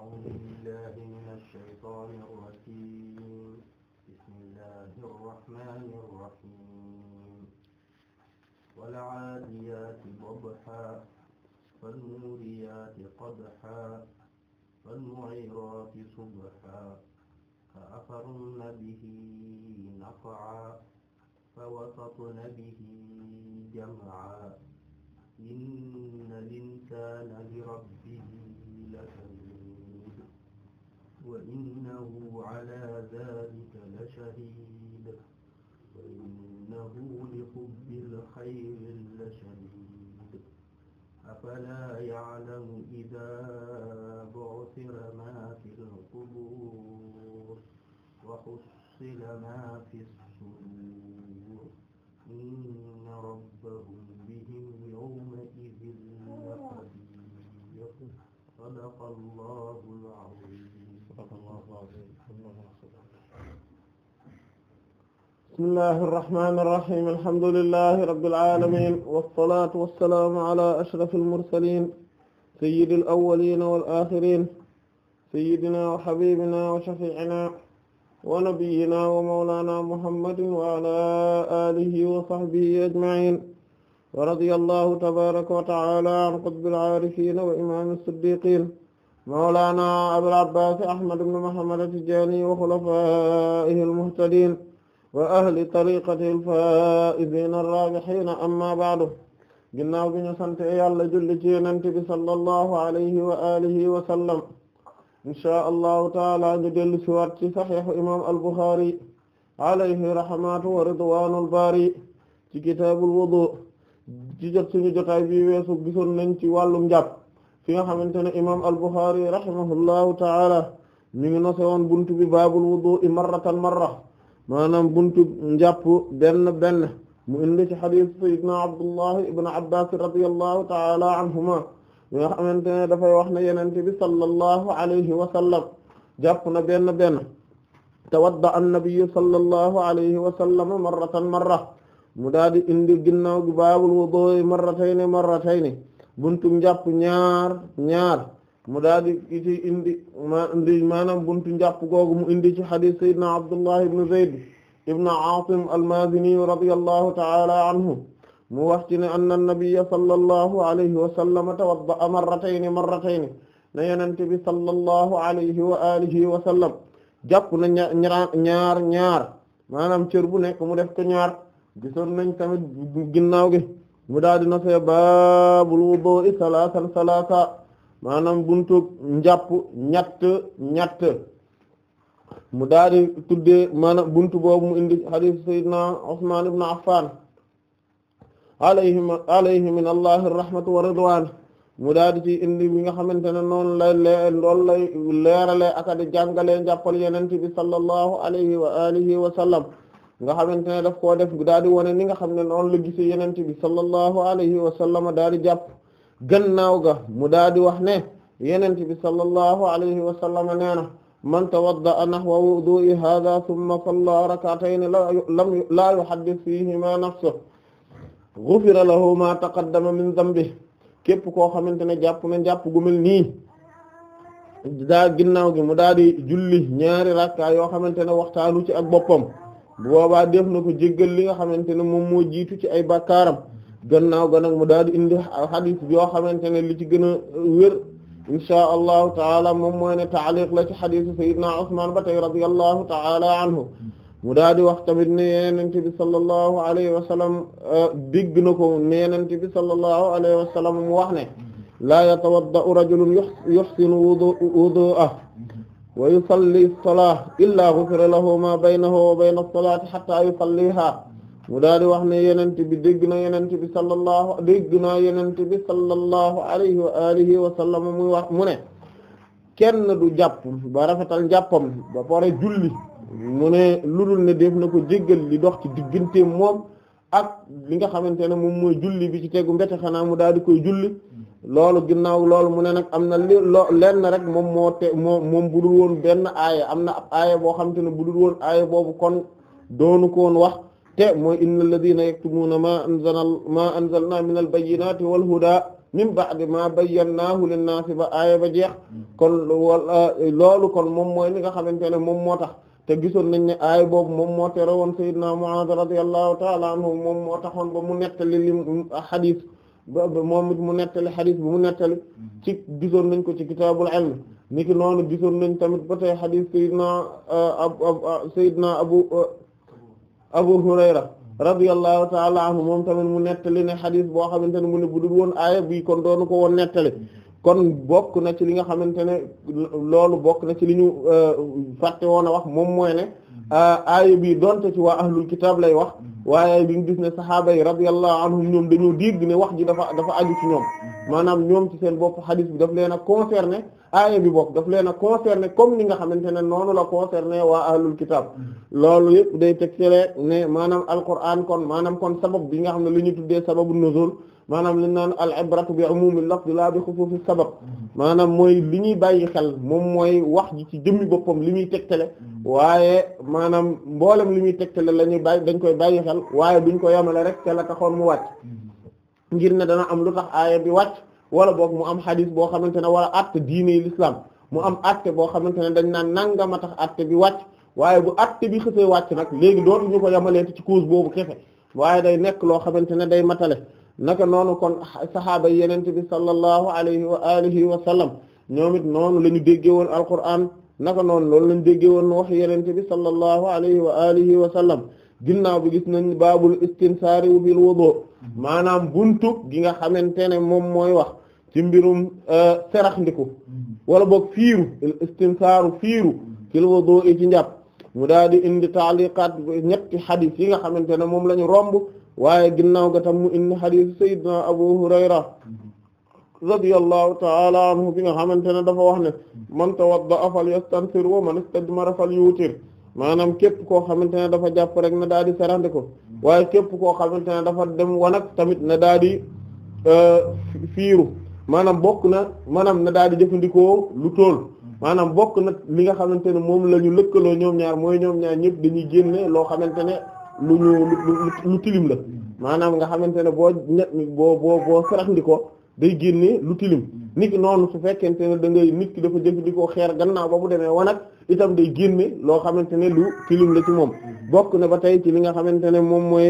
أعوذ بالله من الشيطان الرجيم بسم الله الرحمن الرحيم والعاديات ضبحا فالموريات قدحا فالمغيرات صبحا فأثرن به نقعا فوسطن به جمعا إن الإنسان لربه لكنود وإنه على ذلك لشهيد وإنه لحب الخير لشديد أفلا يعلم إذا بعثر ما في القبور وحصل ما في الصدور إن ربهم بهم يومئذ لخبير صدق الله bismillahi irrahmani irrahim alhamdulilahi rabilalamin walsalatu walsalaamu ala ashraf almursalin sayidi alawalina walaxirin sayidina wa xabibina wa shafiina wa nabiyina wa mawlana muhammadin wa ala alihi wa sahbihi ajmain wa radiya allahu tabaraka wa taala an qutbil aarifina wa imam as-siddiqin mawlana abul abbaas ahmad ibn muhammad at-tijaani wa xulafaa'ihi al-muhtadiin wa ahli tariqatihi al-faa'iziina ar-raabihiina amma ba'du ginnaaw bi ñu sant yàlla julli ci Yonent bi sallallahu alayhi wa alihi wa sallam inshaa allahu taala ñu dellu ci waat ci saxiixu imaam al-Buxaari alayhi rahmatu wa ridwaanul baari ci kitaabul wudu ci jot suñu jotaay bi weesu gisoon nañ ci wàllum njàpp fi nga xamante ne imam al-Bukhari rahimahullahu taala ñu ngi nose woon buntu bi baabul wudu'i marratan marra maanaam buntu njàpp benn benn mu indi ci xadiis sayyidina Abdullahi ibn Abbaas radiyallahu taala anhuma mi nga xamante ne dafay wax ne yenente bi sallallahu alayhi wa sallam na benn benn tawadda an-nabiyyu sallallahu alayhi wa marra mu daal indi ginnaaw gi baabul wudu'i marratayni marratayni buntu njàpp ñaar ñaar mu daal di ci indi ma indi maanaam buntu njàpp googu mu indi ci hadith sayyidina Abdullah ibn Zayd ibn Asim al-Mazini radiyallahu ta'ala anhu mu wax ci ne anna nabiyya sallallahu alayhi wa sallam tawadda'a marratayn marratayn na yenente bi sallallahu alayhi wa alihi wa sallam jàpp na ñaar ñaar maanaam cër bu nekk mu def ko ñaar gisoon nañ tamit ginnaaw gi mu daal dina fee baabul wudu'i salaasan salaasa maanaam buntu njàpp ñett ñett mu daal di tuddee maanaam buntu boobu mu indi hadith sayyidina Usman ibn Affan alayhi alayhi min allahi rahmatu wa ridwan mu daal di indi mi nga xamante ne noonu lay lee loolu lay leerale ak di jàngalee njàppal yenente bi sallallahu alayhi wa alihi wa sallam nga xamante ne daf koo def daal di wone ni nga xam ne noonu la gisee yenent bi sallallahu alayhi wa sallam daal di jàpp gannaaw ga mu daal di wax ne yenent bi sallallahu alayhi wa sallam nee na man tawadda'a nahwa wudu'i hadha thumma salla rak'atayn la yuhaddith fihima nafsahu ghufira lahu ma taqaddama min dhanbihi képp koo xamante ne jàpp na jàpp gu mel nii daa ginnaaw gi mu daal di julli ñaari rakka yoo xamante ne waxtaanu ci ak boppam bu boobaa def na ko jéggal li nga xamante ne moom moo jiitu ci ay bàkkaaram gannaaw ga nag mu daal di indi hadith yoo xamante ne li ci gën a wér inshaa allahu taala moom mooy ne taaliq la ci hadith sayyidina Usmaan ba tey radiyallahu taala anhu mu daal di wax tamit ne yonent bi sallallahu alayhi wa sallam digg na ko yonent bi sallallahu alayhi wa sallam mu wax ne laa yatawadda'u rajulun yuhsinu wa yusalli salaa illaa ghufira lahu ma baynahu wa bayna as-salaati hatta yusalliha mu daal wax ne yonent bi dégg na yonent bi sallallahu dégg naa yonent bi sallallahu alayhi wa alihi wa sallam muy wax mu ne kenn du jàpp ba rafetal njàppam ba pare julli mu ne ludul ne def na ko jéggal li dox ci digganteem moom ak li nga xamante ne moom mooy julli bi ci tegu mbete xanaa mu daal di koy julli loolu ginnaaw loolu mu ne nag am na li loo lenn rek moom moo moom moom woon benn aaya am na ab aaya boo xam te ne budul woon aaya boobu kon doonu ko woon wax te mooy innal ladina yaktumuuna maa anzalna maa anzalna min al bayyinati wal huda min ba'di ma bayyannaahu linnaasi ba aaya ba jeex kon euh, loolu kon moom mooy li nga xamante ne moom moo tax te gisoon nañ ne aay boobu moom moo tere woon sayyidina Mu'aaz radiyallahu ta'ala anhu moom moo taxoon ba mu nettali lim hadith ba moom it mu nettali xadis bi mu nettali mm-hmm. ci gisoon nañ ko ci kitaabul ilm niki noonu gisoon nañ tamit ba tey xadis Seydina uh, uh, Seydina Abu uh, Abu Hurayra radiyallahu taala anhu moom tamit mu nettali ne xadis boo xamante ne mu ne bu dul woon aaya bi kon doonu ko woon nettali kon bokk na ci li nga xamante ne loolu bokk na ci li ñu fàtte woon a wax moom mooy ne Ah, aaya bi donte ci waa ahlul kitaab lay wax waaye bi nga gis ne saxaaba yi radiyallahu anhum ñoom dañoo dégg ne wax ji dafa dafa aju ci ñoom mm-hmm. maanaam ñoom ci seen bopp xadis bi daf leen a concerné aaya bi book daf leen a concerné comme ni nga xamante ne noonu la concerné waa ahlul kitab loolu yëpp day tegtale ne maanaam alquran kon maanaam kon sabab bi nga xam ne li ñuy tuddee sababu nuzul maanaam li naan al ibratu bi umumil lafz la bi xusuusi sabab maanaam mooy li ñuy bàyyi xel moom mooy wax ji ci jëmmi boppam li muy tegtale waaye maanaam mboolem li muy tegte la ñuy bàyyi dañ koy bàyyi xel waaye duñ ko yamale rek te la taxoon mu wàcc ngir ne dana am lu tax aaya bi wàcc wala boog mu am xadis boo xamante ne wala atte diine l'islam mu am atte boo xamante ne dañ naan nangama tax atte bi wàcc waaye bu atte bi xësee wàcc nag léegi dootu ñu ko yemaleeti ci cause boobu kefe waaye day nekk loo xamante ne day matale naka noonu kon saxaaba yeneen bi sallallahu alayhi wa alihi wa sallam ñoom it noonu la ñu déggee woon Alqur'aan naka noon loolu la ñu déggee woon wax yeneen bi sallallahu alayhi wa alihi wa sallam ginnaaw bi gis nañ baabul istinsaari bil wudu maanaam buntu gi nga xamante ne moom mooy wax. ci mbirum euh, serax ndiku wala boog fiiru istimsaaru fiiru fil wudu'i ci njàpp mu daal di indi taaliqaat ñetti xadis yi nga xamante ne moom la romb waaye ginnaaw ga tam mu indi xadisu sayyidina Abu Hurayra radiyallahu ta'ala anhu bi nga xamante ne dafa wax ne man tawadda'a falyastanfir ma man istadmara falyutir maanam képp koo xamante ne dafa jàpp rek na daal di serax ndiku waaye képp koo xamante ne dafa dem wanag tamit na daal di euh, fiiru maanaam bokk na maanaam na daal di jëfandikoo lu tool maanaam bokk na li nga xamante ne moom lañu ñu lëkkaloo ñoom ñaar mooy ñoom ñaar ñëpp dañuy génne loo xamante ne lu ñu lu tilim la maanaam nga xamante ne boo ñett boo boo boo day génne lu tilim nit ki noonu su fekkente ne da ngay nit ki dafa jëfandikoo xeer gannaaw ba bu demee wanag itam day génne loo xamante ne lu tilim la ci moom bokk na ba tey ci li nga xamante ne moom mooy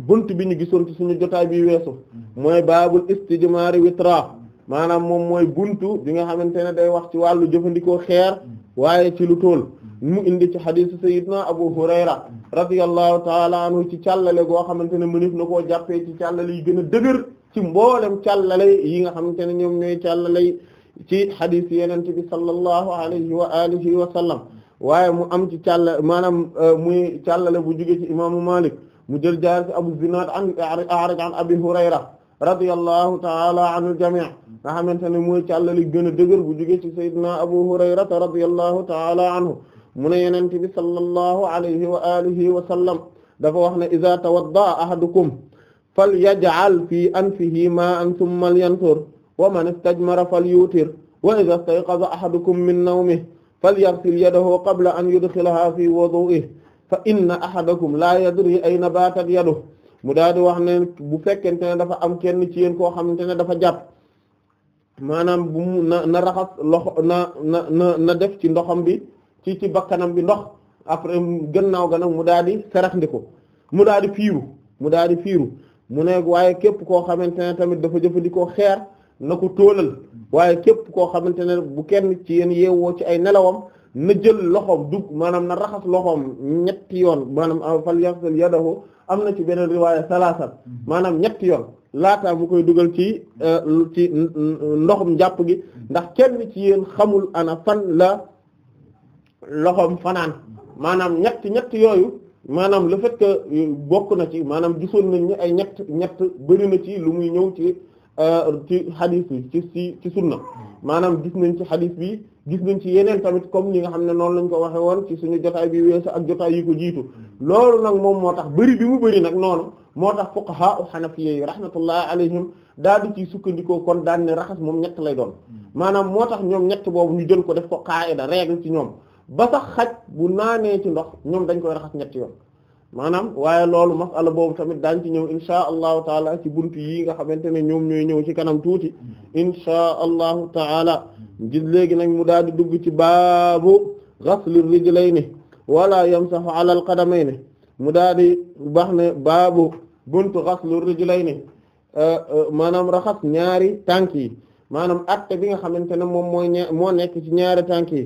bunt bi ñu gisoon ci suñu jotaay bi weesu mooy baabul istijmaari witra maanaam moom mooy buntu bi nga xamante ne day wax ci wàllu jëfandikoo xeer waaye ci lu tool mu indi ci xadiisu sayidna abu hurayra radiyallahu taala anhu ci càllale goo xamante ne mënif na ko jàppee ci càllale yi gën a dëgër ci mboolem càllale yi nga xamante ne ñoom ñooy càllale ci xadiis yenente bi sallallahu alayhi wa alihi wa sallam waaye mu am ci càll maanaam euh, muy càllale bu jóge ci imaamu malik mu jël jaar ci Abu Zinaad an A'raj an Abi Hurayra radiyallahu ta'ala anil jami' nga xamante ne mooy càllali gën a dëgër bu jóge ci Seydina Abu Hurayra radiyallahu ta'ala anhu mu ne Yonent bi sallallahu alayhi wa alihi wa sallam dafa wax ne iza tawadda'a ahadukum falyaj'al fi anfihi ma'an thumma lyantur wa man istajmara falyutir wa iza istayqaza ahadukum min nawmihi falyaghsil yadahu qabla an yudkhilaha fi wudu'ihi na fa laa ahadakum la yadri ayna batat yadu mu daal di wax ne bu fekkente ne dafa am kenn ci yéen koo xamante ne dafa jàpp maanaam bu mu na na na na na na def ci ndoxam bi ci ci bakkanam bi ndox après gannaaw ga nag mu daal di saraxndiku mu daal di fiiru mu daal di fiiru mu ne waaye képp koo xamante ne tamit dafa jëfandikoo xeer na ku tóolal waaye képp koo xamante ne bu kenn ci yéen yeewoo ci ay nelawam na jël loxoom dug maanaam na raxas loxoom ñetti yoon maanaam ah, fal yaxsal yadahu am na ci beneen riwaaya salaasan mm-hmm. maanaam ñetti yoon laataa bu koy dugal ci eh, ci ndoxum njàpp gi mm-hmm. ndax kenn ci yéen xamul ana fan la loxoom fanaan mm-hmm. maanaam ñetti ñetti yooyu maanaam le fait euh, bokk na ci maanaam gisoon nañ ni ay ñett ñett bëri na ci lu muy ñëw ci euh, ci hadith ci ci ci sunna maanaam gis nañ ci hadith bi gis nañ ci yeneen tamit comme ni nga xam ne noonu lañ ko waxe woon ci suñu jotaay bi weesu ak jotaay yi ko jiitu loolu nag moom moo tax bëri bi mu bëri nag noonu moo tax fuqaha u xanafiya yi rahmatullah alayhim daal di ciy sukkandikoo kon daan ne raxas moom ñett lay doon maanaam moo tax ñoom ñett boobu ñu jël ko def ko qaida règle ci ñoom ba sax xaj bu naanee ci ndox ñoom dañ koy raxas ñett yoon maanaam waaye loolu masala boobu tamit daañ ci ñëw inshaa allahu taala ci buntu yii nga xamante ne ñoom ñooy ñëw ci kanam tuuti inshaa allahu taala gis léegi nag mu daal di dugg ci baabu ghasli rijlayni wala yamsahu ala alqadamayni mu daal di baax ne baabu buntu ghasli rijlayni euh, euh, maanaam raxas ñaari tànk yi maanaam atte bi nga xamante ne moom mooy moo nekk ci ñaari tànk yi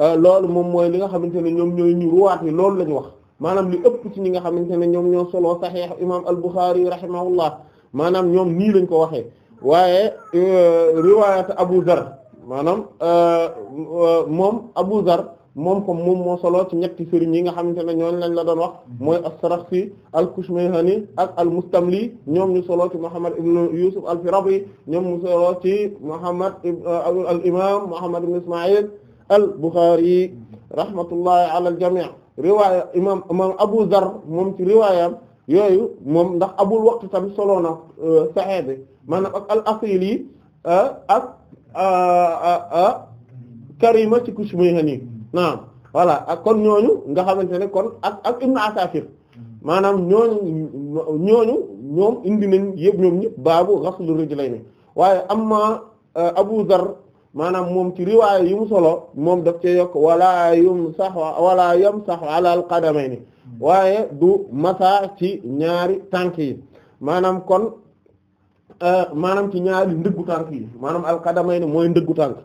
euh, loolu moom mooy li nga xamante ne ñoom ñooy ñu ruwaat yi loolu lañu wax maanaam li ëpp ci ñi nga xamante ne ñoom ñoo solo saxiix imaam al-Bukhari rahimahullah maanaam ñoom nii lañ ko waxee waaye euh, riwaayat Abu Zar maanaam euh, moom Abu Zar moom comme moo solo ci ñetti sëriñ yi nga xamante ne ñooñu lañ la doon wax mooy as-Sarakhsi al-Kushmayhani ak al-Mustamli ñoom ñu solo ci Muhammad ibn Yusuf al-Firabi ñoom mu solo ci Muhammad euh, al-Imam Muhammad ibn Isma'il al-Bukhari rahmatullahi ala al-jami' riwaaya imaam imaam Abu Zar moom ci riwaayam yooyu moom ndax abul waqt tamit solo na euh, saxee bi maanaam ak al asili euh, ak euh, Karima ci Kushmayhani naam voilà ak kon ñooñu nga xamante ne kon ak ak Asafir maanaam ñooñu ñooñu ñoom indi nañ yëpp ñoom ñëpp baabu ghaslu rijlayni waaye amma Abu Zar maanaam moom ci riwaaya yi mu solo moom daf cee yokk wala yum sax wala yam sax ala al qadamayni waaye du masa ci ñaari tànk yi maanaam kon euh, maanaam ci ñaari ndëggu tànk yi maanaam al qadamayni mooy ndëggu tànk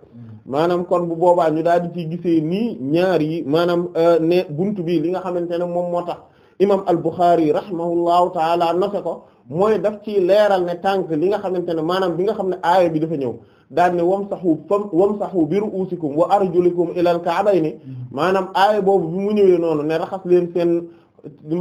maanaam kon bu boobaa ñu daal di ci gisee nii ñaar yi maanaam euh, ne bunt bi li nga xamante ne moom moo tax imam al Bukhari rahimahullahu taala nase ko mooy daf ci leeral ne tànk li nga xamante ne maanaam bi nga xam ne aaya bi dafa ñëw daal ne wamsahu fam wamsahu bi ru'usikum wa arjulikum ilal ka'bayni maanaam aaya boobu bi mu ñëwee noonu ne raxas leen seen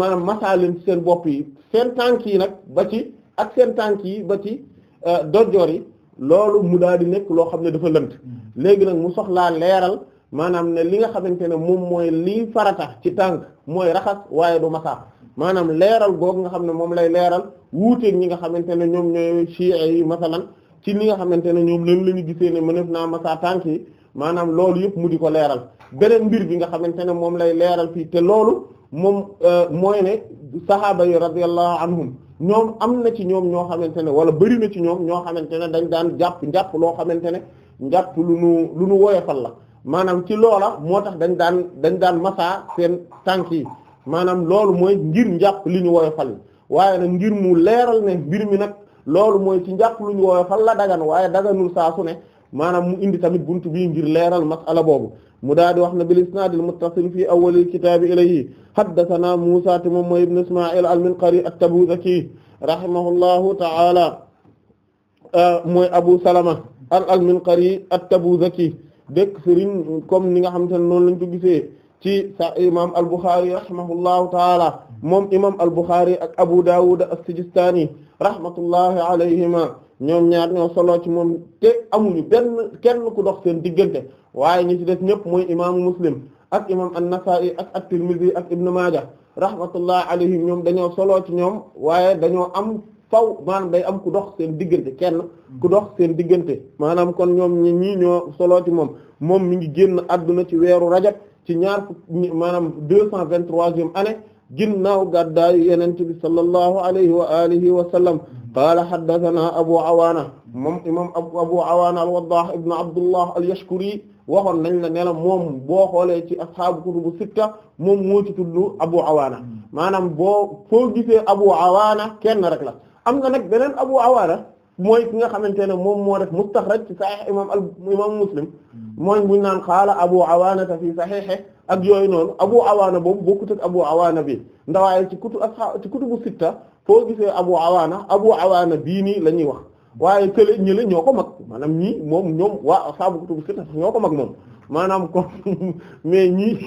maanaam masaa leen seen bopp yi seen tànk yi nag ba ci ak seen tànk yi ba ci euh, dojjoor yi loolu mu daal di nekk loo xam ne dafa lënt léegi nag mu soxlaa leeral maanaam ne li nga xamante ne moom mooy liy farata ci tànk mooy raxas waaye du masaa maanaam leeral googu nga xam ne moom lay leeral wuuteeg ñi nga xamante ne ñoom ñooy chiites yi masalan ci li nga xamante ne ñoom leen la ñu gisee ne mënef naa masa tànk yi loolu yëpp mu di ko leeral beneen mbir bi nga xamante ne moom lay leeral fii te loolu moom euh, mooy ne sahaaba yi radiyallahu anhum ñoom am na ci ñoom ñoo xamante ne wala bari na ci ñoom ñoo xamante ne dañ daan jàpp njàpp loo xamante ne njàpp lu nu lu nu woyofal la maanaam ci loola moo tax dañ daan dañ daan masaa seen tànk yi maanaam loolu mooy ngir njàpp li ñu woyofal waaye nag ngir mu leeral ne mbir mi nag loolu mooy ci njàpp lu ñu woyofal la dagan waaye daganul saa su ne maanaam mu indi tamit buntu bii ngir leeral masala boobu mu daal di wax na bil isnaadil muttasil fii awwalil kitaabi ilayhi haddathana Muusaa te moom mooy ibn Ismaa'iil al-Minqari at-Tabuudhaki rahimahullahu ta'ala mooy Abu Salama al-Minqari at-Tabuudhaki dëkk Serigne comme ni nga xamante ne noonu lañ ko gisee. ci sa imam al-Bukhari rahimahullahu taala moom imam al-Bukhari ak Abu Dawud as-Sijistani rahmatullahi alayhima ñoom ñaar ñoo solo ci moom amuñu benn kenn ku dox seen diggante waaye ñi ci des ñëpp mooy imaamu Muslim ak imam an-Nasa'i ak at-Tirmidhi ak Ibn Maaja rahmatullahi alayhim ñoom dañoo solo ci ñoom waaye dañoo am faw maanaam day am ku dox seen diggante kenn ku dox seen diggante maanaam kon ñoom ñi ñii ñoo solo ci moom moom mi ngi génn adduna ci weeru rajab ci ñaar maanaam deux cent vingt-troisième année ginnaaw gàddaayu yonent bi sallallahu alayhi wa alihi wa sallam qaala haddathana abu awaana moom imam abu awaana al-waddah ibn abdullah al-yashkuri waxoon nañ la ne la moom boo xoolee ci ashaabu kutubu sitta moom moo ci tudd abu awaana maanaam boo foo gisee abu awaana kenn rek la am na nag beneen abu awaana mooy ki nga xamante ne moom moo def mustaxraj ci sahih imam al imam muslim mooy buñ naan xaala abu awaanata fi saxiixe ak yooyu noonu abu awaana boobu bokkut ak abu awaana bi ndawaaye ci kutu ak ci kutubu sitta foo gisee abu awaana abu awaana bii nii la ñuy wax waaye kële ñële ñoo ko mag maanaam ñii moom ñoom waa saabu kutubu sitta ñoo ko mag moom maanaam ko mais ñii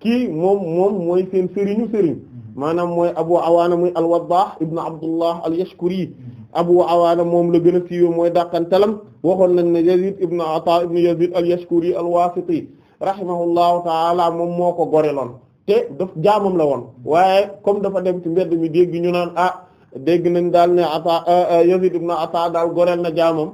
kii moom moom mooy seen sëriñu sëriñ maanaam mooy abu awana muy al-Waddaax ibn abdullah al-Yashkuri abu awaana moom la gën a siiwee mooy dàqantalam waxoon nañ ne yazid ibn ata ibn yazid al-yashkuri al-wasiti rahimahullahu taala moom moo ko goreloon te daf jaamam la woon waaye comme dafa dem ci mbedd mi dégg ñu naan ah dégg nañ daal ne ata euh, euh, yazid ibn ata daal gorel na jaamam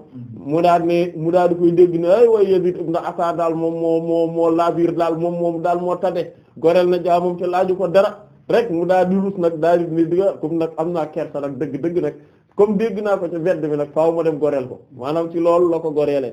mu daal ne mu daal di dégg na ay way yazid ibn ata daal moom moo moo moo labir daal moom moom daal moo tade gorel na jaamam te laaju ko dara rek mu daal di rus nag daal di ne am naa kersa nag dëgg dëgg nag comme dégg naa ko ci vedd bi nag faaw ma dem goreel ko maanaam ci loolu la ko goreele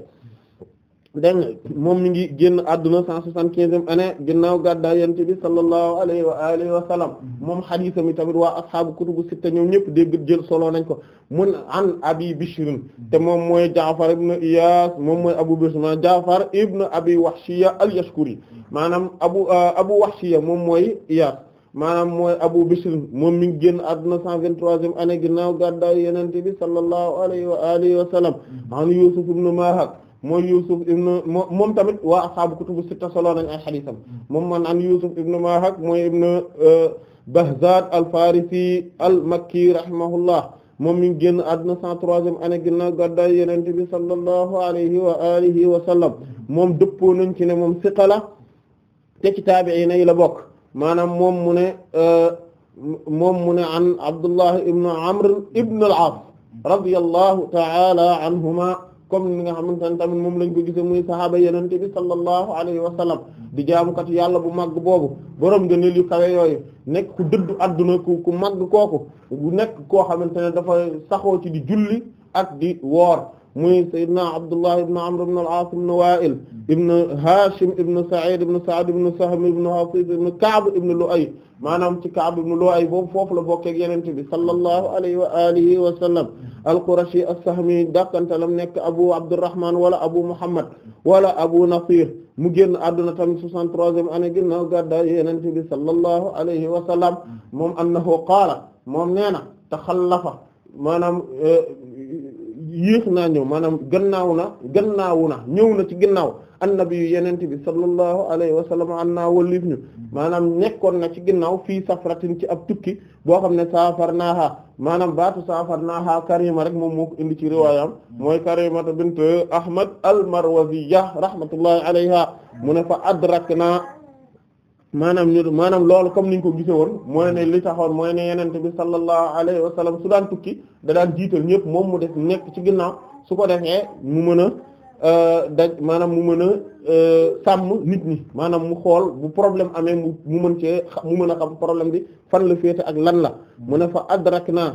dégg moom mi ngi génn àdduna cent soixante-quinzième ane ginnaaw gàddaa yante bi sallallahu alayhi wa alihi wa sallam moom xadiisam yi tamit waa ashaabu kutubu sitta ñoom ñëpp dégg jël solo nañ ko mun an abi bishrin te moom mooy jaafar ibn iyaas moom mooy abu bishrin maanaam jaafar ibn abi wahshiya al yashkuri maanaam abu euh, abu wahshiya moom mooy iyaas maanaam mooy Abu Bishr moom mi ngi génn àdduna cent vingt-troisième année ginnaaw gàddaay Yonent bi sallallahu alayhi wa alihi wa sallam an Yusuf ibn Mahak mooy Yusuf ibn moom tamit waa ashaabu kutubu sitta solo nañ ay xadiisam moom man an Yusuf ibn Mahak mooy ibn euh, Bahzad al-Farisi al-Makki rahimahullah moom mi ngi génn àdduna cent troisième année ginnaaw gàddaay Yonent bi sallallahu alayhi wa alihi wa sallam moom dëppoo nañ ci ne moom siqa la te ci taabi'iin yi la bokk maanaam moom mu ne euh, moom mu ne an Abdullah ibn Amr ibn al-As radiyallahu ta'ala anhuma comme ni nga xamante ne tamit moom lañ ko gisee muy sahaaba yenente bi sallallahu alayhi wa sallam di jaamukat yàlla bu màgg boobu borom ngëneel yu kawe yooyu nekk ku dëddu adduna ku ku màgg kooku nekk koo xamante ne dafa saxoo ci di julli ak di woor muy sayyidina Abdullah ibn Amr ibn al-As ibn Wa'il ibn Hashim ibn Sa'id ibn Sa'd ibn Sahm ibn Hafiz ibn Ka'b ibn Lu'ay maanaam ci Ka'b ibn Lu'ay boobu foofu la bokkee ak Yonent bi sallallahu alayhi wa alihi wa sallam al-Qurashi as-Sahmi dàqantalam nekk Abu Abdurrahman wala Abu Muhammad wala Abu Nasir mu génn àdduna tamit 63e année ginnaaw gàddaay Yonent bi sallallahu alayhi wa sallam moom annahu qaala moom nee na taxallafa maanaam eh, yéex naa ñëw maanaam gannaaw na gannaawu na ñëw na ci gannaaw annabi yu yenente bi sallallahu alayhi wa sallam an naa wallif ñu maanaam nekkoon na ci gannaaw fii safratin ci ab tukki boo xam ne saafar naaha maanaam baatu saafar naaha karima rek moom moo indi ci riwaayam mooy karimata bint ahmad al marwaziya rahmatullahi alayha mu ne fa adrak naa maanaam ñu maanaam loolu comme niñ ko gise woon mooy ne li taxoon mooy ne yenente bi sallallahu alayhi wa su daan tukki da daan jiital ñëpp moom mu def nekk ci ginnaaw su ko defee mu mën a euh, daj maanaam mu mën a euh, sàmm nit ñi maanaam mu xool bu problème amee mu mu mën cee mu mën a xam problème bi fan la féete ak lan la mu ne fa adrak naa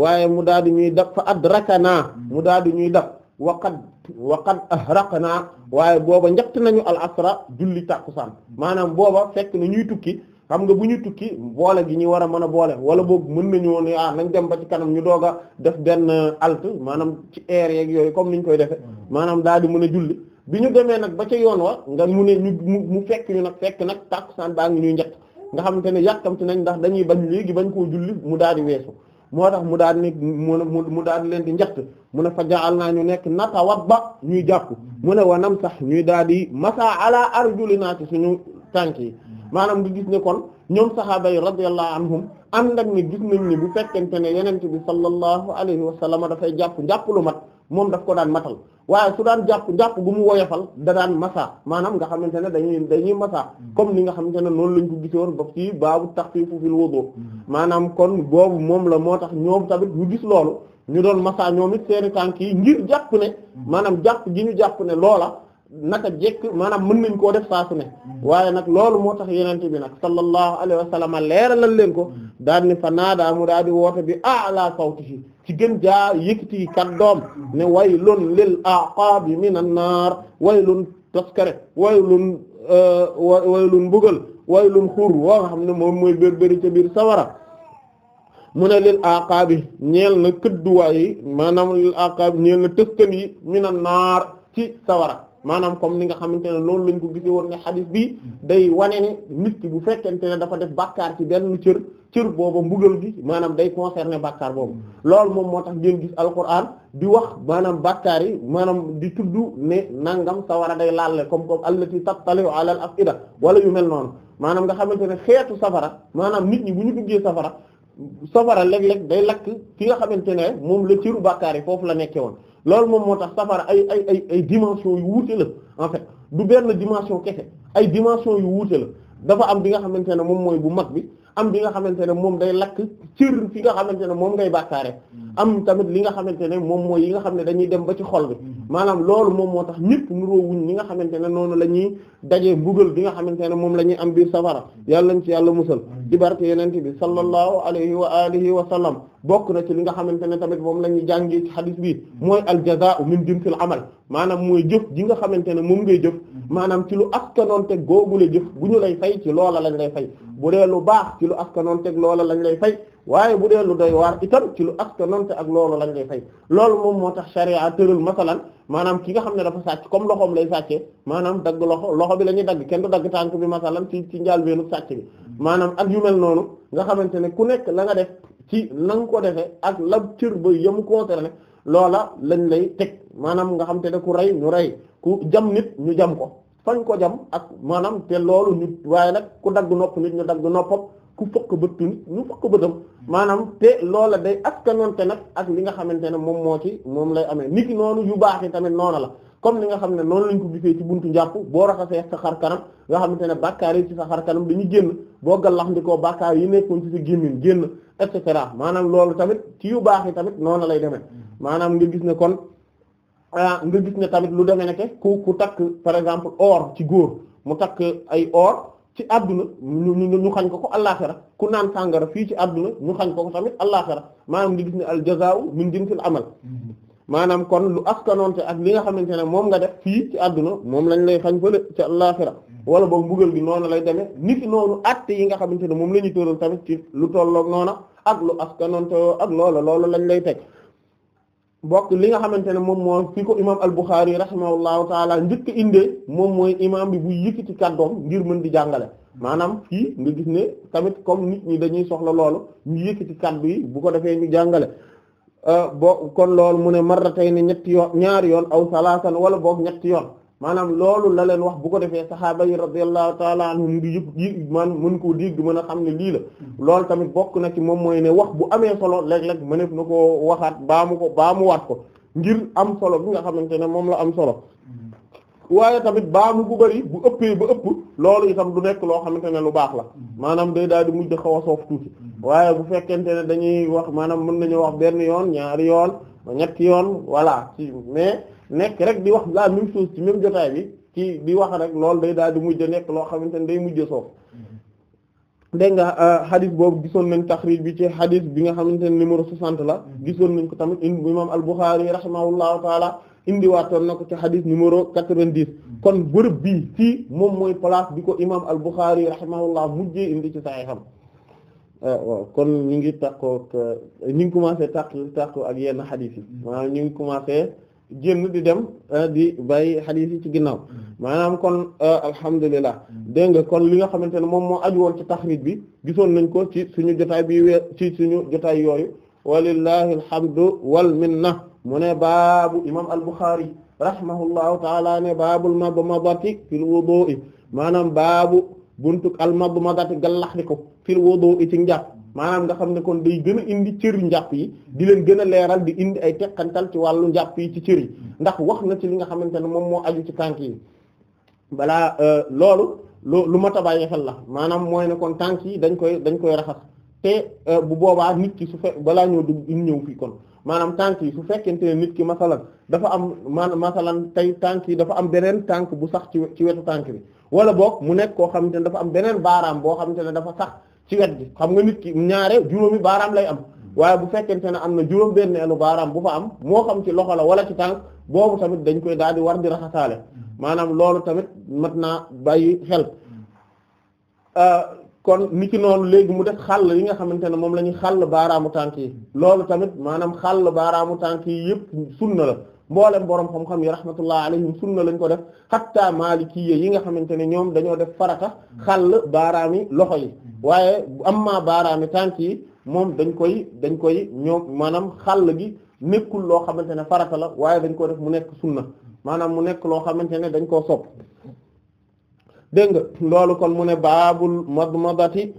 waaye mu daal di ñuy dab fa adraka naa mu daal di ñuy dab waqad waqad ahraqna waaye booba njëkk nañu al asra julli tàkkusaan maanaam booba fekk na ñuy tukki xam nga bu ñuy tukki boole gi ñu war a mën a boole wala boog mën nañu woon ah nañ dem ba ci kanam ñu doog a def benn uh, halte maanaam ci air yeeg yooyu comme niñ koy defee mm. maanaam daal di mën a julli bi ñu demee nag ba ca yoon wa nga mu ne ñu mu fekk ñu nag fekk nag tàkkusaan baa ngi ñuy njëkk nga xamante ne yàkkamti nañ ndax dañuy bañ léegi bañ koo julli mu daal di weesu moo tax mu daal di mu mu daal di leen di njett mu ne fa jaal naa ñu nekk natawadda ñuy jàpp mu ne wanam sax ñuy daal di masa ala arjulinaa ci suñu tànk yi maanaam di gis ne kon ñoom sahaaba yi radiyallahu anhum ànd ak ne gis nañ ne bu fekkente ne yenente bi sallallahu alayhi wa sallam dafay jàpp jàpp lu mat moom daf ko daan matal waaye su daan jàpp jàpp gu mu woyofal da daan masa maanaam nga xamante ne dañuy dañuy masa mm-hmm. comme ni nga xamante ne noonu lañ ko gisoon ba ci baabu taxfiifu fil wudu mm-hmm. maanaam kon boobu moom la moo tax ñoom tamit ñu gis loolu ñu doon masa ñoom it seeni tànk yi ngir jàpp ne mm-hmm. maanaam jàpp gi ñu jàpp ne loola naka jekk maanaam mën nañ koo def saa ne mm. waaye nag loolu moo tax yeneen bi nag sallallahu alayhi wa sallam leeralal leen ko mm. daal ni fa naadaa mu daal di woote bi a'la sawtihi ci gën jaa yëkkati kaddoom mm. ne waylun lil aqaabi minan naar waylun toskare waylun euh, waylun mbugal waylun xur woo nga xam ne moom mooy bérbéri ca sawara mu ne lil aqaabi ñeel na këdduwaay yi maanaam lil aqaabi ñeel na tëskan minan naar ci sawara maanaam comme ni nga xamante ne loolu lañ ko gisee woon ne xadis bii day wane ne nit ki bu fekkente ne dafa def bàkkaar ci benn cër cër booba mbugal gi maanaam day concerner bàkkaar boobu loolu moom moo tax ngeen gis alquran di wax maanaam bàkkaar yi maanaam di tudd ne nangam sawara day laal lalle comme comme allati tattali'u ala al-afida wala yu mel noonu maanaam nga xamante ne xeetu safara maanaam nit ñi bu ñu duggee safara safara léeg-léeg day lakk fi nga xamante ne moom la cëru bàkkaar yi foofu la nekkee woon loolu moom moo tax safara ay ay ay ay dimension yu wuute la en fait du benn dimension kese ay dimension yu wuute la dafa am bi nga xamante ne moom mooy bu mag bi am bi nga xamante ne moom day lakk cër fi nga xamante ne moom ngay baax bàkkaare am tamit li nga xamante ne moom mooy yi nga xam ne dañuy dem ba ci xol bi mm-hmm. maanaam moom moo tax ñëpp nuroowuñ ñi nga xamante ne noonu la ñuy dajee mbugal bi nga xamante ne moom la ñuy am biir safara yàlla nañ ci yàlla musal ci barke yenente bi sallallahu alayhi wa alihi wa sallam bokk na ci li nga xamante ne tamit moom la ñuy jàngee ci xadis bi mooy aljazaa'u min jinsil amal maanaam mooy jëf ji nga xamante ne moom ngay jëf mm-hmm. maanaam ci lu askanoon teg googule jëf bu ñu lay fay ci loola lañ lay fay mm-hmm. bu dee baax ci lu askanoon teg loola lañ lay fay waaye bu dee lu doy waar itam ci lu askanante ak loolu lañ lay fay loolu moom moo tax sharia tëral masalan maanaam ki nga xam ne dafa sàcc comme loxoom lay sàccee maanaam dagg loxo loxo bi la dagg kenn du dagg tànk bi ci ci njaal beenu sàcc bi maanaam ak yu mel noonu nga xamante ne ku nekk la nga def ci na nga ko defee ak lab cër ba yemu concerné loola lañ lay teg maanaam nga xam te ne ku rey ñu rey ku jam nit ñu jam ko fañ ko jam ak maanaam te loolu nit waaye nag ku dagg nopp nit ñu dagg noppam ku fokk bëtt nit ñu fokk bëtam maanaam te loola day askanoonte nag ak li nga xamante ne moom moo ci moom lay amee niki noonu yu baax yi tamit noona la comme li nga xam ne noonu lañ ko gisee ci buntu njàpp boo raxasee sa xar kanam nga xamante ne bàkkaar yi ci sa xar kanam génn boo gallax ndikoo yi nekkoon ci sa gémmiñ génn et cetera maanaam loolu tamit ci yu baax yi tamit noona lay demee maanaam nga gis ne kon ah nga gis ne tamit lu deme ne ku ku takk par exemple or ci góor mu takk ay or ci àdduna ñu ñu xañ ko ko allaaxira ku naan sàngara fii ci àdduna ñu xañ ko ko tamit allaaxira maanaam di gis ne aljazaa'u min jinsil amal maanaam kon lu askanoonte ak li nga xamante ne moom nga def fii ci àdduna moom lañ lay xañ fële ci allaaxira wala boog mbugal gi noonu lay demee niki noonu àtte yi nga xamante ne moom la ñuy tóoral tamit ci lu tolloog noona ak lu askanoonte ak loola loolu lañ lay teg bokk li nga xamante ne moom moo fi ko imaam al-Bukhari rahimahullahu taala njëkk indee moom mooy imaam bi bu yëkkati kàddoom ngir mën di jàngale maanaam fii nga gis ne tamit comme nit ñi dañuy soxla loolu ñu yëkkati kàddu yi bu ko defee ñu jàngale euh, bo kon loolu mu ne marratay ne ñett yoon ñaari yoon aw salaasan wala boog ñetti yoon maanaam loolu la leen wax bu ko defee saxaaba yi radiyallahu taala anhum ngi yëpp yi man mën koo dégg mën a xam ne lii la loolu tamit bokk na ki moom mooy ne wax bu amee solo léeg-léeg mënef na ko waxaat baa mu ko baa ko ngir am solo bi nga xamante ne moom la am solo waaye tamit baa mu bu bari bu ëppee ba ëpp loolu itam du nekk loo xamante ne lu baax la maanaam day daal di mujj xaw a soof tuuti waaye bu fekkente ne dañuy wax maanaam mën nañu wax benn yoon ñaari yoon ñetti yoon voilà ci mais nekk rek di wax la même chose ci même jotaay bi ci di wax rek loolu day daal di mujj nekk loo xamante ne day mujj a soof dégg nga euh, hadith boobu gisoon nañ taxrij bi ci hadith bi nga xamante ne numéro 60 la gisoon nañ ko tamit imam al-Bukhari rahimahullahu taala indiwaatoon na ci hadith numéro 90 kon bërëb bii fii moom mooy place bi ko imam al-Bukhari rahimahullah mujjee indi ci Sahiham euh, waaw kon ñu ngi tàqoo euh, ñu ngi commencé tàq ak yenn hadith yi maanaam ñu ngi commencé génn di dem eh, di bàyyi xadiis yi ci ginnaaw mm. maanaam kon eh, alhamdulilah mm. dégg nga kon li nga xamante ne moom moo aju woon ci taxrij bi gisoon nañ ko ci suñu jotaay bi weer ci suñu jotaay yooyu walillahi alhamdu wal minna mu ne baabu imam al-Bukhari rahimahullahu taala ne baabul madmadati fil wudu'i maanaam baabu buntuk al madmadati gallax di ko fil wudu'i ci njàpp maanaam nga xam ne kon day gën a indi cëri njàpp yi di leen gën a leeral di indi ay teqantal ci wàllu njàpp yi ci cër yi ndax wax na ci li nga xamante ne moom moo aju ci tànk yi balaa euh, loolu lu lu mat a bàyyi xel la maanaam mooy ne kon tànk yi dañ koy dañ koy raxas te euh, bu boobaa nit ki su balaa ñëw dugg ñëw fii kon maanaam yi su fekkente ne nit ki masalan dafa am man masalan tey tànk yi dafa am beneen tànk bu sax ci ci wetu tànk bi wala boog mu nekk koo xamante ne dafa am beneen baaraam boo xamante ne dafa sax ci wet bi xam nga nit ki ñaare juróomi baaraam lay am waaye bu fekkente ne am na juróom benneelu baaraam bu fa am moo xam ci loxo la wala ci tànk boobu tamit dañ koy daal di war di raxasaale mm. maanaam loolu tamit mat naa bàyyi xel mm. euh, kon ni ki noonu léegi mu def xàll yi nga xamante ne moom la ñuy xàll baaraamu tànk yi loolu tamit maanaam xàll baaraamu tànk yi yëpp sunna la mboolem borom xam-xam yi rahmatullah alayhim sunna lañ ko def xatta maalikiyya yi nga xamante ne ñoom dañoo def farata xàll baaraami loxo yi waaye amma baaraami tànk yi moom dañ koy dañ koy ñoom maanaam xàll gi nekkul loo xamante ne farata la waaye dañ ko def mu nekk sunna maanaam mu nekk loo xamante ne dañ koo sopp dégg nga loolu kon mu ne baabul madmadati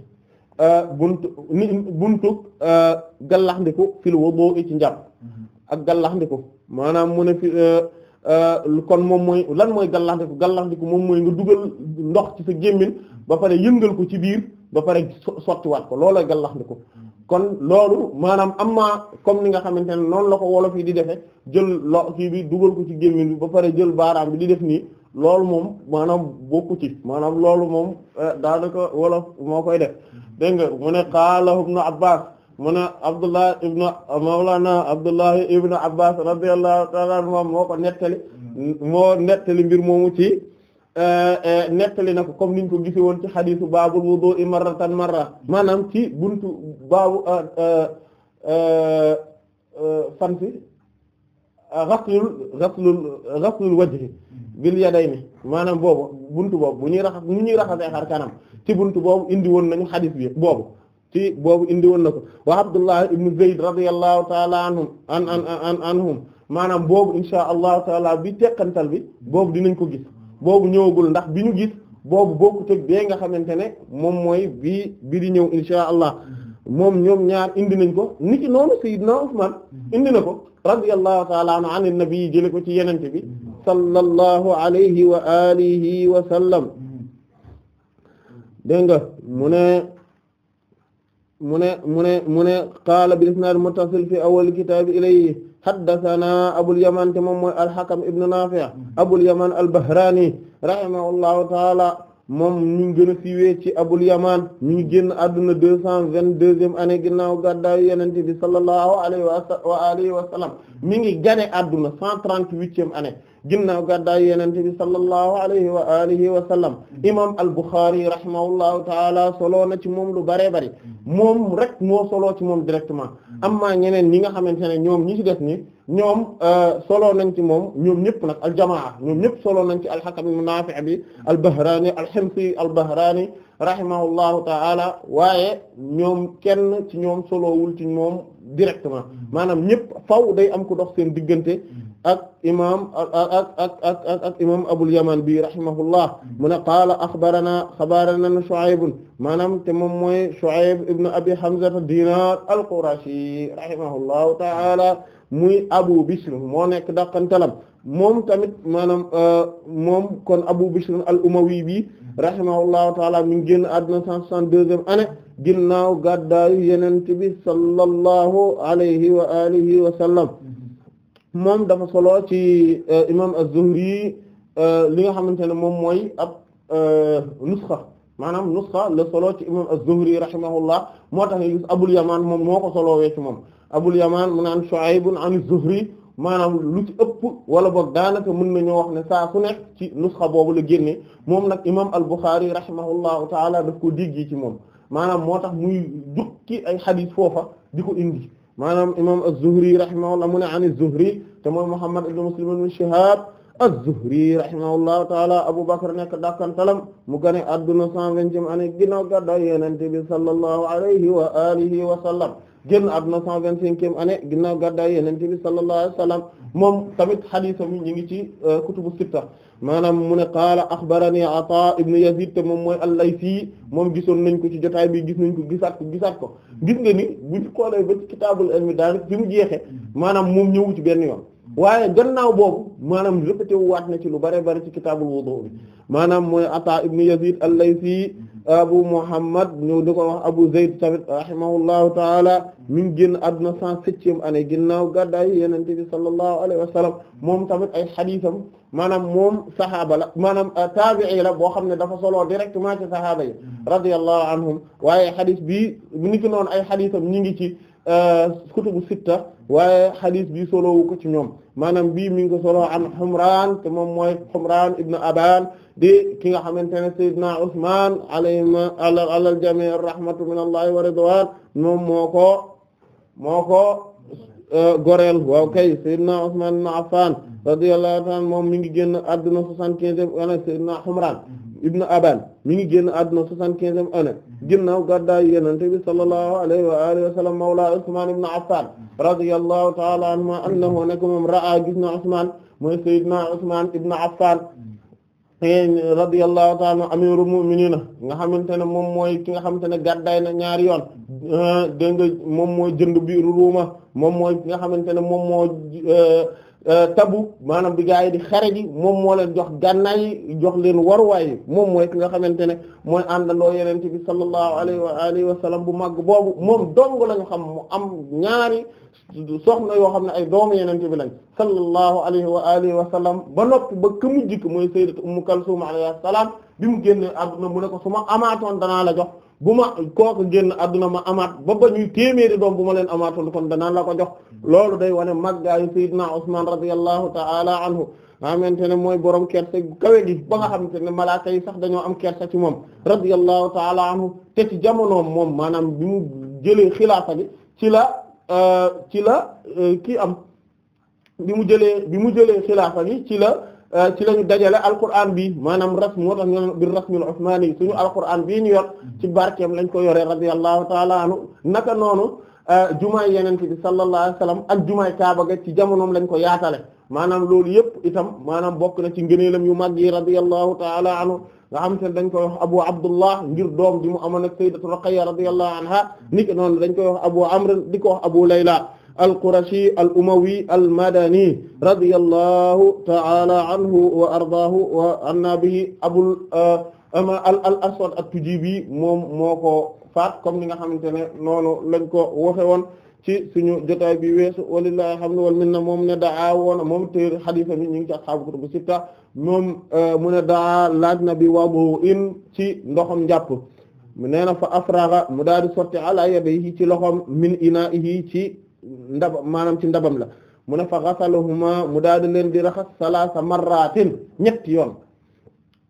euh, buntu ni buntu euh, gallaxndiku fil wudu'i ci njàpp mm-hmm. ak gallaxndiku maanaam mu ne fi euh, kon moom mooy lan mooy gallaxndiku gallaxndiku moom mooy nga dugal ndox ci sa gémmiñ ba pare yëngal ko ci biir ba pare sottiwaat ko loolooy gallaxndiku mm-hmm. kon loolu maanaam am na comme ni nga xamante ne noonu la ko wolof yi di defee jël lo kii bi dugal ko ci gémmiñ bi ba pare jël baaraam bi di def nii loolu moom maanaam bokku ci maanaam loolu moom eh, daanaka wolof moo koy def dégg nga mu ne qaala ibnu Abbas mu ne Abdullah ibnu mawlana Abdullah ibnu Abbas radiyallahu ta'ala anhuma moo ko nettali moo nettali mbir moomu ci eh, eh, nettali na ko comme niñ ko gise woon ci xadiisu baabul wudu'i marratan marra maanaam ci buntu baabu fan si ghaslul ghaslul ghaslul bil mi maanaam boobu buntu boobu bu ñuy raxas bu ñuy raxasee xar kanam ci buntu boobu indi woon nañu xadis bi boobu ci boobu indi woon na ko wa Abdullah ibn Zayd radiyallahu taala anhum an an an anhum maanaam boobu insha allahu bi tekkantal bi boobu dinañ ko gis boobu ñëwagul ndax bi ñu gis boobu bokkut ak bee nga xamante ne moom mooy bii di ñëw insha allah moom ñoom ñaar indi nañ ko niki noonu Seydina Usman indi na ko radiyallahu taala anhu an nabi jële ko ci yenente bi sallallahu alayhi wa alihi wa sallam dégg nga mu ne mu ne mu ne mu ne qaala bil isnaad muttasil fi awwal kitaab ilayhi haddathana abul yaman te moom mooy al-Hakam ibn Nafi' abul yaman al-Bahraani rahimahullahu taala moom ñu ngi gën a ci abul yaman ñu ngi génn àdduna deux cent vingt-deuxième année ginnaaw gàddaayu yenente bi sallallahu alayhi wa alihi wa sallam mi ngi gane àdduna cent trente-huitième année ginnaaw gàddaay yenente bi sallallahu alayhi wa alihi wa sallam imam al-Bukhari rahimahullahu taala soloo na ci moom lu baree bari moom rek moo soloo ci moom directement amma ñeneen ñi nga xamante ne ñoom ñi ci def ni ñoom euh, soloo nañ ci moom ñoom ñëpp nag aljamaa ñoom ñëpp soloo nañ ci al-Hakam ibn Nafi' bi al-Bahrani al-Himsi al-Bahrani rahimahullahu taala waaye ñoom kenn ci ñoom solo wul ci moom directement maanaam ñëpp faw day am ku dox seen diggante ak imaam ak ak ak ak imaam Abul Yaman bi rahimahullah hmm. mu ne qaala axbarana xabarana Shu'ayb maanaam te moom mooy Shu'ayb ibn Abi Hamza Dinar al-Qurashi rahimahullahu ta'ala muy Abu Bishr moo nekk dàqantalam moom tamit maanaam euh, moom kon Abu Bishr al-Umawi bi hmm. rahimahullahu ta'ala mi ngi génn àdduna 162e année ginnaaw gàddaayu Yonent bi sallallahu alayhi wa alihi wa sallam hmm. moom dafa solo ci euh, imam az-Zuhri euh, li nga xamante ne moom mooy ab euh, nusxa maanaam nusxa la solo ci imam az-Zuhri rahimahullah moo tax Abul Yamaan moom moo ko solowee ci moom Abul Yamaan mu naan Shu'ayb an az-Zuhri maanaam lu ci ëpp wala boog daanaka mën nañoo wax ne saa su nekk ci nusxa boobu la génne moom nag imam al-Bukhari rahimahullahu taala daf ko diggi ci moom maanaam moo tax muy jukki ay xadiis foofa di ko indi maanaam imam az-Zuhri rahimahullah mu ne an az-Zuhri te mooy Muhammad ibn Muslim ibn Shihab az-Zuhri rahimahullahu taala Abu Bakr nekk dàkkantalam mu gane adduna cent vingtième année ginnaaw gàddaay Yonent bi sallallahu alayhi wa alihi wa sallam génn àdduna cent vingt-cinquième année ginnaaw gàddaay Yonent bi sallallahu alayhi wa sallam moom tamit xadiisam ñu ngi ci euh, kutubu sitta maanaam mu ne qaala axbarani Ataa ibn Yazid te moom mooy al-Laysi moom gisoon nañ ko ci jotaay bi gis nañ ko gisaat ko gisaat ko gis nga ni buñ xoolee ba ci kitaabul ilmi daal fi mu jeexee maanaam moom ñëwu ci benn yoon waaye naaw boobu maanaam répété wu waat na ci lu bare bare ci kitaabul wudu bi maanaam mooy Ataa ibnu Yazid al-Laysi Abu Muhammad ñu di ko wax Abu Zayd tamit rahimahullahu taala mi ngi génn àdduna cent septième année ginnaaw gàddaayu Yonent bi sallallahu alayhi wa sallam moom tamit ay xadiisam maanaam moom saxaaba la maanaam taabi'i la boo xam ne dafa solo directement ci saxaaba yi radiyallahu anhum waaye xadiis bi ni ki noonu ay xadiisam ñi ngi ci Euh, kutubu sitta waaye hadith bii solowu ko ci ñoom maanaam bii mi ngi ko solo te moom mooy Humraan ibn Abaan di ki nga xamante ne Seydina Usmaan alayhima alal jamii rahmatu minallahi wa ridwaan moom moo ko moo ko euh, goreel waaw kay Seydina Usmaan ibn Affaan radiyallahu ta'ala moom mi ngi génn adduna soixante-quinzième année Seydina Humraan ibn Aban mi ngi génn àdduna soixante-quinzième année ginnaaw gàddaay Yonent bi sallallahu alayhi wa alihi wa sallam mawla Usman ibn Affan radiyallahu ta'ala anhuma annahu nekko moom ra'a gis na mooy sayyidna Usman ibn Affan radiyallahu ta'ala amirul mu'minin nga xamante ne moom mooy ki nga xamante ne gàddaay na ñaari yoon dégg nga moom mooy nga xamante ne moom moo Euh, tabu maanaam bi gaa yi di xare ji moom moo leen jox gànnaay yi jox leen waruwaay moom mooy ki nga xamante ne mooy àndandoo yeneen bi sallallahu alayhi wa alihi wa sallam bu màgg boobu moom dong lañu xam mu am ñaari soxna yoo xam ne ay doomu yeneen bi lañ sallallahu alayhi wa alihi wa sallam ba noppi ba ka mooy sayyidatu Ummu Kalsum alayha salaam bi mu génne àdduna mu ne ko su ma amaatoon danaa la jox. bu ma kooku génn adduna ma amaat ba ba ñuy téeméeri doom bu ma leen amaatul kon danaan la ko jox loolu day wane maggaayu sayyidina Usman radiyallahu ta'ala anhu nga xamante ne mooy boroom kersa kawe gi ba nga xamante ne malaaka yi sax dañoo am kersa ci moom radiyallahu ta'ala anhu te ci jamonoom moom maanaam bi mu jëlee xilaafa bi ci la euh, ci la euh, kii am bi mu jëlee bi mu jëlee xilaafa bi ci la Euh, ci lañu dajale alquran bi maanaam ras moo tax ñu bi rasmil usmani suñu alquran bii ñu yor ci barkeem lañ ko yoree radiyallahu taala anhu naka noonu euh, jumaay yenente bi sallallahu alayhi wasallam ak jumaay kaaba ga ci jamonoom lañ ko yaatale maanaam loolu yëpp itam maanaam bokk na ci ngëneelam yu mag yi radiyallahu taala anhu nga xam te ne dañ ko wax abu abdullah ngir doom di mu amoon ak sayyidatu ruqayya radiyallahu anha ni ki noonu dañ koy wax abu amr di ko wax abu layla al-Qurashi al-Umawi al-Madani radiyallahu ta'ala anhu wa ardaahu wa anna bihi abul uh, al-Aswad at-Tujibi moom moo ko faat comme ni nga xamante ne noonu lañ ko waxe woon ci suñu jotaay bi weesu walillahi alhamdu wal minna moom ne daa woon moom te xadiisa bi ñu ngi ci ashaabu kutubu sitta moom uh, mu ne daa laaj na bi wabu in ci ndoxam njàpp nee na fa afraga mu daal di sotti ala yadayhi ci loxom min inaahi ci ndaba maanaam ci ndabam la mu ne fa xasalahuma mu daal di leen di raxas salaasa marratin ñetti yoon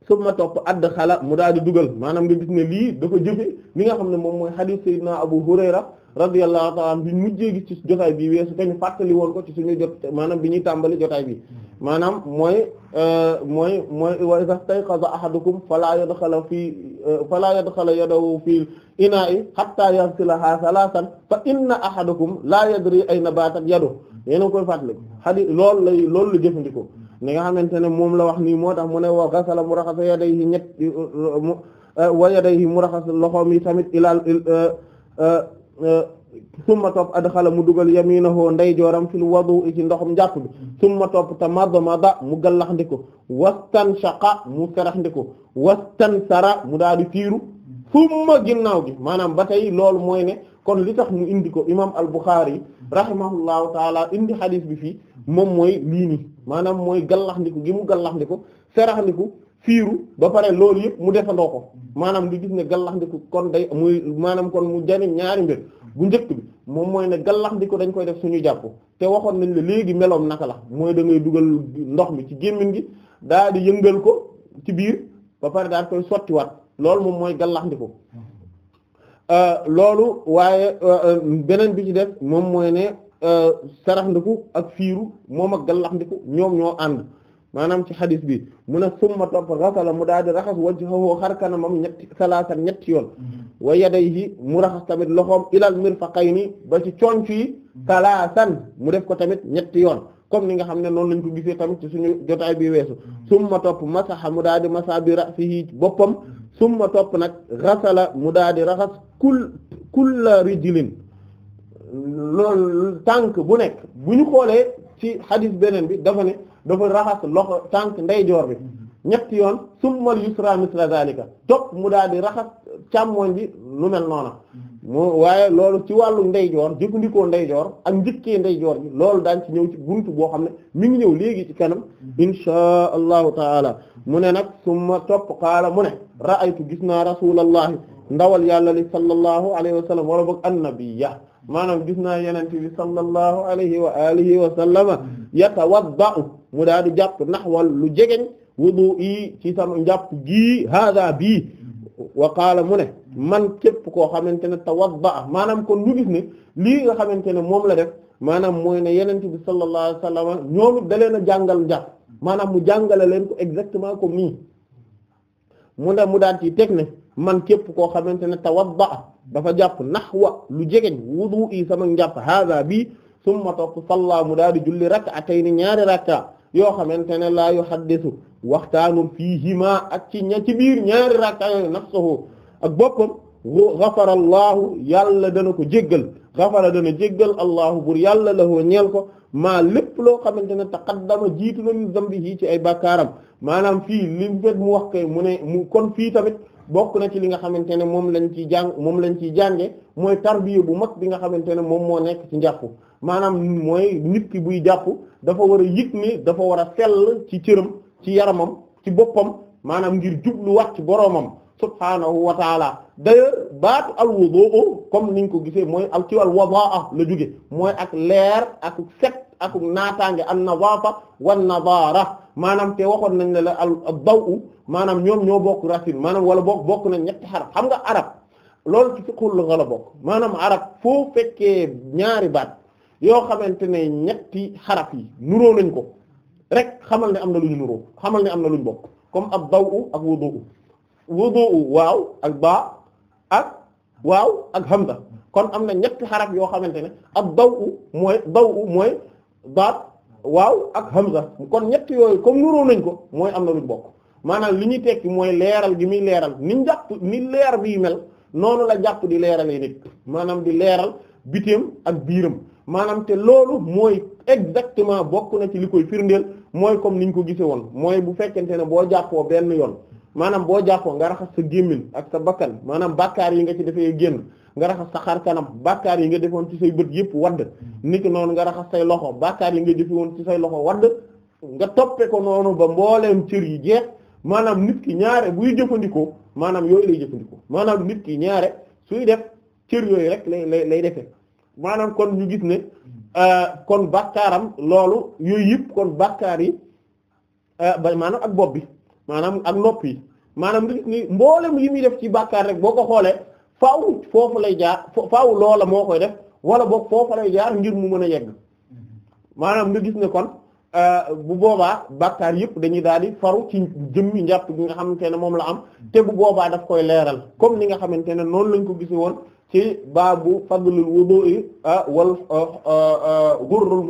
summa topp add xala mu daal di dugal maanaam nga gis ne lii dafa jëfe li nga xam ne moom mooy hadith na Abu Hurayra radiyallahu ta'ala bi mu gis ci jotaay bi weesu te ñu fàttali woon ko ci suñu jot maanaam bi ñuy tàmbali jotaay bi maanaam mooy euh, mooy mooy wa iza stayqaza ahadukum fala yadxala fii euh, fala yadxala yadahu fii inaa'i hatta yaghsilaha thalathan fa inna ahadakum la yadri ayna batat yaduhu yéen a koy fàttali xadi loolu lay loolu la jëfandikoo ni nga xamante ne moom la wax nii moo tax mu ne wa ghasala mu raxas yadayhi ñett euh, wa yadayhi mu raxas loxoom yi tamit ilal Euh, summa topp xala mu dugal yaminahu ndeyjooram fil wudu ci ndoxum njàpp bi summa topp tamadmada mu gallaxndiku wastanshaqa mu saraxndiku sara mu daal di tiiru summa ginnaaw gi maanaam ba tey loolu mooy ne kon li tax mu indi ko imaam al-Bukhari rahimahullahu taala indi xadiis bi fii moom mooy lii nii maanaam mooy gallaxndiku gi mu gallaxndiku saraxndiku fiiru ba pare loolu yëpp mu defandoo ko maanaam di gis ne gallax kon day muy maanaam kon mu jariñ ñaari mbir bu njëkk bi moom mooy ne gallax dañ koy def suñu jàpp te waxoon nañ la léegi meloom naka la mooy dangay ngay dugal ndox mi ci gémmiñ gi daal di yëngal ko ci biir ba pare daal koy sottiwaat loolu moom mooy gallax euh, loolu waaye euh, euh, beneen bi ci def moom mooy ne sarax ndiku ak fiiru moom ak gallax ndiku ñoom ñoo ànd maanaam ci xadis bi mu ne summa topp xasala mu daal di raxas wajhahu xar kanamam ñetti salaasan ñetti yoon mm-hmm. wa yadayhi mu raxas tamit loxoom ilal mirfaqayni ba ci conc yi mm-hmm. salaasan mu def ko tamit ñetti yoon comme ni nga xam ne noonu lañ ko gisee tamit ci suñu jotaay bi weesu mm-hmm. summa topp masaxa mu daal di masa bi ra'sihi boppam summa topp nag xasala mu daal di raxas kul kulla rijlin loolu tànk bu nekk bu ñu xoolee ci xadis beneen bi dafa ne dafa raxas loxo tànk ndeyjoor bi mhm. ñetti yoon summal yusra misla zalika topp mu daal di raxas càmmooñ bi lu mel noona mhm. mu waaye loolu ci wàllu ndeyjoor jëfandikoo ndeyjoor ak njëkkee ndeyjoor bi loolu daañ ci ñëw ci boo xam ne mi ngi ñëw léegi ci kanam mhm. inshaa allahu taala mu ne nag summa topp qaala mu ne ra'aytu gis naa rasulallahi ndawal yàlla li sallallahu alayhi wa sallam wala boog annabiyya maanaam gis naa yenente bi sallallahu alayhi wa alihi wa sallama yatawadda'u mu daa di jàpp naxwal lu jegeñ wudu yi ci sama njàpp gii hada bi wa qaala mu ne man képp koo xamante ne tawadda maanaam kon lu lii nga xamante ne moom la def maanaam mooy ne yenente bi sallallahu alayhi wa sallama ñoom da a jàngal njàpp maanaam mu jàngale leen ko exactement comme mii mu ne mu daal ci teg ne man képp koo xamante ne tawadda dafa jàpp nahwa lu jegeñ wudu i sama njàpp hada bi summa topp salla mu daal di julli rak'atayn ñaari rakka yoo xamante ne laa yu haddisu waxtaanul fiihima ak ci ña ci biir ñaari rakka nafsuhu ak boppam ghafara allahu yàlla dana ko jéggal xafara dana jéggal allahu bur yàlla lahoo ñeel ko maa lépp loo xamante ne taqaddama jiitu na min zambihi ci ay bàkkaaram maanaam fii li mu mu wax kay mu ne mu kon fii tamit bokk na ci li nga xamante ne moom lañ ciy jàng moom lañ ciy jànge mooy tarbiya bu mag bi nga xamante ne moom moo nekk ci njàpp maanaam mooy nit ki buy jàpp dafa war a yëg ni dafa war a sell ci cëram ci yaramam ci boppam maanaam ngir wax ci boroomam subhaanahu wa d'ailleurs baatu al wudu comme niñ ko gisee mooy al ci al wadaa la jóge mooy ak leer ak set ak naataange an nadaafa wan nadaara maanaam te waxoon nañ ne la al daw maanaam ñoom ñoo bokk racine maanaam wala bokk bokk nañ ñetti xaraf xam nga arab loolu ci fiqhul nga la bokk maanaam arab foo fekkee ñaari baat yoo xamante ne ñetti xaraf yi nuroo nañ ko rek xamal ne am na lu nuroo xamal ne am na lu ñu bokk comme ab daw ak wudu wudu waaw ak baa waaw ak hamza kon am na ñetti xarab yoo xamante ne ak daw u mooy daw u mooy baat waaw ak hamza kon ñetti yooyu comme nuroo nañ ko mooy am na luñ bokk maanaam li ñuy tekki mooy leeral gi muy leeral ni njàpp ni leer bii mel noonu la jàpp di leeralee nit maanaam di leeral bitéem ak biiram maanaam te loolu mooy exactement bokk na ci li koy firndeel mooy comme niñ ko gisee woon mooy bu fekkente ne boo jàppoo benn yoon maanaam boo jàppoo nga raxas sa gémmiñ ak sa bakkan maanaam bàkkaar yi nga ci defee génn nga raxas sa xar kanam bàkkaar yi nga defoon ci say bët yëpp wadd niki noonu nga raxas say loxo bàkkaar yi nga defe woon ci say loxo wadd nga toppe ko noonu ba mbooleem cër yi jeex maanaam nit ki ñaare buy jëfandikoo maanaam yooyu lay jëfandikoo maanaam nit ki ñaare suy def cër yooyu rek lay lay lay defee maanaam kon ñu gis ne euh, kon bakkaaram loolu yooyu yëpp kon bàkkaar yi euh, ba maanaam ak bopp bi maanaam ak nopp yi maanaam nga gis ni mboolem yi muy def ci bàkkaar rek boo ko xoolee faaw foofu lay jaar faaw loola moo koy def wala boog foofu lay jaar ngir mu mën a yegg maanaam nga gis ne kon euh, bu boobaa bàkkaar yëpp dañuy daal di faru ci jëmmi njàpp gi nga xamante ne moom la am te bu boobaa daf koy leeral comme ni nga xamante ne noonu lañ ko gise woon ci baabu fadlul wudu'i euh, wal euh, ghurrul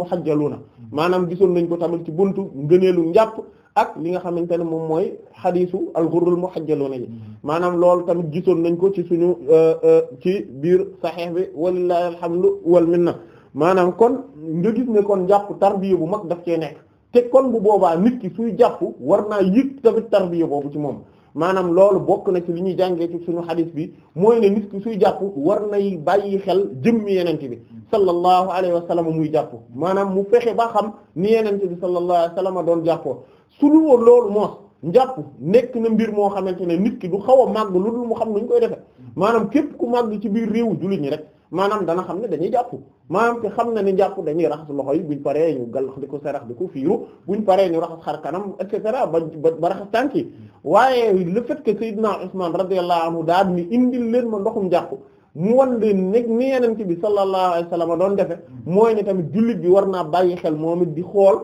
na maanaam gisoon nañ ko tamit ci buntu ngëneelu njàpp ak li nga xamante ne moom mooy xadiisu al-ghurrul muhajjaluna yi maanaam loolu tamit gisoon nañ ko ci suñu euh, euh, ci biir saxiix bi walillahi alhamdu wal minna maanaam kon nga gis ne kon jàpp tarbiya bu mag daf cee nekk te kon bu boobaa nit ki suy jàpp war naa yëg tamit tarbiya boobu ci moom maanaam loolu bokk na ci li ñuy jàngee ci suñu xadiis bi mooy ne nit suy jàpp war nay bàyyi xel jëmmi yenente bi sallallahu alayhi wa sallam muy jàpp maanaam mu fexe ba xam ni yenente bi sallallahu alayhi wa sallam doon jàppoo su dul woon loolu moos njàpp nekk na mbir moo xamante ne nit ki du xaw a màgg lu dul mu xam nuñ koy defee maanaam képp ku màgg ci biir réewu jullit ñi rek maanaam dana xam ne dañuy jàpp maanaam te xam na ne njàpp dañuy raxas loxo yi buñ paree ñu galax ko sarax di ko fiiru buñ paree ñu raxas xar kanam et cetera ba ba raxas tànk yi waaye le fait que Seydina Usman radiyallahu anhu daal ni indil leen ma ndoxum njàpp mu wan leen nekk ni yeneen ci bi sallallahu alayhi wasallam doon defe mm. mooy ne tamit jullit bi war naa bàyyi xel moom it di xool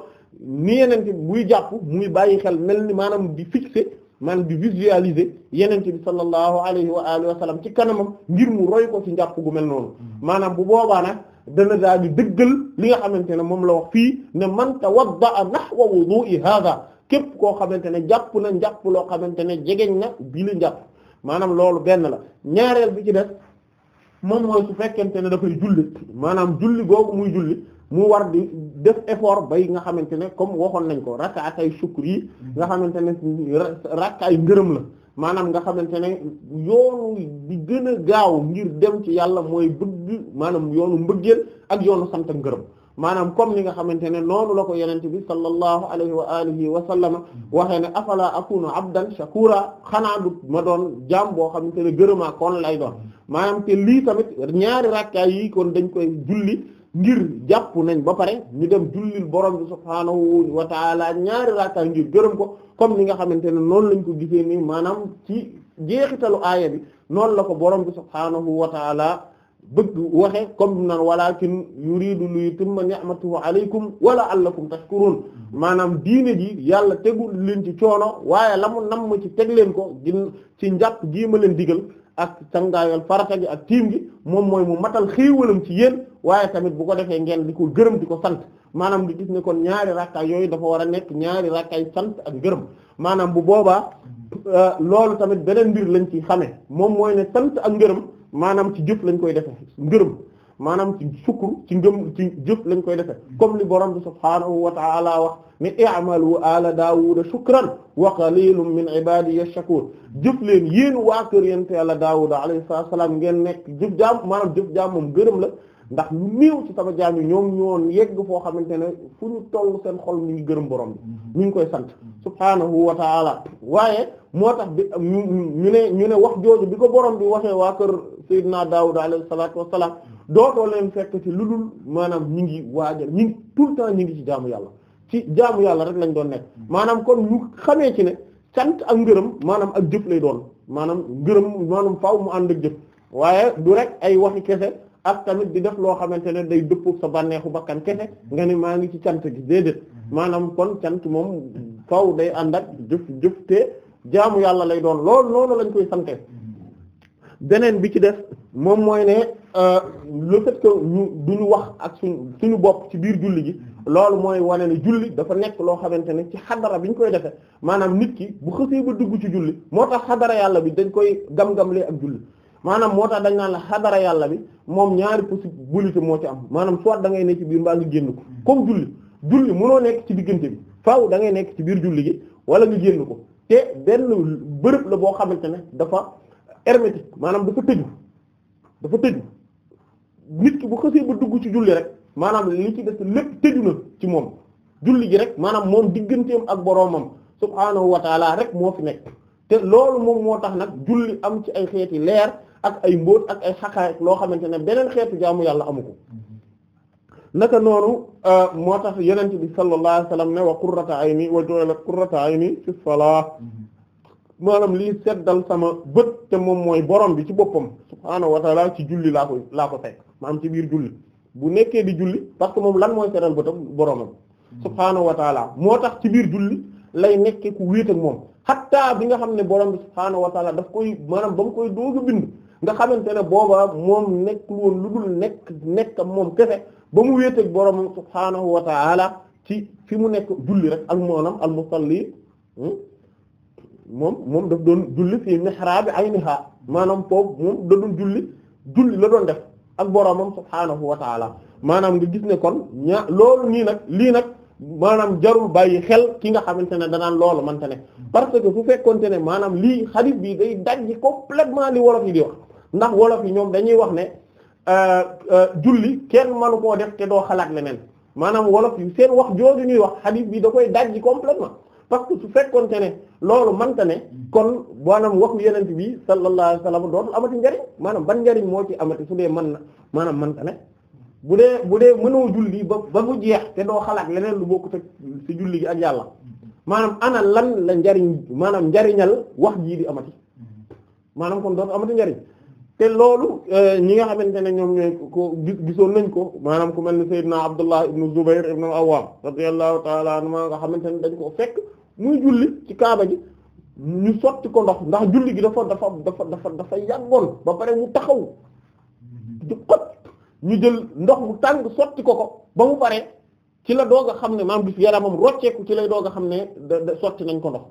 ni yenente bi buy jàpp muy bàyyi xel mel ni maanaam di fixer maanaam di visualiser yenente bi sallallahu alayhi wa alihi wa sallam ci kanamam ngir mu roy ko ci njàpp gu mel noonu mm. maanaam bu boobaa nag dana daal di dëggal li nga xamante ne moom la wax fii ne man tawadda'a nahwa wudu'i hadha képp koo xamante ne jàpp na njàpp loo xamante ne jegeñ na bi la maanaam loolu benn la ñaareel bi ci def moom mooy su fekkente ne dafay julli maanaam julli googu muy julli mu war di def effort bay nga xamante ne comme waxoon nañ ko rakkaatay sukkur yi nga xamante ne ay ngërëm la maanaam nga xamante ne yoonu di gën a gaaw ngir dem ci yàlla mooy bëgg maanaam yoonu mbëggeel ak yoonu sant ngërëm maanaam comme ni nga xamante ne noonu la ko yenente bi sallallahu alayhi wa alihi wa sallama waxee ne afala akunu abdan shakura xanaa du ma doon jaam boo xamante ne gërëmaa kon lay doon maanaam te lii tamit ñaari rakkaay yi kon dañ koy julli ngir jàpp nañ ba pare ñu dem jullil borom bi subhaanahu wa taala ñaari raaka ngir gërëm ko comme ni nga xamante ne noonu lañ ko gisee nii maanaam ci jeexitalu aaya bi noonu la ko borom bi subhaanahu wa taala bëgg waxe comme nan walakin yuridu li yutimma ni'matahu alaykum wa la'allakum tashkurun maanaam diine ji yàlla tegul leen ci coono waaye la mu ma ci teg leen ko ci njàpp gii ma leen digal ak cangaayal farata gi ak tiim gi moom mooy mu matal xéewalam ci yéen waaye tamit bu ko defee ngeen di ko gërëm di ko sant maanaam di gis ne kon ñaari rakkaay yooyu dafa war a nekk ñaari rakkaay sant ak gërëm maanaam bu boobaa euh, loolu tamit beneen mbir lañ ci xamee moom mooy ne sant ak ngërëm maanaam ci jëf lañ koy defee gërëm maanaam ci sukkur ci ngëm ci jëf lañ koy defee comme li borom bi subhaanahu wa ta'ala wax ni i'malu ala daawuda shukran wa qalilun min ibadiya shakur jëf leen yéen waa kër yente yàlla daawuda alayhi salaam ngeen nekk jëf jaam maanaam jëf jaam moom gërëm la ndax ñu néew ci sama jaam yi ñoom ñoon yegg foo xamante ne fu ñu toll seen xol mi ngi gërëm borom bi ñu mm-hmm. ngi koy sant subhaanahu wa ta'ala waaye moo tax bi ñu ne ñu ne wax jooju bi ko borom bi waxee waa kër Seydina Daawud alayhi salaatu wa salaam dootoo leen fekk ci lu dul maanaam ñu ngi waaja ñu ngi tout temps ñu ngi ci jaamu yàlla ci jaamu yàlla rek lañ doon nekk hmm. maanaam kon ñu xamee ci ne cant ak ngërëm maanaam ak jëf lay doon maanaam ngërëm maanaam faaw mu ànd ak waaye du rek ay waxi kese ak tamit di def loo xamante ne day dëppoo sa bànneexu bakkan kese nga ne maa ngi ci cant gi déedéet hmm. maanaam kon cant moom faaw day ànd ak jëf jëf te yàlla lay doon loolu loolu lañ koy sante hmm. beneen bi ci def moom mooy ne euh, le fait que ñu du ñu wax ak suñu suñu bopp ci biir julli gi loolu mooy wane ne julli dafa nekk loo xamante ne ci xadara bi ñu koy defee maanaam nit ki bu xësee ba dugg ci julli moo tax xadara yàlla bi dañ koy gam-gamlee ak julli maanaam moo tax dañ naan la xadara yàlla bi moom ñaari possibilité moo ci am maanaam soit da ngay nekk ci biir mbaa nga génn ko comme julli julli mënoo nekk ci diggante bi faaw dangay nekk ci biir julli gi wala nga génn ko te benn bërëb la boo xamante ne dafa hermétique maanaam dafa tëju dafa tëju nit ki bu xësee ba dugg ci julli rek maanaam li ci des lépp tëju na ci moom julli ji rek maanaam moom digganteem ak boroomam subhaanahu wa taala rek moo fi nekk te loolu moom moo tax nag julli am ci ay xeeti leer ak ay mbóot ak ay xaqaay loo xamante ne beneen xeetu jaamu yàlla amuko ko naka noonu euh, moo tax yonent bi sallallahu alayhi wasallam ne wa qurrata ayni wa ju'ilat qurrata ayni fi salat maanaam lii seddal sama bët te moom mooy borom bi ci boppam subhaanahu wa taala ci julli laa koy laa ko teg maanaam ci biir julli bu nekkee di julli parce que moom lan mooy seddal bëtam boromam hmm. subhaanahu wa taala moo tax ci biir julli lay nekkee ku ak moom xattaa bi nga xam ne borom bi subhaanahu wa taala daf koy maanaam ba mu koy dooga bind nga xamante ne booba moom nekk woon lu dul nekk nekk moom kese ba mu wéet ak boromam subhaanahu wa ci fi mu nekk julli rek ak moonam al musalli hmm? moom moom daf doon julli fii mihraabi aynihaa maanaam foofu moom da doon julli julli la doon def ak boroomam subhaanahu wa taala maanaam nga gis ne kon ñaa loolu nii nag lii nag maanaam jarul bàyyi xel ki nga xamante ne danaan loolu mante ne parce que fu fekkonte ne maanaam lii xadiis bi day dajji complètement li wolof yi di wax ndax wolof yi ñoom dañuy wax ne euh, euh, julli kenn manu koo def te doo xalaat leneen maanaam wolof yi seen wax jooju ñuy wax xadiis bi da koy dajji complètement parce que su fekkoonte ne loolu mante ne mm. kon maanaam waxu yenent bi sallallahu alayhi wa sallam dootul amati njariñ maanaam ban njariñ moo ci amati su dee man na maanaam mante ne bu dee bu dee mënoo julli ba ba mu jeex te doo xalaat leneen lu bokkut ak ci julli gi ak yàlla maanaam ana lan la njariñ maanaam njariñal wax jii di amati mm. maanaam kon dootu amati njariñ te loolu euh, ñi nga xamante ne ñoom ñooy ko gisoon nañ ko maanaam ku mel ne Seydina Abdullah ibn Zubayr ibn Awwam radiyallahu ta'ala anhuma nga xamante ne dañ ko fekk muy julli ci kaaba ji ñu sotti ko ndox ndax julli gi dafa dafa dafa dafa dafa yàggoon ba pare mu taxaw di xot ñu jël ndox mu tàng sotti ko ko ba mu pare ci la doog a xam ne maam gis yaramam rocceeku ci lay doog a xam ne da sotti nañ ko ndox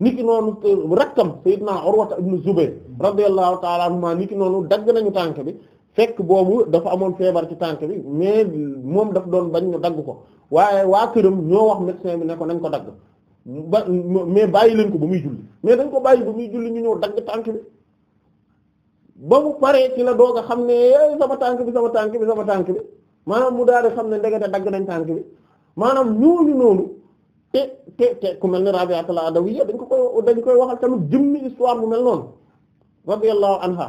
nit niki noonu rakkam sayyidna Urwata ibn Zubayr radiyallahu ta'ala anhuma niki noonu dagg nañu tànk bi fekk boobu dafa amoon feebar ci tànk bi mais moom daf doon bañ ñu dagg ko waaye waa këram ñoo wax médecin bi ne nañ ko dagg ba mais bàyyi lañ ko ba muy julli mais dañ ko bàyyi ba muy julli ñu ñëw dagg tànk bi ba mu paree ci la doog a xam ne sama tànk bi sama tànk bi sama tànk bi maanaam mu daal di xam ne ndegete dagg nañ tànk bi maanaam ñooñu noonu te te te ku mel ne Rabi'atul Adawiyya dañ ko koy dañ koy waxal tamit jëmmi histoire bu mel noonu radiyallahu anha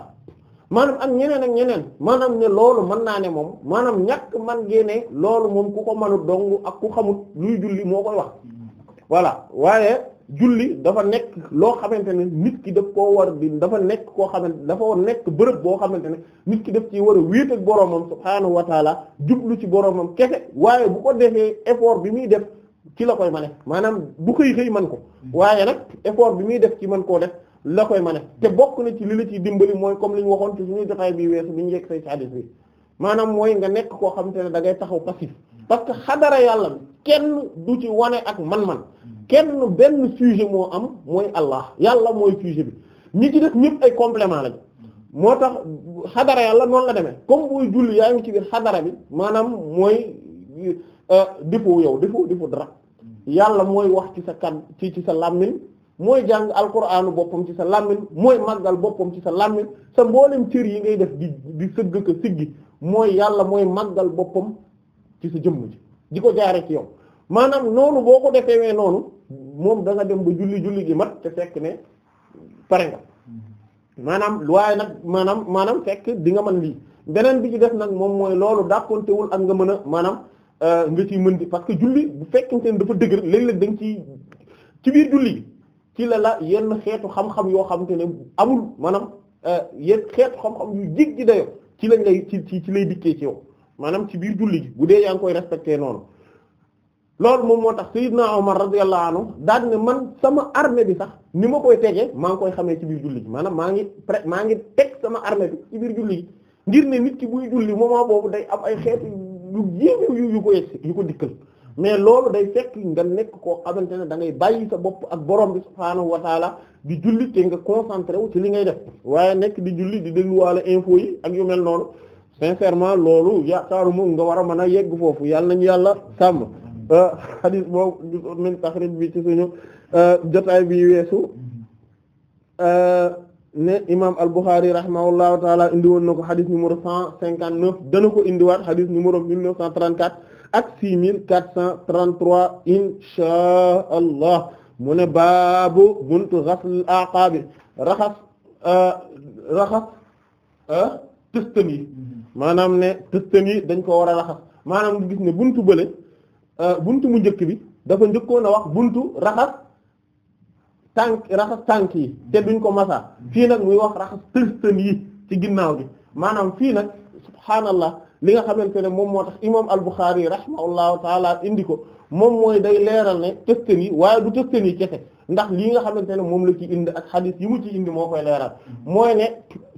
maanaam ak ñeneen ak ñeneen maanaam ne loolu mën naa ne moom maanaam ñàkk man génne loolu moom ku ko mënut dong ak ku xamut luy julli moo koy wax voilà waaye julli dafa nekk loo xamante ne nit ki daf koo war di dafa nekk koo xamante dafa nekk bërëb boo xamante ne nit ki daf ci war a wéet ak boroomam subhaanahu wa taala jublu ci boroomam kese waaye bu ko defee effort bi muy def ci la koy mane maanaam du xëy xëy man ko mm. waaye nag effort bi muy def ci man koo def la koy mane te bokk na ci li la ciy dimbali mooy comme li ñu waxoon ci suñu jotaay bi weesu bi ñu yegg say hadith bi maanaam mooy nga nekk koo xam te ne dangay ngay taxaw passif parce que xadara yàlla kenn du ci wane ak man-man mm. kenn benn sujet moo am mooy Allah yàlla mooy sujet bi ñi ci def ñëpp ay complément lañu mm. moo tax xadara yàlla noonu la demee comme booy julli yaa ngi ci biir xadara bi maanaam mooy euh, defoo yow defoo defoo dara yàlla mooy wax ci sa kan ci ci sa làmmiñ mooy jàng alquraanu boppam ci sa làmmiñ mooy màggal boppam ci sa làmmiñ sa mboolem cër yi ngay def di di sëgg ko siggi mooy yàlla mooy màggal boppam ci sa jëmm ji di ko jaaree ci yow maanaam noonu boo ko defee wee noonu moom danga dem ba julli julli gi mat te fekk ne pare nga maanaam waaye nag maanaam maanaam fekk di nga mën lii beneen bi ci def nag moom mooy loolu dàqontewul ak nga mën a maanaam Euh, nga ci mën di parce que julli bu fekkente ne dafa dëgër léeg-léeg da nga ciy ci biir julli ci la la yenn xeetu xam-xam yoo xamante ne amul maanaam euh, yenn xeetu xam-xam yu jig ji dayo ci lañ lay ci ci ci lay dikkee ci yow maanaam ci biir julli gi bu dee yaa ngi koy respecté noonu loolu moom moo tax na Sayyidna Umar radiyallahu anhu daal ne man sama armée bi sax ni ma koy tegee maa ngi koy xamee ci biir julli gi maanaam maa ngi pré maa ngi teg sama armée bi ci biir julli gi ngir ne nit ki buy julli moment boobu day am ay xeetu yu yéeme yu yu ko yegsi yu ko dikkal mais loolu day fekk nga nekk koo xamante ne da ngay bàyyi sa bopp ak boroom bi subhaanahu wa di julli te nga concentré wu ci li ngay def waaye nekk di julli di dégluwaale info yi ak yu mel noonu sincèrement loolu yaakaaru moom nga war a mën a yegg foofu yàlla nañu yàlla sàmm xadis euh, boobu gisoon nañ taxrib bi ci suñu euh, jotaay bi weesu euh, ne imam al-Bukhari rahimahullahu na ko xadis numéro cent cinquante neuf ko indiwaat xadis numéro mille neuf cent trente quatre ak six mille quatre cent trente trois insha allah raxas euh, raxas euh, yi mm-hmm. maanaam ne tëstan yi dañ ko war a raxas maanaam gis ne buntu bële euh, buntu mu njëkk bi dafa njëkkoon a wax buntu raxas tànk raxas tànk yi te duñ ko masa fii nag muy wax raxas tëstan yi ci ginnaaw gi maanaam fii nag subhaanallah li nga xamante ne moom moo tax imam al-Bukhari rahimahullahu taala indi ko moom mooy day leeral ne tëstan yi waaye du tëstan yi kese ndax lii nga xamante ne moom la ci indi ak xadis yi mu ci indi moo koy leeral mooy ne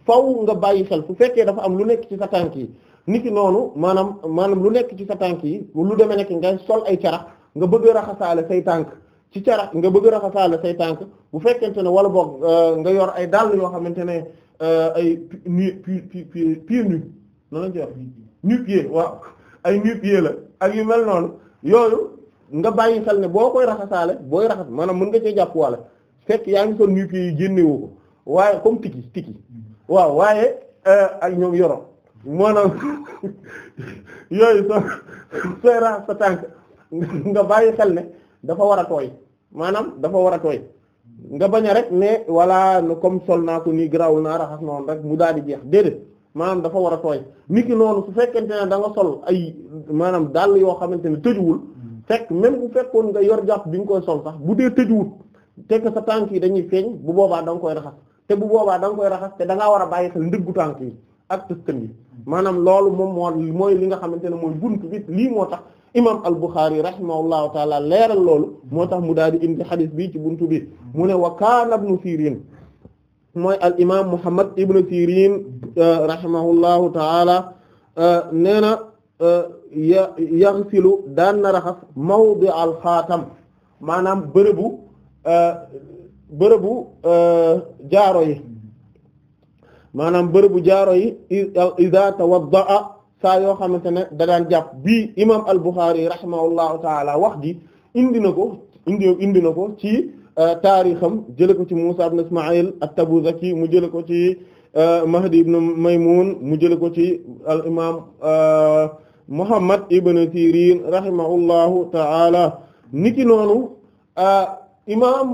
faw nga bàyyi xel su fekkee dafa am lu nekk ci sa tànk yi niki noonu maanaam maanaam lu nekk ci sa tànk yi lu demee nekk ngay sol ay carax nga bëgg raxasaale say tànk ci carax nga bëgg raxasaale say tànk bu fekkente ne wala boog euh, nga yor ay dàll yoo xamante ne euh, ay nu pieds nus noonu lañ nu-pieds waaw ay nu-pieds la ak yu mel noonu yooyu nga bàyyi xel ne boo koy raxasaale booy raxas maanaam mën nga cee jàpp wala fekk yaa ngi sol nu-pieds yi génnewoo ko waaye comme tiki tiki waaw waaye euh, ak ñoom yoro maanaam yooyu sooy raxas sa tànk nga bàyyi xel ne dafa war a tooy maanaam dafa war a tooy nga bañ a rek ne walla comme sol naa ko nii garaawul naa raxas noonu rek mu daal di jeex déedéet maanaam dafa war a tooy niki noonu su fekkente ne da nga sol ay maanaam dàll yoo xamante ne tëjuwul fekk même bu fekkoon nga yor jàpp bi nga koy sol sax bu dee tëjuwul tek sa tànk yi dañuy feeñ bu boobaa da nga koy raxas te bu boobaa da nga koy raxas te da ngaa war a bàyyi xel ndëggu tànk yi ak tëstan yi maanaam loolu moom moo li nga xamante ne mooy buntu bi lii moo tax imam al-Bukhari rahimahullahu taala leeral loolu moo tax mu daal di indi xadis bi ci buntu bi mu ne wa kaana ibnu Sirin mooy al imam Muhammad ibnu Sirin euh, rahimahullahu taala euh, nee na euh, ya yaxsilu daan na raxas mawdi al xaatam maanaam bërëbu bërëbu jaaro yi maanaam bërëbu jaaro yi saa yoo xamante ne da daan jàpp bii imam al-Bukhari rahimahullahu taala wax ji indi na ko indi indi ko ci euh, taarixam jële ko ci Musa ibn Ismail at-Tabuzaki mu jële ko ci euh, Mahdi ibn Maymun mu jële ko ci al imam euh, Muhammad ibn Sirin rahimahullahu taala niki imam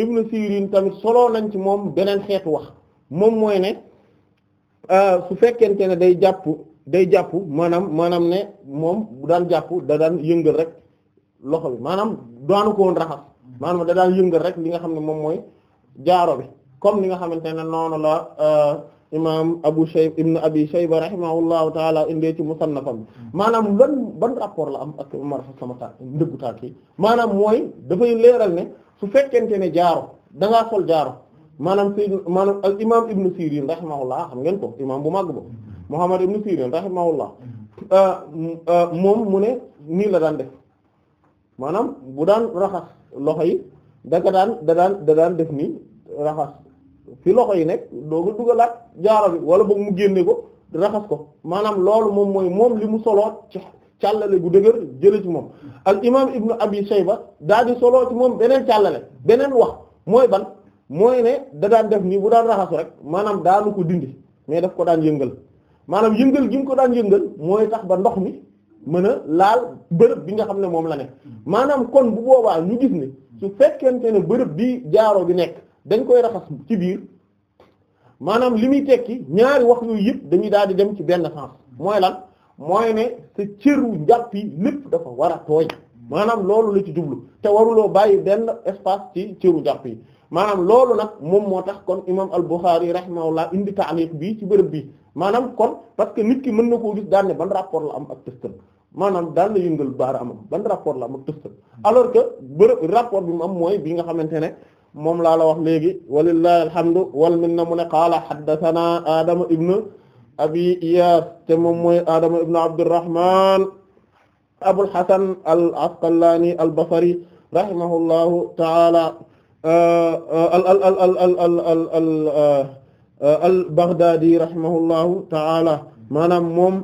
ibn Sirin tamit solo nañ ci moom beneen xeetu wax moom mooy su fekkente ne day jàpp day jàpp maanaam maanaam ne moom bu daan jàpp da daan yëngal rek loxo bi maanaam daanu koon woon raxas maanaam da daan yëngal rek li nga xam ne moom mooy jaaro bi comme li nga xamante ne noonu la euh, imaam Abu Shayb ibn Abi Shayba rahimahullahu taala indee ci musannafam mm. maanaam lan ba rapport la am ak marfa sama ta ndëggu tànk maanaam mooy dafay leeral ne su fekkente ne jaaro da ngaa sol jaaro maanaam sayyid maanaam al imaam Ibn Sirin rahimahullah xam ngeen ko imaam bu màgg ba mm. Muhammad ibn Sirin rahimahullah mm-hmm. euh, euh, moom mu ne nii la daan def maanaam bu daan raxas loxo yi da ka daan da daan def nii raxas fi loxo yi nekk dooga dugalaat jaaro bi wala boog mu génne ko raxas ko maanaam loolu moom mooy moom li mu soloo ci càllale gu dëgër jële ci moom al imam ibnu abi shayba daa di soloo ci moom beneen càllale beneen wax mooy ban mooy ne da daan def nii bu daan raxasu rek maanaam daanu ko dindi mais daf ko daan yëngal maanaam yëngal gi mu ko daan yëngal mooy tax ba ndox mi mën a laal bërëb bi nga xam ne moom la nekk maanaam kon bu boobaa ñu gis ne su fekkente ne bërëb bi jaaro bi nekk dañ koy raxas ci biir maanaam li muy tekki ñaari wax yooyu yëpp dañuy daal di dem ci benn sens mooy lan mooy ne sa cëru njàpp yi lépp dafa war a tooy maanaam loolu la ci jublu te waruloo bàyyi benn espace ci cëru njàpp yi maanaam loolu nag moom moo tax kon imam al-Bukhari rahimahullah indi taaliq bii ci bërëb bi maanaam kon parce que nit ki mën na koo gis daan ne ban rapport la am ak tëstal maanaam daan na yëngal baaraamam ban rapport la am ak tëstal alors que bërëb rapport bi mu am mooy bi nga xamante ne moom laa la wax léegi walillahi alhamdu wal minna mu ne qaala haddathana Adama ibn Abi Iyas te moom mooy Adama ibn Abdurrahman Abul Hasan al-Asqalani al-Basri rahimahullahu ta'ala al al al al al al al uh, al Baghdadi rahimahullahu ta'ala maanaam moom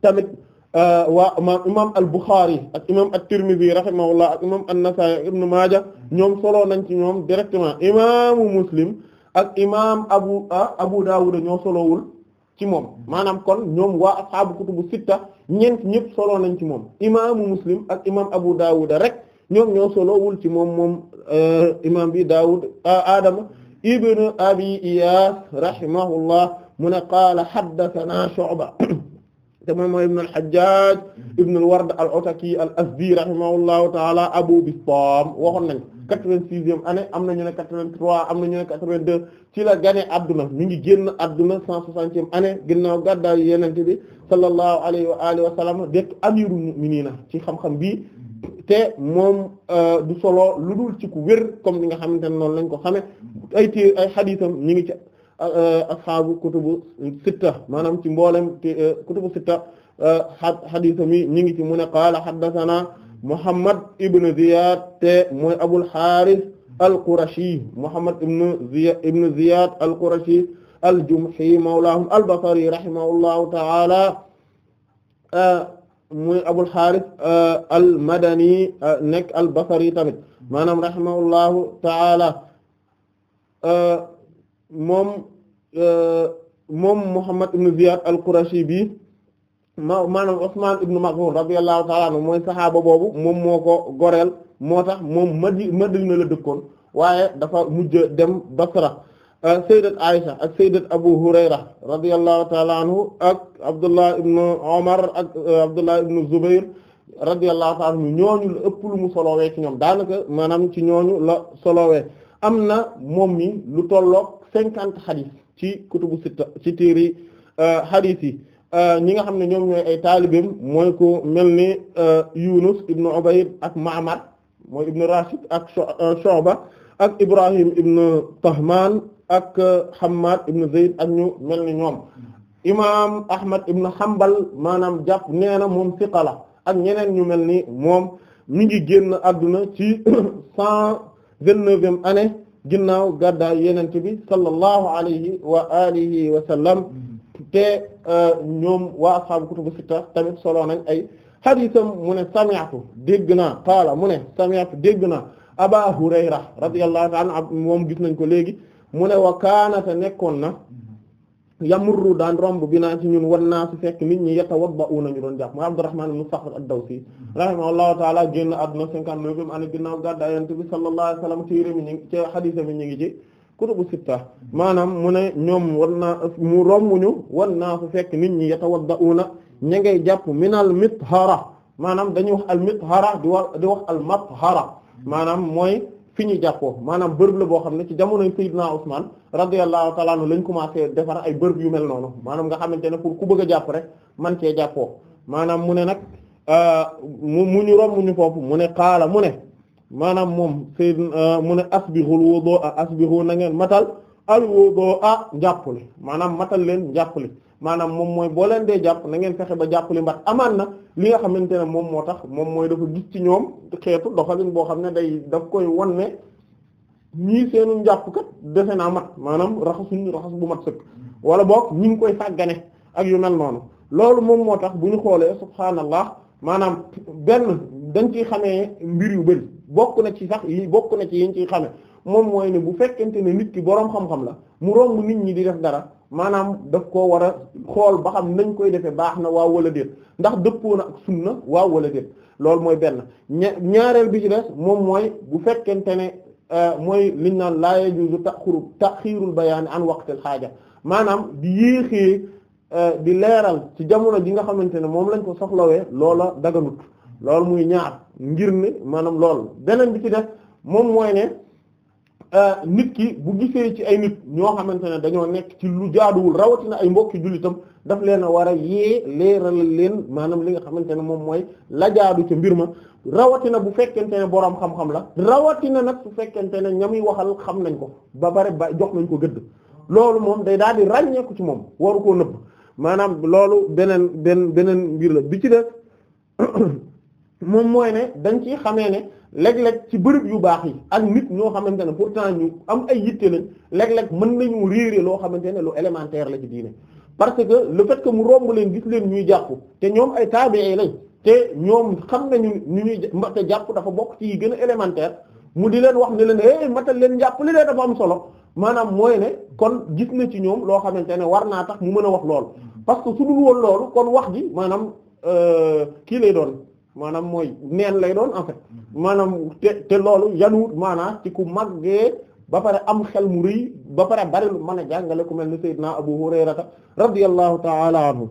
tamit uh, waa imaam al Bukhari ak imaam at-Tirmidhi rahimahullah ak imaam an-Nasa'i ak Ibn Maaja ñoom solo nañ ci ñoom directement imaamu Muslim ak imaam Abu uh, Abu Dawud ñoo solowul ci moom maanaam kon ñoom waa ashaabu kutubu sitta ñeent ñëpp solo nañ ci moom imaamu Muslim ak imaam Abu Dawud rek ñoom ñoo solowul ci moom moom Euh, imam bi Daawud Adama ibnu Abi Iyaas rahimahullah mu ne qaala haddathana Shu'ba te moom mooy ibn al-Hajjaj ibn al-Ward al-Ataki al-Azdi rahimahullahu ta'ala Abu Bistam waxoon nañ 86e année am na ñu ne 83 am na ñu ne 82 ci la gane adduna mi ngi génn adduna 160e année ginnaaw gàddaay Yonent bi sallallahu alayhi wa alihi wa sallam dëkk amirul mu'minina ci xam-xam bi te moom euh, du solo lu dul ci ku wér comme ni nga xamante ne noonu lañ ko xamee ay téer ay xadiisam ñi ngi ci euh, asxaabu kutubu sitta maanaam ci mboolem euh, kutubu sitta xadiisam yi ñi ngi ci mu ne qaala haddathana Muhammad ibn Ziyad te mooy Abul Harith al-Qurashi Muhammad ibn Ziyad ibn Ziyad al-Qurashi al-Jumhi mawlaahum al-Basri rahimahullahu ta'ala muy Abul Harith euh, al-Madani euh, nekk al-Basri tamit maanaam rahimahullahu ta'ala euh, moom moom Muhammad ibn Ziyad al-Qurashi bi ma maanaam Usman ibn Maz'un radiyallahu ta'ala anhu mooy boobu moom moo ko goreel moo tax moom Madina la dëkkoon waaye dafa mujj dem Basra Euh, sayyidat Aisha ak sayyidat Abu Hurayra radiyallahu ta'ala anhu ak Abdullah ibn Umar ak euh, Abdullah ibn Zubair ñooñu la ëpp lu mu solowee ci ñoom daanaka maanaam ci ñooñu la solowee am na moom mi lu tolloog cinquante xadis ci kutubu sitta ci téeri xadis euh, ñi nga xam ne ñoom ñooy ay taalibim mooy ku mel ni Yunus ibn Ubayd ak Ma'mar mooy ibn Rashid ak Shu'ba ak Ibrahim ibn Tahman ak euh, Hammad ibn Zayd ak ñu mel ni ñoom imaam Ahmad ibn Hanbal maanaam jàpp nee na moom siqa la ak ñeneen ñu mel ni moom mi ngi génn adduna ci cent vingt-neuvième année ginnaaw gàddaay yenente bi sallallahu alayhi wa alihi wa sallam te euh, ñoom waa ashaabu kutubu sitta tamit solo nañ ay hadisam mu ne sami'tu dégg naa qaala mu ne sami'tu dégg naa Aba Hurayra radiyallahu ta'ala moom gis nañ ko léegi mu ne wa kaanata nekkoon na yamurru daan romb bi naa ci ñun wan naa fekk nit ñi ba yatawadda'una ñu doon jàpp mooy Abdurrahman ibn Sakhr ad-Dawsi rahimahullahu ta'ala génn àdduna cinquante-neuf am année ginnaaw gàddaa yonent bi sallallahu alayhi wa sallam téere mi ñu ngi ci hadith mi ñu ngi ci kutubu sitta maanaam mu ne ñoom wan naa mu romb ñu wan naa su fekk nit ñi yatawadda'una ña ngay jàpp minal mithara maanaam dañuy wax al mithara di wax di wax al mathara maanaam mooy fi ñu jàppoo maanaam bërëb la boo xam ne ci jamonoy Seydina Usmaan radiyallahu ta'ala anhu lañ commencé defar ay bërëb yu mel noonu maanaam nga xamante ne pour ku bëgg a jàpp rek man cee jàppoo maanaam mu ne nag euh, mu mu ñu romb ñu foofu mu ne xaala mu ne maanaam moom Seydina euh, mu ne asbihul wudu'a asbihu na ngeen matal al wudu'a njàppale maanaam matal leen njàppale maanaam moom mooy boo leen dee jàpp na ngeen fexe ba jàppale mbat amaan na li nga xamante ne moom moo tax moom mooy dafa gis ci ñoom xeetu doxalin boo xam ne day daf koy won ne ñii seenu njàpp kat defe naa mat maanaam raxasuñu raxas bu mat sëkk wala boog ñu ngi koy sàggane ak yu mel noonu loolu moom moo tax bu ñu xoolee subhaanallah maanaam benn dañ ciy xamee mbir yu bëri bokk na ci sax yi bokk na ci yiñ ciy xamee moom mooy ne bu fekkente ne nit ki boroom xam-xam la mu romb nit ñi di def dara maanaam daf koo war a xool ba xam nañ koy defee baax na waaw wala déet ndax dëppoo na ak na waaw wala déet loolu mooy benn ñaareel bi ci moom mooy bu fekkente ne euh, mooy liñ naan laa yajuuzu taxiru taxiirul bayaan an waqtil xaaja maanaam di yéexee euh, di leeral ci jamono ji nga xamante ne moom lañ ko soxlawee loola daganut loolu muy ñaar ngir ne maanaam loolu beneen bi ci des moom mooy ne Euh, nit ki bu gisee ci ay nit ñoo xamante ne dañoo nekk ci lu jaaduwul rawatina ay mbokki jullitam daf leen a war a yee leeralal leen maanaam li nga xamante ne moom mooy la jaadu ca mbir ma rawatina bu fekkente ne boroom xam-xam la rawatina nag bu fekkente ne ñamuy waxal xam nañ ko ba pare jox nañ ko gëdd loolu moom day daal di ràññeeku ci moom waru koo nëbb maanaam loolu beneen benn beneen mbir la bi ci de moom mooy ne dañ ci xamee ne léeg-léeg ci bërëb yu baax yi ak nit ñoo xamante ne pourtant ñu am ay yitte lañ léeg-léeg mën nañu réere loo xamante ne lu élémentaire la ci diine parce que le fait que mu romb leen gis leen ñuy jàpp te ñoom ay tabi'i lañ te ñoom xam nañu ñu ñuy mbate jàpp dafa bokk ci yi gën a élémentaire mu di leen wax ne leen é eh, matal leen jàpp li leen dafa am solo maanaam mooy ne kon gis na ci ñoom loo xamante ne war naa tax mu mën a wax loolu parce que su dul woon loolu kon wax gi maanaam euh, kii lay doon maanaam mooy neen lay doon en fait mm-hmm. maanaam te te loolu yanuwut maanaam ci ku màggee ba pare am xel mu rëy ba pare bari lu mën a jàngale ku mel ni Seydina Abu Hurayrata radiyallahu ta'ala anhu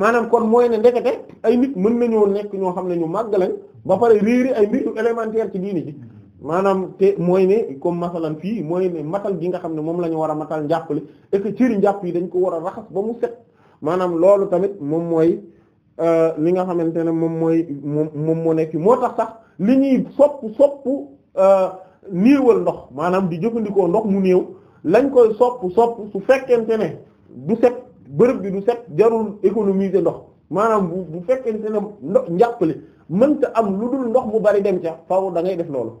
maanaam kon mooy ne ndekete ay nit mën nañoo nekk ñoo xam ne ñu màgg lañ ba pare réeri ay mbiru élémentaire ci diini ji mm-hmm. maanaam te mooy ne comme masalan fii mooy ne matal gi nga xam ne moom la ñu war a matal njàppale et que cëri njàpp yi dañ ko war a raxas ba mu set maanaam loolu tamit moom mooy Euh, li nga xamante ne moom mooy moom moom moo nekk moo tax sax li ñuy sopp sopp euh, néewal ndox maanaam di jëfandikoo ndox mu néew lañ koy sopp sopp su fekkente ne du set bërëb bi du set jarul économiser ndox maanaam bu bu fekkente ne ndox njàppale mënta am lu dul ndox bu bari dem ca faaw da ngay def loolu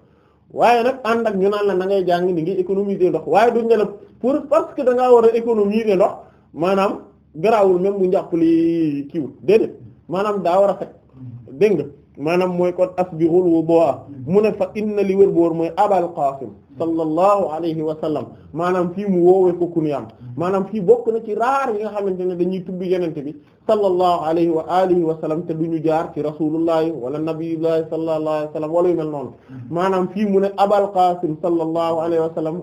waaye nag ànd ak ñu naan la da ngay jàng ni ngi économiser ndox waaye duñ ne la pour parce que da ngaa war a économiser ndox maanaam garaawul même bu njàppale kiiwul déedéet maanaam daa war a fet dégg nga maanaam mooy kon asbirul wudu'a mu ne fa inna li wër bu wër mooy abal qasim sallallahu alayhi wa sallam maanaam fii mu woowee ko kunyaam maanaam fii bokk na ci raar yi nga xamante ne dañuy tudd yenente bi sallallahu alayhi wa alihi wa sallam te du ñu jaar ci rasulullahi wala nabiyullahi sallallahu alayhi wa sallam wala yu mel noonu maanaam fii mu ne abal qasim sallallahu alayhi wa sallam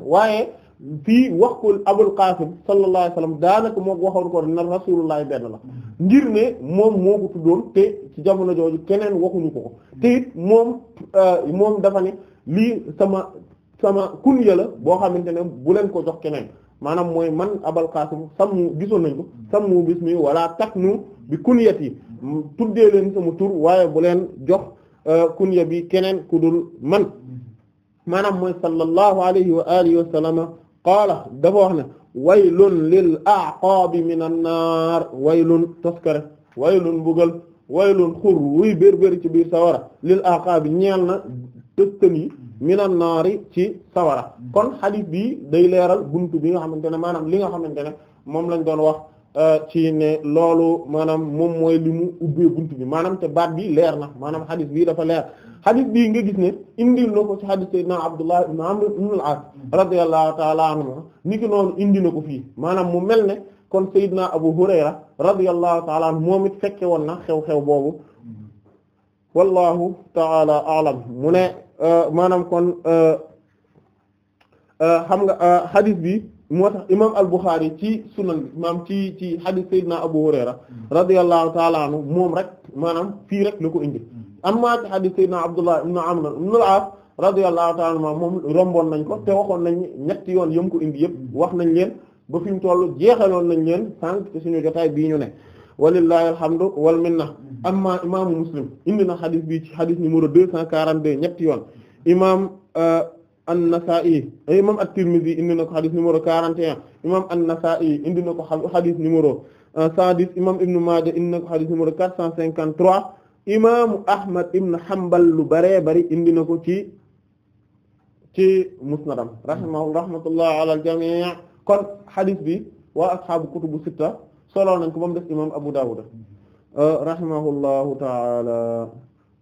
fii wax ko Abul Qaasim sallallahu alayhi wa sallam daanaka moo waxoon ko na Rasulullah benn la ngir ne moom moo ko tuddoon te ci jamono jooju keneen waxuñu ko ko te moom euh, moom dafa ne lii sama sama kunya la boo xamante ne bu leen ko jox keneen maanaam mooy man Abul Qaasim sammu gisoon nañ ko sammu bismi tax nu bi kunyati tuddee leen sama tur waaye bu leen jox euh, kunya bi keneen ku dul man maanaam mooy sallallahu alayhi wa alihi wa sallama qaala dafa wax ne waylun lil aqaabi minan naar waylun toskare waylun mbugal waylun xur wuy bér bér ci biir sawara lil aqaabi ñeel na tëstan yi minan naari ci sawara kon xadis bi day leeral bunt bi nga xamante ne maanaam li nga xamante ne moom lañ doon wax Euh, ci ne loolu maanaam moom mooy li mu ubbee buntu bi maanaam te baat bi leer na maanaam xadis bii dafa leer xadis bi nga gis ne indi na ko ci xadis sayyidina Abdullah ibn Amr ibn al-As radiyallahu ta'ala anhu ni ki noonu indi na ko fi maanaam mu mel ne kon sayyidina Abu Hurayra radiyallahu ta'ala anhu moom it fekke woon na xew-xew boobu wallahu ta'ala a'lam mu ne euh, maanaam kon euh, xam bi moo tax imaam al-Bukhari ci sunan bi maam ci ci hadith Seydina Abu Hurayra radiyallahu ta'ala anhu moom rek maanaam fii rek la ko indi amma ci hadith Seydina Abdullah ibn Amr ibn al-As radiyallahu ta'ala anhu moom romboon nañ ko te waxoon nañ ñetti yoon yëm ko indi yëpp wax nañ leen ba fi mu toll jeexaloon nañ leen sànq ci suñu jotaay bii ñu ne walillahi alhamdu wal minna amma imaamu Muslim indi na hadith bi ci hadith numéro deux cent quarante-deux ñetti yoon euh, an-Nasa'i eh, imam at-Tirmidhi indi na ko xadis numéro 41 imam an-Nasa'i indi na ko xadis numéro 110 euh, imam Ibn Maaja indi na ko xadis numéro 453 imaamu Ahmad Ibn Hanbal lu baree bari indi na ko ci ci musnadam rahimahu rahmatullah ala al-jami' kon xadis bi wa ashaabu kutubu sitta solo nañ ko ba def imam Abu Dawud euh, rahimahullahu ta'ala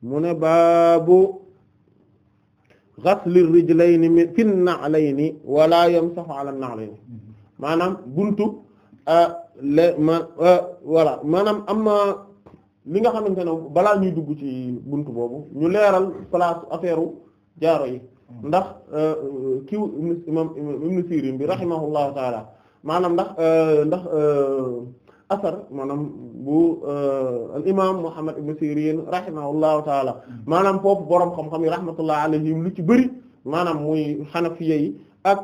mu ne baabu. ghaslir rijlayni mi fin na'layni wala yamsahu ala na'layni maanaam buntu euh, le ma euh, voilà maanaam am na li nga xamante ne balaa ñuy dugg ci buntu boobu ñu leeral place affaire jaaro yi ndax euh, kiw imam ibn Sirin bi rahimahullahu taala maanaam ndax ndax asar maanaam bu euh, al imam Muhammad ibn Sirin rahimahullahu taala maanaam foofu borom xam-xam yi rahmatullahi alayhim lu ci bëri maanaam muy xanafiya yi ak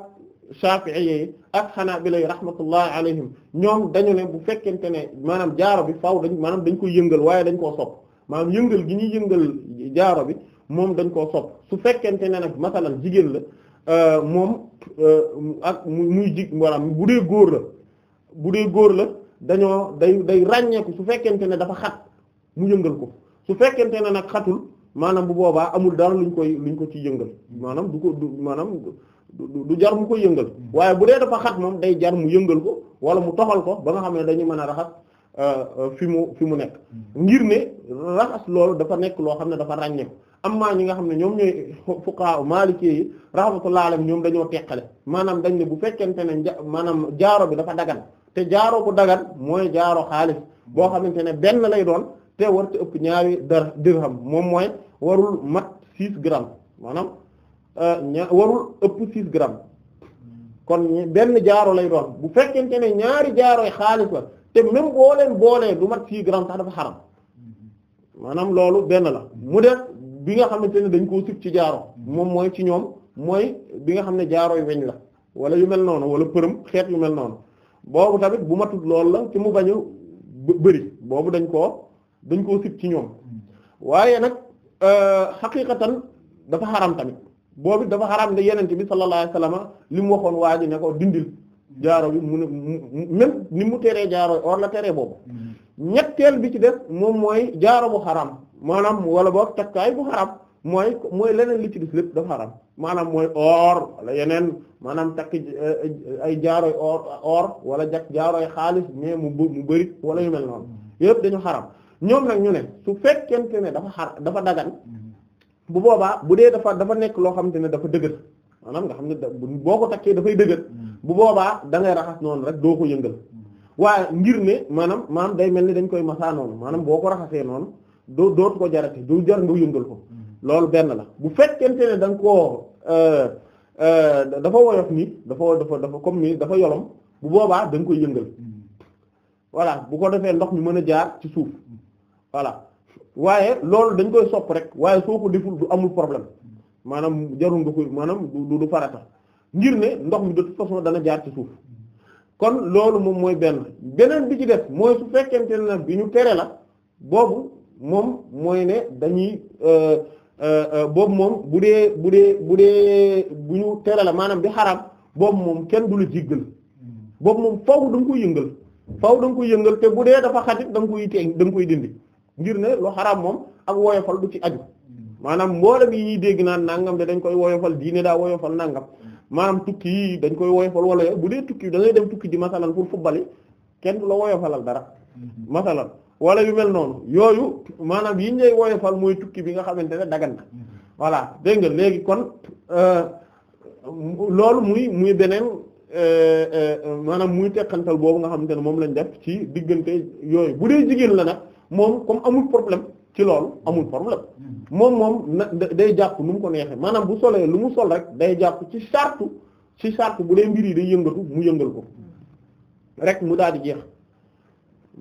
shafi'iyya yi ak xanaabila yi rahmatullahi alayhim ñoom dañu ne bu fekkente ne maanaam jaaro bi faaw dañ maanaam dañ ko yëngal waaye dañ koo sopp maanaam yëngal gi ñuy yëngal jaaro bi moom dañ ko sopp su fekkente ne nag masalan jigéen la euh, moom euh, ak muy jig maanaam bu dee góor la bu góor la dañoo day day ràññeeku su fekkente ne dafa xat mu yëngal ko su fekkente ne nag xatul maanaam bu boobaa amul dara luñ koy luñ ko ci yëngal maanaam du ko du maanaam du jar mu koy yëngal waaye bu dee dafa xat moom day jar yëngal ko wala mu toxal ko ba nga xam dañuy mën a raxas euh, euh, fi mu fi mu nekk ngir ne raxas loolu dafa nekk loo xam ne dafa ràññeeku amma ñi nga xam ne ñoom ñooy fuqaha maliki yi rahmatullah alayhim ñoom dañoo teqale maanaam dañ ne bu fekkente ne maanaam jaaro bi dafa dagan te jaaro bu dagan mooy jaaro xaalis boo xamante ne benn lay doon te warut ëpp ñaari dara dirham moom mooy warul mat 6 grammes maanaam euh, ña warul ëpp 6 kon benn jaaro lay doon bu fekkente ne ñaari jaaro yi xaalis la te même boo leen boolee du mat 6 grammes sax dafa xaram maanaam loolu benn la mu def bi nga xamante ne dañ koo sib ci jaaro moom mooy ci ñoom mooy bi nga xam ne jaaro yu weñ la wala yu mel noonu wala përëm xeet yu mel noonu. boobu tamit bu matut loolu la ci mu bañ a bëri boobu dañ koo dañ koo sib ci ñoom waaye nag euh, xaqiqatan dafa xaram tamit boobu dafa xaram ne yenente bi sallallahu alayhi wasallam mu waxoon waa ji ko dindil jaaro bi mu ne même ni mu teree jaaro or la teree boobu mm-hmm. ñetteel bi ci def moom mooy jaaro bu xaram maanaam wala boog takkaay bu xaram mooy mooy leneen li ci des lépp dafa xaram maanaam mooy or wala yeneen maanaam takk eh, eh, ay jaaroy or or wala jak jaaroy xaalis mais mu mu bëri wala yu mel noonu yëpp dañu xaram ñoom nag ñu ne su fekkente ne dafa xar dafa dagan bu boobaa bu dee dafa dafa nekk loo xam ne dafa dëgër maanaam nga xam ne boo ko takkee dafay dëgër bu boobaa da raxas noonu rek doo ko yëngal waaye ngir ne maanaam maanaam day mel ni dañ koy masaa noonu maanaam boo ko raxasee noonu doo dootu ko jarate du jar yëngal ko loolu benn la bu fekkente ne da nga koo euh, euh, dafa woyof ni dafa dafa dafa comme ni dafa yolom bu boobaa danga koy yëngal voilà bu ko defee ndox mi mën a jaar ci suuf voilà waaye loolu dañ koy sopp rek waaye soo ko deful du amul problème maanaam jarul nga koy maanaam du du farata ngir ne ndox mi de toute façon dana jaar ci suuf kon loolu moom mooy benn beneen bi ci def mooy su fekkente ne bi ñu tere la boobu moom mooy ne dañuy euh, Euh, euh, boobu moom bu dee bu dee bu dee bu ñu tere la maanaam di xaraam boobu moom kenn du la jéggal boobu moom faaw da koy yëngal faaw da nga koy yëngal te bu dee dafa xatit da koy teeg da koy dindi ngir ne lu xaraam moom ak woyofal du ci aju maanaam mboolem yi dégg naan nangam de dañ koy woyofal diine daa woyofal nangam maanaam tukki yi dañ koy woyofal wala bu dee tukki da ngay dem tukki ji masalan pour football yi kenn du la woyofalal dara mm-hmm. masalan wala yu mel noonu yooyu maanaam yi ñuy woyofal mooy tukki bi nga xamante ne dagan na voilà dégg nga léegi kon euh, loolu muy muy beneen euh, euh, maanaam muy teqantal boobu nga xamante ne moom lañ def ci diggante yooyu bu dee jigéen la nag moom comme amul problème ci loolu amul problème moom moom day jàpp nu mu ko neexee maanaam bu solee lu mu sol rek day jàpp ci sartu ci sartu bu dee mbir yi day yëngatu mu yëngal ko rek mu daal di jeex.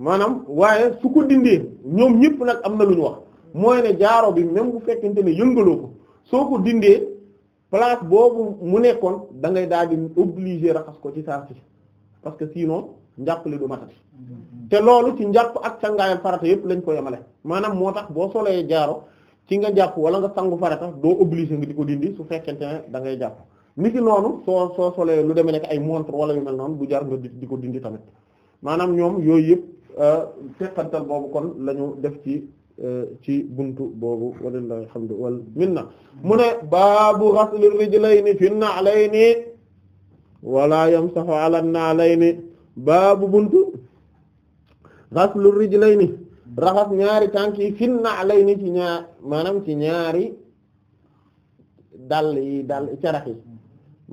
maanaam waaye su ko dindee ñoom ñëpp nag am na lu ñu wax mooy ne jaaro bi même bu fekkente ne yëngaloo ko soo ko dindee place boobu mu nekkoon dangay ngay daal di obligé raxas ko ci saa si parce que sinon njàppale du matati mm-hmm. te loolu ci njàpp ak cangaayal farata yëpp lañ ko yemale maanaam moo tax boo solee jaaro ci nga jàpp wala nga sangu farata doo obligé nga di ko dindi su fekkente ne da ngay jàpp niki noonu soo soo solee lu demee nekk ay montre wala yu mel noonu bu jar nga di ko dindi tamit maanaam ñoom yooyu yëpp. Euh, teqantal boobu kon lañu def ci euh, ci buntu boobu walillahi alhamdu wal minna mu ne baabu ghasli rijlayni fi na'layni wala yamsahu ala na'layni baabu buntu ghaslu rijlayni raxas ñaari tànk yi fi na'layni ci ñaar maanaam ci ñaari dàll yi dàll carax yi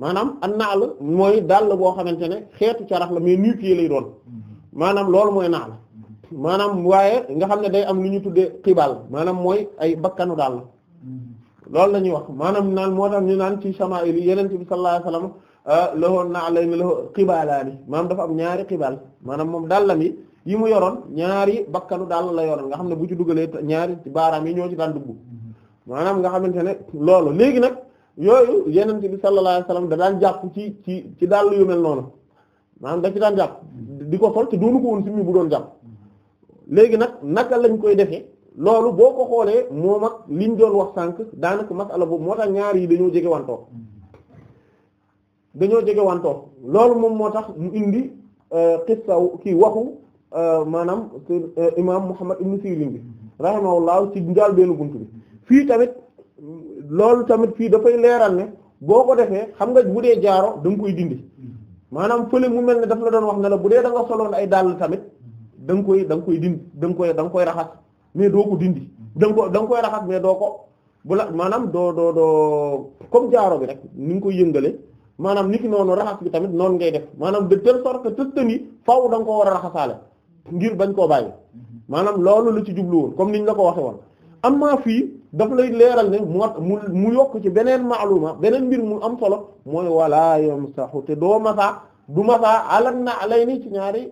maanaam an na'l mooy dàll boo xamante ne xeetu carax la mais nu pieds lay doon maanaam loolu mooy nax la maanaam waaye nga xam ne day am lu ñu tuddee xibaal maanaam mooy ay bakkanu daal loolu la ñuy wax maanaam naan moo tax ñu naan ci samaa'il yi yeneen bi sallallahu alayhi wasallam ah, lawoon naa lay ni lao xibaalaani maanaam dafa am ñaari xibaal maanaam moom dàllam yi yi mu yoroon ñaari bakkanu daal la yoroon nga xam ne bu ci dugalee ñaari baaraam yi ñoo ci daan dugg maanaam nga xamante ne loolu léegi nag yooyu yenente bi sallallahu alayhi wasallam da daal jàpp ci ci ci dàll yu mel noonu maanaam da ci daan jàpp di ko sol te doonu ko woon simmi bu doon jàpp léegi nag naka lañ koy defe loolu boo ko xoolee moo ak liñ doon wax sànq daanaka masala boobu moo tax ñaar yi dañoo jege wantoo dañoo jege wantoo loolu moom moo tax mu indi xissa euh, kii waxu euh, maanaam euh, imaam Muhammad ibn Sirin bi rahimahullah ci njaal benn bunt bi fii tamit loolu tamit fii dafay leeral ne boo ko defee xam nga bu dee jaaro da koy dindi maanaam fële mu mel ne daf la doon wax ne la bu dee da nga soloon ay dàll tamit da koy da nga koy dindi da nga koy koy raxas mais doo ko dindi da nga da nga koy raxas mais doo ko bu la maanaam doo doo doo comme jaaro bi rek ni nga koy yëngale maanaam ni ki noonu raxas bi tamit noonu ngay def maanaam de telle sorte que tëstan yi faaw da ko koo war a raxasaale ngir bañ koo bàyyi mm-hmm. maanaam loolu la ci jublu woon comme niñ la ko waxe woon amma fii daf lay leeral ne mu mu yokk ci beneen maaluma beneen mbir mu am solo mooy wala yamsahu te doo masaa du masaa alan na alay ni ci ñaari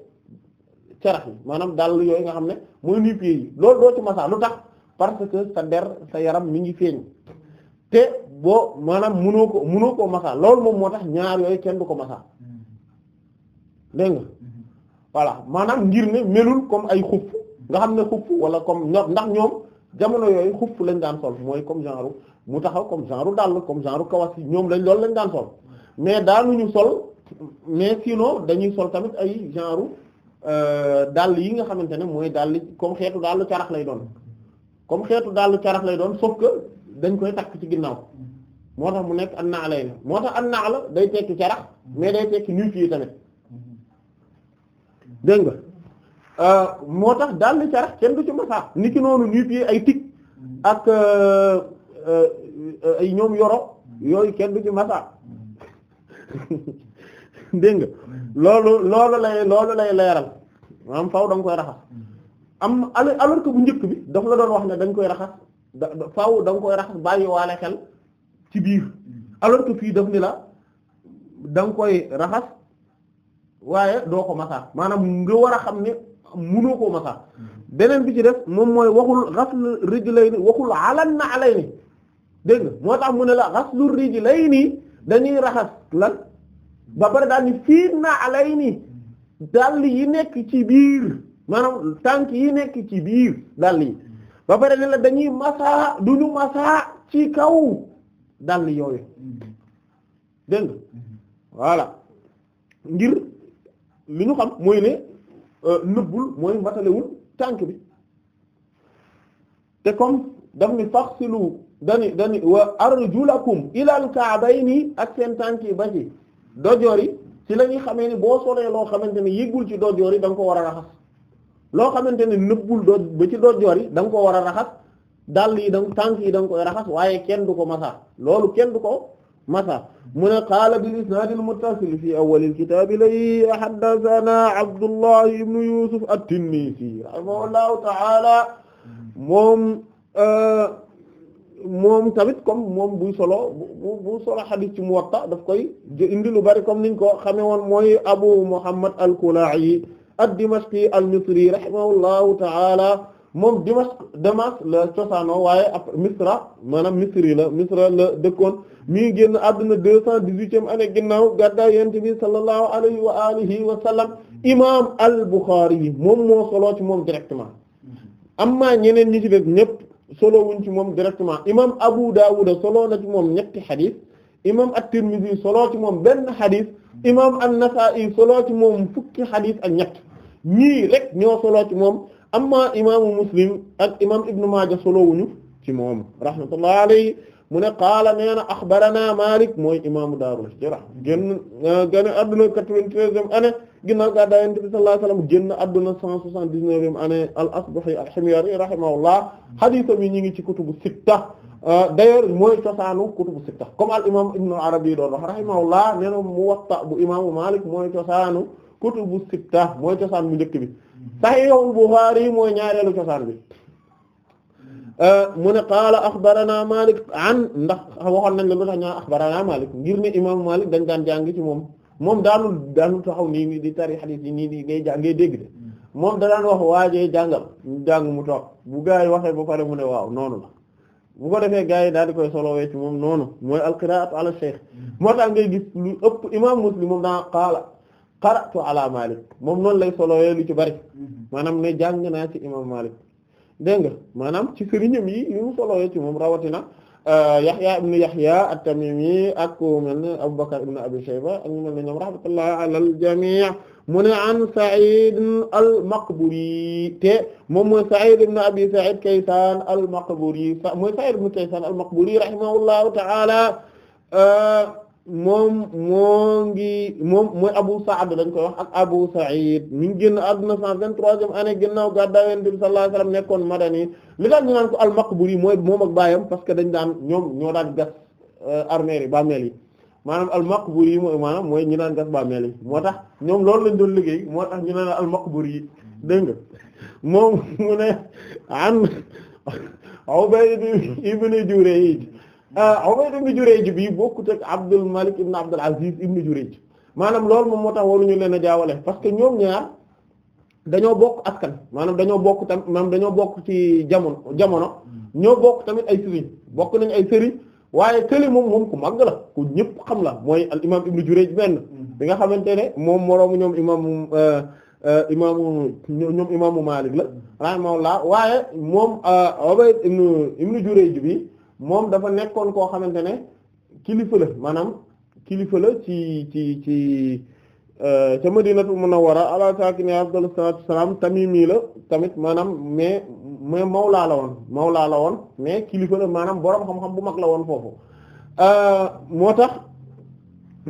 carax yi maanaam dàll yooyu nga xam ne mooy nii pieds yi loolu doo ci masaa lu tax parce que sa der sa yaram mi ngi feeñ te boo maanaam mënoo ko mënoo koo masaa loolu moom moo tax ñaar yooyu kenn du ko masaa dégg nga mm-hmm. voilà maanaam ngir ne melul comme ay xupp nga xam ne xupp wala comme ndax ñoom jamono yooyu xuff lañ daan sol mooy comme genre mu taxa comme genre dàll comme genre kawas yi ñoom lañ loolu lañ daan sol mais daanuñu sol mais sinon dañuy sol tamit ay genre euh, dàll yi nga xamante ne mooy dàll comme xeetu dàll carax lay doon comme xeetu dàll carax lay doon sauf que dañ koy takk ci ginnaaw moo tax mu nekk an naa lay moo tax an naa la day tekki carax mais day tekki ñuy fii tamit dégg nga Euh, moo tax daal di carax kenn du ci masaa ki noonu nit yi ay tig ak euh, euh, ay ñoom yoro yooyu kenn du ci masaa dégg nga loolu loolu lay loolu lay leeral maanaam faaw da nga koy raxas am alors que bu njëkk bi daf la doon wax ne dañ koy raxas da faaw da nga koy raxas bàyyi waale xel ci biir alors que fii daf ni la da koy raxas waaye doo ko masaa maanaam nga war a xam ne munoo ko masa beneen bi ci def moom mooy waxul xaslu rijlayni waxul alan na alay ni dégg nga moo tax mu la xaslu rijlayni dañuy raxas lan ba pare daal ni fiit na alay ni dàll yi nekk ci biir maanaam tànk yi nekk ci biir dàll yi ba pare ne la dañuy masa duñu ci kaw dàll yooyu dégg nga ngir li ñu xam mooy ne Euh, nëbbul mooy matalewul tànk bi te comme daf ni faxsilu dani dani wa arjulakum ilal nii ak seen tànk yi ba ci dojoor yi ci la ñuy xamee ni boo solee loo xamante ne yëgul ci dojoor yi da nga ko war a raxas loo xamante ne nëbbul doo ba ci dojoor yi da nga ko war a raxas dàll yi da tànk yi danga nga koy raxas waaye kenn du ko masaa loolu kenn du ko masa mu ne qaala bil isnaadil muttasil fii awwalil kitaabi lay haddasanaa Abdullah ibn Yusuf at-Tinnisi rahimahullahu ta'ala moom moom tamit comme moom buy solo bu bu solo xadis ci Muwatta daf koy indi lu bari comme niñ ko xamee woon mooy Abu Muhammad al-Kalaa'i ad-Dimashqi al-Misri rahimahullahu ta'ala moom Dimashq Damas la cosaano waaye ab Misra maanaam Misri la Misra la dëkkoon mi ngi génn àdduna deux cent dix-huitième année ginnaaw gàddaay yonent bi sallallahu alayhi wa alihi wa sallam imam al-Bukhari yi moom moo soloo ci moom directement amma ñeneen ñi ci ñëpp solo wuñ ci moom directement imam Abu Dawud soloo na ci moom ñetti xadis imam at-Tirmidhi ci moom benn xadis imam an-Nasa'i soloo ci moom fukki xadis ak ñett ñii rek ñoo soloo ci moom amma imaamu muslim ak imaam ibnu maaja solowuñu ci moom rahmatullahi alayhi mu ne qaala nee na axbarana Malik mooy imaamu daarul hijra génn ah, génn adduna quatre-vingt-treizième année ginnaaw gàddaay Yonent bi génn adduna cent soixante-dix-neuvième année al-Asbahi al-Himyari rahimahullah hadiisam yi ñu ngi ci kutubu sitta ah, d'ailleurs mooy cosaanu kutubu sitta comme al imaam Ibnu Arabi doon wax rahimahullah mu na Muwatta bu imaamu Malik mooy cosaanu kutubu sitta mooy cosaan mu njëkk bi Sahihul Bukhari mooy ñaareelu cosaan bi euh, mu ne qaala axbarana Malik an ndax waxoon nañ la lu tax ñaa ngir ne imaamu Malik dañ daan jàng ci moom moom daanu daanul taxaw di tari xadiis yi nii nii ngay jàng dégg de moom da daan wax waajee jàngal jàng mu toog bu gaa yi waxee ba pare mu waaw noonu la bu ko defee gaa yi daal di koy solo ci moom noonu mooy alqiraatu ala cheikh moo tax ngay gis ëpp imam Muslim moom daa qaala qara'tu ala Malik moom noonu lay solowee lu ci bari mhm. maanaam ne jàng naa ci imam Malik dégg nga maanaam ci sëriñam yi li mu solowee ci moom rawatina euh, Yahya ibn Yahya at-Tamimi ak ku mel ne Abu Bakr ibn Abi Shayba ak ñu mel ne ñoom rahmatullah ala al-jami' mu ne an Sa'id al-Maqburi te moom mooy Sa'id ibn Abi Sa'id Kaysan al-Maqburi mooy Sa'id ibn Kaysan al-Maqburi rahimahullahu ta'ala euh, moom moo ngi moom mooy Abu Sa'd dañ koy wax ak Abu Sa'id mi ngi génn àdduna cent vingt-troisième ane ginnaaw gàddaay Yonent bi sallallahu alayhi wasallam nekkoon Madani li tax ñu naan ko al-Maqburi mooy moom ak baayam parce que dañ daan ñoom ñoo daan gas euh, armeel ba bàmmeel yi maanaam al-Maqburi mooy maanaam mooy ñu daan gas bàmmeel yi moo tax ñoom loolu lañ doon liggéey moo tax ñu naan al-Maqburi yi dégg nga moom mu ne an Ubayd ibn Jurayd Ah, a Ubayd ibn Jurayj bi bokkut ak Abdul Malik ibn Abdul Aziz ibn Jurayj maanam loolu moom moo tax waruñu leen a jaawale parce que ñoom ñaar dañoo bokk askan maanaam dañoo bokk tam maanaam dañoo bokk ci jamono jamono hmm. ñoo bokk tamit ay sëriñ bokk nañ ay sëriñ waaye këli moom moom ku màgg la ku ñëpp xam la mooy al imaam ibn Jurayj benn hmm. bi nga xamante ne moom moroomu ñoom imaamu euh, euh, imaamu ñoom imaamu Maalik la hmm. rahimahullah waaye moom euh, Ubayd ibn ibn Jurayj bi moom dafa nekkoon koo xamante ne kilifa la maanaam kilifa la ci ci ci ma mun a Madinatul Munawwara ala saakini afdalu salaatu salaam tamimi la tamit maanaam mais mais mawlaa la woon mawlaa la woon mais kilifa la maanaam boroom xam-xam bu mag la woon foofu euh, moo tax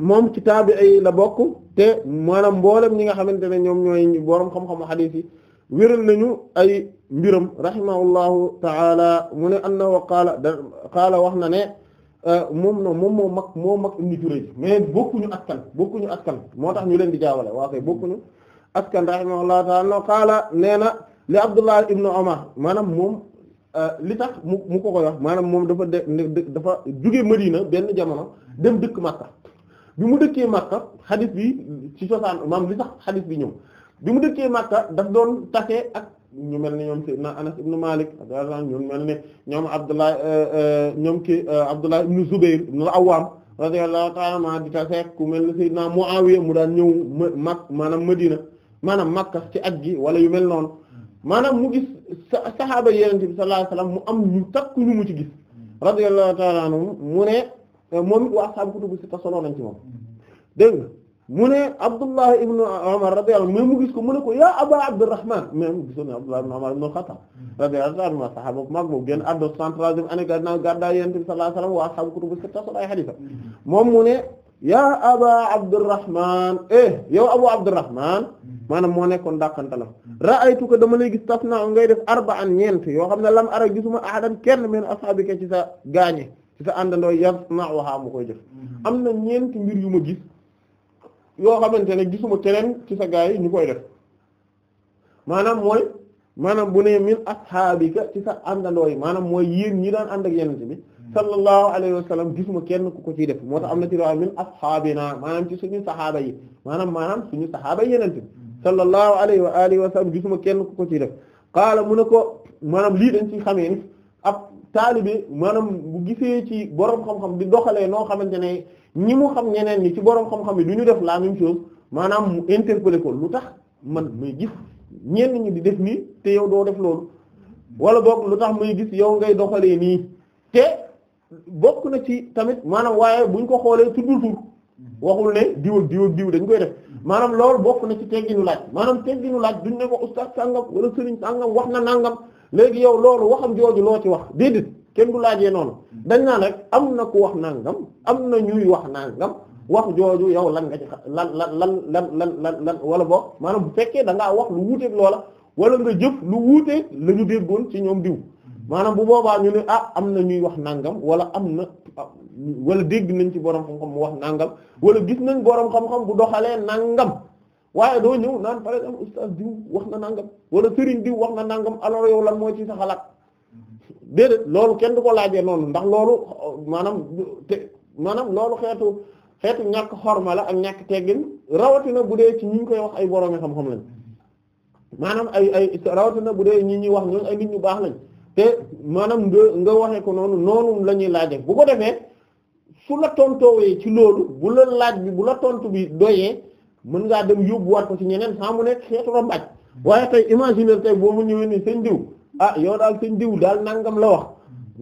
moom ci taabi ay la bokk te maanaam mboolem ñi nga xamante ne ñoom ñooy boroom xam-xamu xadiis wéral nañu ay mbiram rahimahullahu taala mu ne annahu qaala da qaala wax na ne euh, moom no moom moo mag moo mag Ibn mais bokkuñu askan bokkuñu askan moo tax ñu leen di jaawale waa koy bokkuñu askan rahimahullahu taala no qaala nee na li Abdullah ibn Umar maanaam moom euh, li tax mu mu ko koy wax maanaam moom dafa de dafa jóge Madina benn jamono dem dëkk Makka bi mu dëkkee Makka xadis bi ci cosaan maam li tax xadis bi ñëw bi mu dëkkee Makka daf doon tase ak ñu mel ni ñoom Seydina Anas ibn Malik radiyallahu ñu mel ne ñoom Abdullah euh, ñoom ki euh, Abdullah ibn Zubayr ibn al-Awwam radiyallahu ta'ala ma di tase ku mel ne Seydina Muawiya mu mu daan ñëw Makka maanaam Madina maanaam Makka ci at gi wala yu mel noon maanaam mu gis saxaaba Yonent bi sallallahu mu am ñu takku ñu mu ci gis radiyallahu ta'ala anhu mu ne euh, moom it waa ashaabu kutubu sitta solo nañ ci moom mu ne Abdullah ibn Umar radiyallahu anhu mu gis ko mu ne ko yaa Aba Abdurrahman même gisoon ne Abdullah ibn Umar ibn Khattab ma anhu saxaaba bu mag boobu génn àdduna 103e année gannaaw gàddaay Yonent bi sallallahu alayhi wa sallam wa ashaabu kutubu sitta ay hadiis moom mu ne yaa Aba Abdurrahman eh yow Abu Abdurrahman maanaam moo nekkoon dàqantalam ra'aytuka dama lay gis tas naa ngay def arba'an ñeent yo xam ne lam ara gisuma ahadan kenn min ashaabika ci sa gaañe ci sa àndandoo yasna'uha mu koy def am na ñeenti mbir yu ma gis. yoo xamante ne gisuma keneen ci sa gaa yi ñu koy def maanaam mooy maanaam bu ne min asxaabika ci sa àndandoo yi maanaam mooy yéen ñi daan ànd ak yenente bi sallallahu alayhi wa sallam gisuma kenn ku ko ciy def moo tax am na ci rawaay min asxaabina maanaam ci suñu saxaaba yi maanaam maanaam suñu saxaaba yenente bi sallallahu alayhi wa alihi wa sallam kenn ku ko ciy def qaala mu ne ko maanaam lii dañ ci xamee ni taalibe maanaam bu gisee ci borom xam-xam di doxalee noo xamante ne ñi mu xam ñeneen ñi ci borom xam-xam yi du ñu def la même chose maanaam mu interpeller ko lu tax man may gis ñenn ñi di def nii te yow doo def loolu wala boog lu tax may gis yow ngay doxalee nii te bokk na ci tamit maanaam waaye buñ ko xoolee tuddul tur waxul ne diw ak diw dañ koy def maanaam loolu bokk na ci tegginu laaj maanaam ñu laaj duñ ne ko ustaas sàngam wala sëriñ sàngam wax na nàngam léegi yow loolu waxam jooju loo ci wax déedéet kenn du laajee noonu dañ naan rek am na ku wax nangam am na ñuy wax nangam wax jooju yow lan nga ci lan lan lan lan lan wala boog maanaam bu fekkee da ngaa wax lu wuuteeg loola wala nga jëf lu wuuteeg la ñu déggoon ci ñoom diw maanaam bu boobaa ñu ne ah am na ñuy wax nangam wala am na wala dégg nañ ci borom xam-xam mu wax nangam wala gis nañ borom xam-xam bu doxalee nangam. waaye doo ñëw naan par exemple oustaz diw wax na nangam wala sëriñ diw wax na nangam alors yow lan moo ci sa xalaat déedéet loolu kenn du ko laajee noonu ndax loolu maanaam maanaam loolu xeetu ñàkk xorma la ak ñàkk teggin rawatina bu dee ci ñi ñu koy wax ay boroomi xam-xam lañ maanaam ay ay rawatina bu dee ñi ñuy wax ñoom ay nit ñu baax lañ te maanaam nga nga waxee ko noonu noonu la ñuy laajee bu ko defee su la tontoowee ci loolu bu la laaj bi bu la tontu bi doyee. mën ngaa dem yóbbuwaat ko ci ñeneen saa mu nekk xeetu rambaaj waaye tey imaginer tey boo mu ñëwee ni seen diw ah yow daal seen diw daal nangam la wax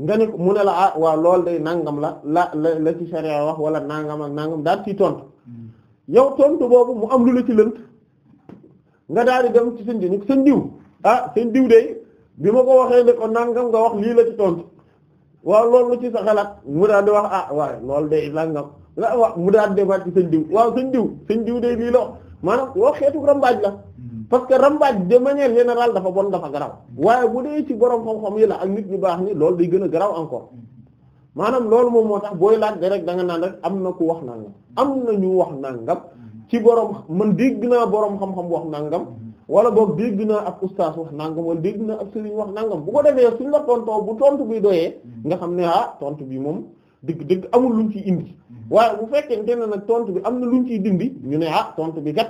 nga mu ne la ah waaw loolu day nangam la la ci sharia wala nangam ak nangam daal ci tontu yow tontu boobu mu am lu ci lënt nga daal di dem ci seen diw ni seen diw ah seen diw bi ma ko waxee ne o nangam nga wax lii la ci tontu waaw loolu lu ci sa xalaat mu daal di wax ah waaye loolu day nangam ah waaw mu daal di demaat ci sëñ diw waaw sëñ diw sëñ diw de lii la maanaam woo xeetu rambaaj la mm-hmm. parce que rambaaj de manière générale dafa bon dafa garaw mm-hmm. waaye bu dee ci borom xam-xam yi la ak nit ñu baax ni loolu day gën a garaw encore mm-hmm. maanaam loolu moom moo tax booy laaj de rek danga nga naan rek am na ku wax nangam am na ñu wax nangam ci borom man dégg naa borom xam-xam wax nangam wala boog dégg naa ab ustaas wax nangam wala dégg naa ab sëriñ wax nangam bu ko defee suñ la tontoo bu tontu bi doyee nga xam ne ah tontu bi moom. digg dëgg amul luñ ciy indi waaye bu fekkee ne nag tontu bi am na luñ ciy dindi ñu ne ah tontu bi kat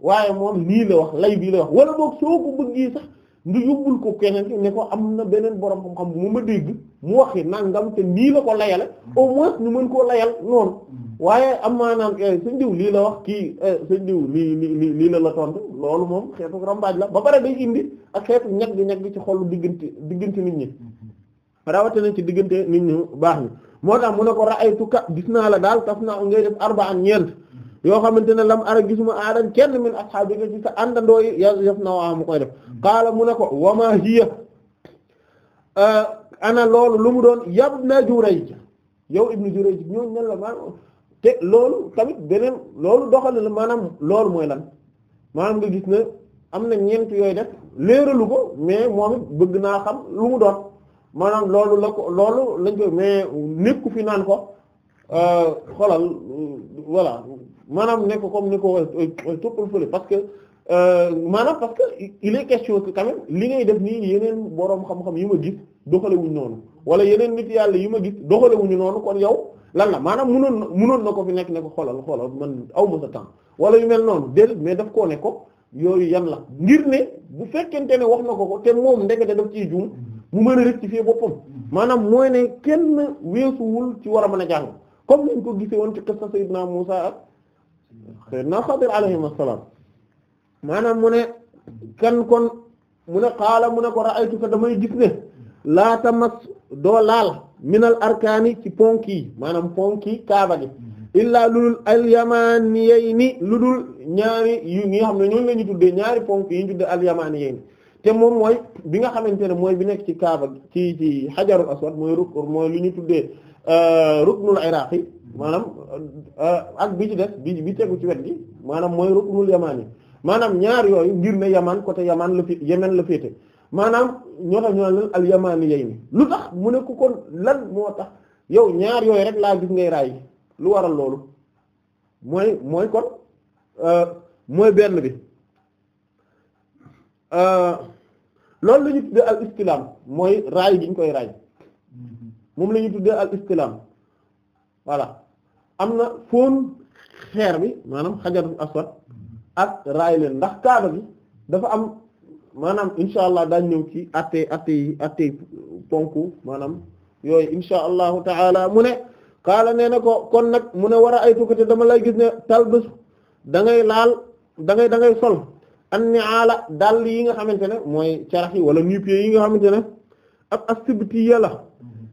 waaye moom lii la wax lay bii la wax wala boog soo ko bëggee sax ndu yóbbul ko keneen ne ko am na beneen borom xam-xam bu ma dégg mu waxi nangam te nii la ko layale au moins ñu mën koo layal noonu waaye am maanaam eh, sëñ diw lii la wax kii eh, sëñ diw lii lii lii la la tontu loolu moom xeetu rambaaj la ba pare day indi ak xeetu ñag gi ñag gi ci xolu diggante diggante nit ñi mm-hmm. rawatina ci diggante nit ñu baax ñi moo tax mu ne ko ra'aytuka gis naa la daal taf naa ngay def arba'an ñeent yoo xamante ne lam ara gisuma aadan kenn min asxaabi nga ci sa àndandoo yi ya yaf na waamu mu koy def qaala mu ne ko wa ma hiya eh, ana loolu lu mu doon yabna Jurayj yow ibnu Jurayj ñoom ñen la maanaam te loolu tamit beneen loolu doxal la maanaam loolu mooy lan maanaam nga gis na am na ñeent yooyu def léeralu ko mais moom bëgg naa xam lu mu doon maanaam loolu la ko loolu lañ ko mais nekku fi naan ko euh, xolal voilà maanaam nekk comme ni ko toppal fële parce que euh, maanaam parce que il est question que quand li ngay def nii yeneen boroom xam-xam yi ma gis doxalewuñ noonu wala yeneen nit yàlla yi ma gis doxalewuñu noonu kon yow lan la maanaam munoon na munoon na ko fi nekk ne ko xolal xolal man aw ma sa temps wala yu mel noonu déedéet mais daf koo ne ko yooyu yan la ngir ne bu fekkente ne wax na ko ko te moom ndekete daf ciy juum mu mën a rectifier boppam maanaam mooy ne kenn weesuwul ci war a mën a jàng comme niñ ko gisee woon ci qissa Seydina Musa ak Seydina Xadir alayhim assalaam maanaam mu ne kan kon mu ne xaala mu ne ko ra'aytu ka damay gis ne laa tamas doo laal minal arkaani ci ponk yi maanaam ponk yi kaaba gi illaa lu dul alyamaan yey ni lu dul ñaari yu ngi xam ne ñoom la ñu tuddee ñaari ponk yi ñu tuddee alyamaan yey te moom mooy bi nga xamante ne mooy bi nekk ci Kaaba ci ci xajaru aswad mooy ruk mooy lu ñu tuddee euh, ruknul iraqi maanaam euh, ak bi ci des bi bi tegu ci wet gi maanaam mooy ruknul yamaan yi maanaam ñaar yooyu ngir ne yamaan côté yamaan la fi yemen la féete maanaam ñoo tax ñu naan leen al yamaani yey ni lu tax mu ne ko lan moo tax yow ñaar yooyu rek laa gis ngay raay lu waral loolu mooy mooy kon euh, mooy benn bi Euh, loolu la ñu al istilam mooy raay gi ñu koy raay moom lañuy ñu tuddee al istilam voilà am na fóon xeer bi maanaam xajarul aswad ak raay leen ndax kaaba bi dafa am maanaam insha allah daañ ñëw ci atte atte yi atte ponku maanaam yooyu insha allahu taala mu ne xaala nee na ko kon nag mu ne war a ay tukkate dama lay gis ne talbus da ngay laal dangay ngay da ngay sol an-ni'ala dàll yi nga xamante ne mooy carax yi wala nu yi nga xamante ne ab asibtiya la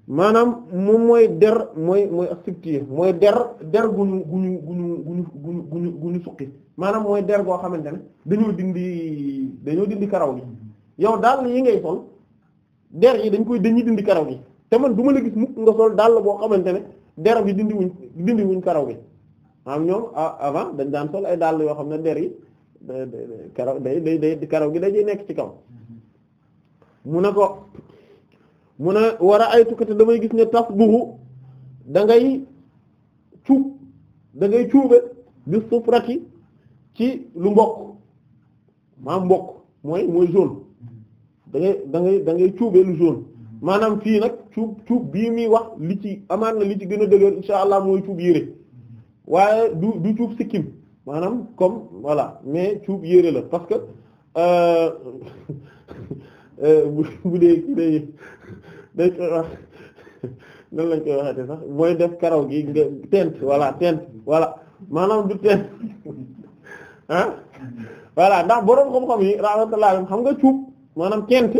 maanaam moom mooy der mooy mooy asibtiya mooy der der guñu guñu guñu guñu guñu guñu guñu maanaam mooy der goo xamante ne dañoo dindi dañoo dindi karaw gi yow dàll yi ngay sol der yi dañ koy dañuy dindi karaw gi te man du gis mukk nga sol dàll boo xamante ne der bi dindi wuñ dindi wuñ karaw gi maanaam ñoom ah, avant dañ daan sol ay dàll yoo xam ne der yi karaw day day day karaw gi dajee nekk ci kaw mu ne ko mu ne war a ay tukkate damay gis ne tas buxu da ngay cuub da ngay cuube bi suuf rati ci lu mbokk maam mbokk mooy mooy jaune da ngay da ngay da ngay cuube lu jaune maanaam fii nag cuub cuub bii muy wax li ci amaan na li ci gën a dëgër insha allah mooy cuub yére waaye du du cuub sikkim maanaam comme voilà mais cuub yére la parce que euh, euh, bu dee ki day day koy wax lañ koy waxeete sax mooy def karaw gi nga tent voilà tent voilà maanaam du tent ah voilà ndax boroom xam-xam yi rahmatullah xam nga cuub maanaam tent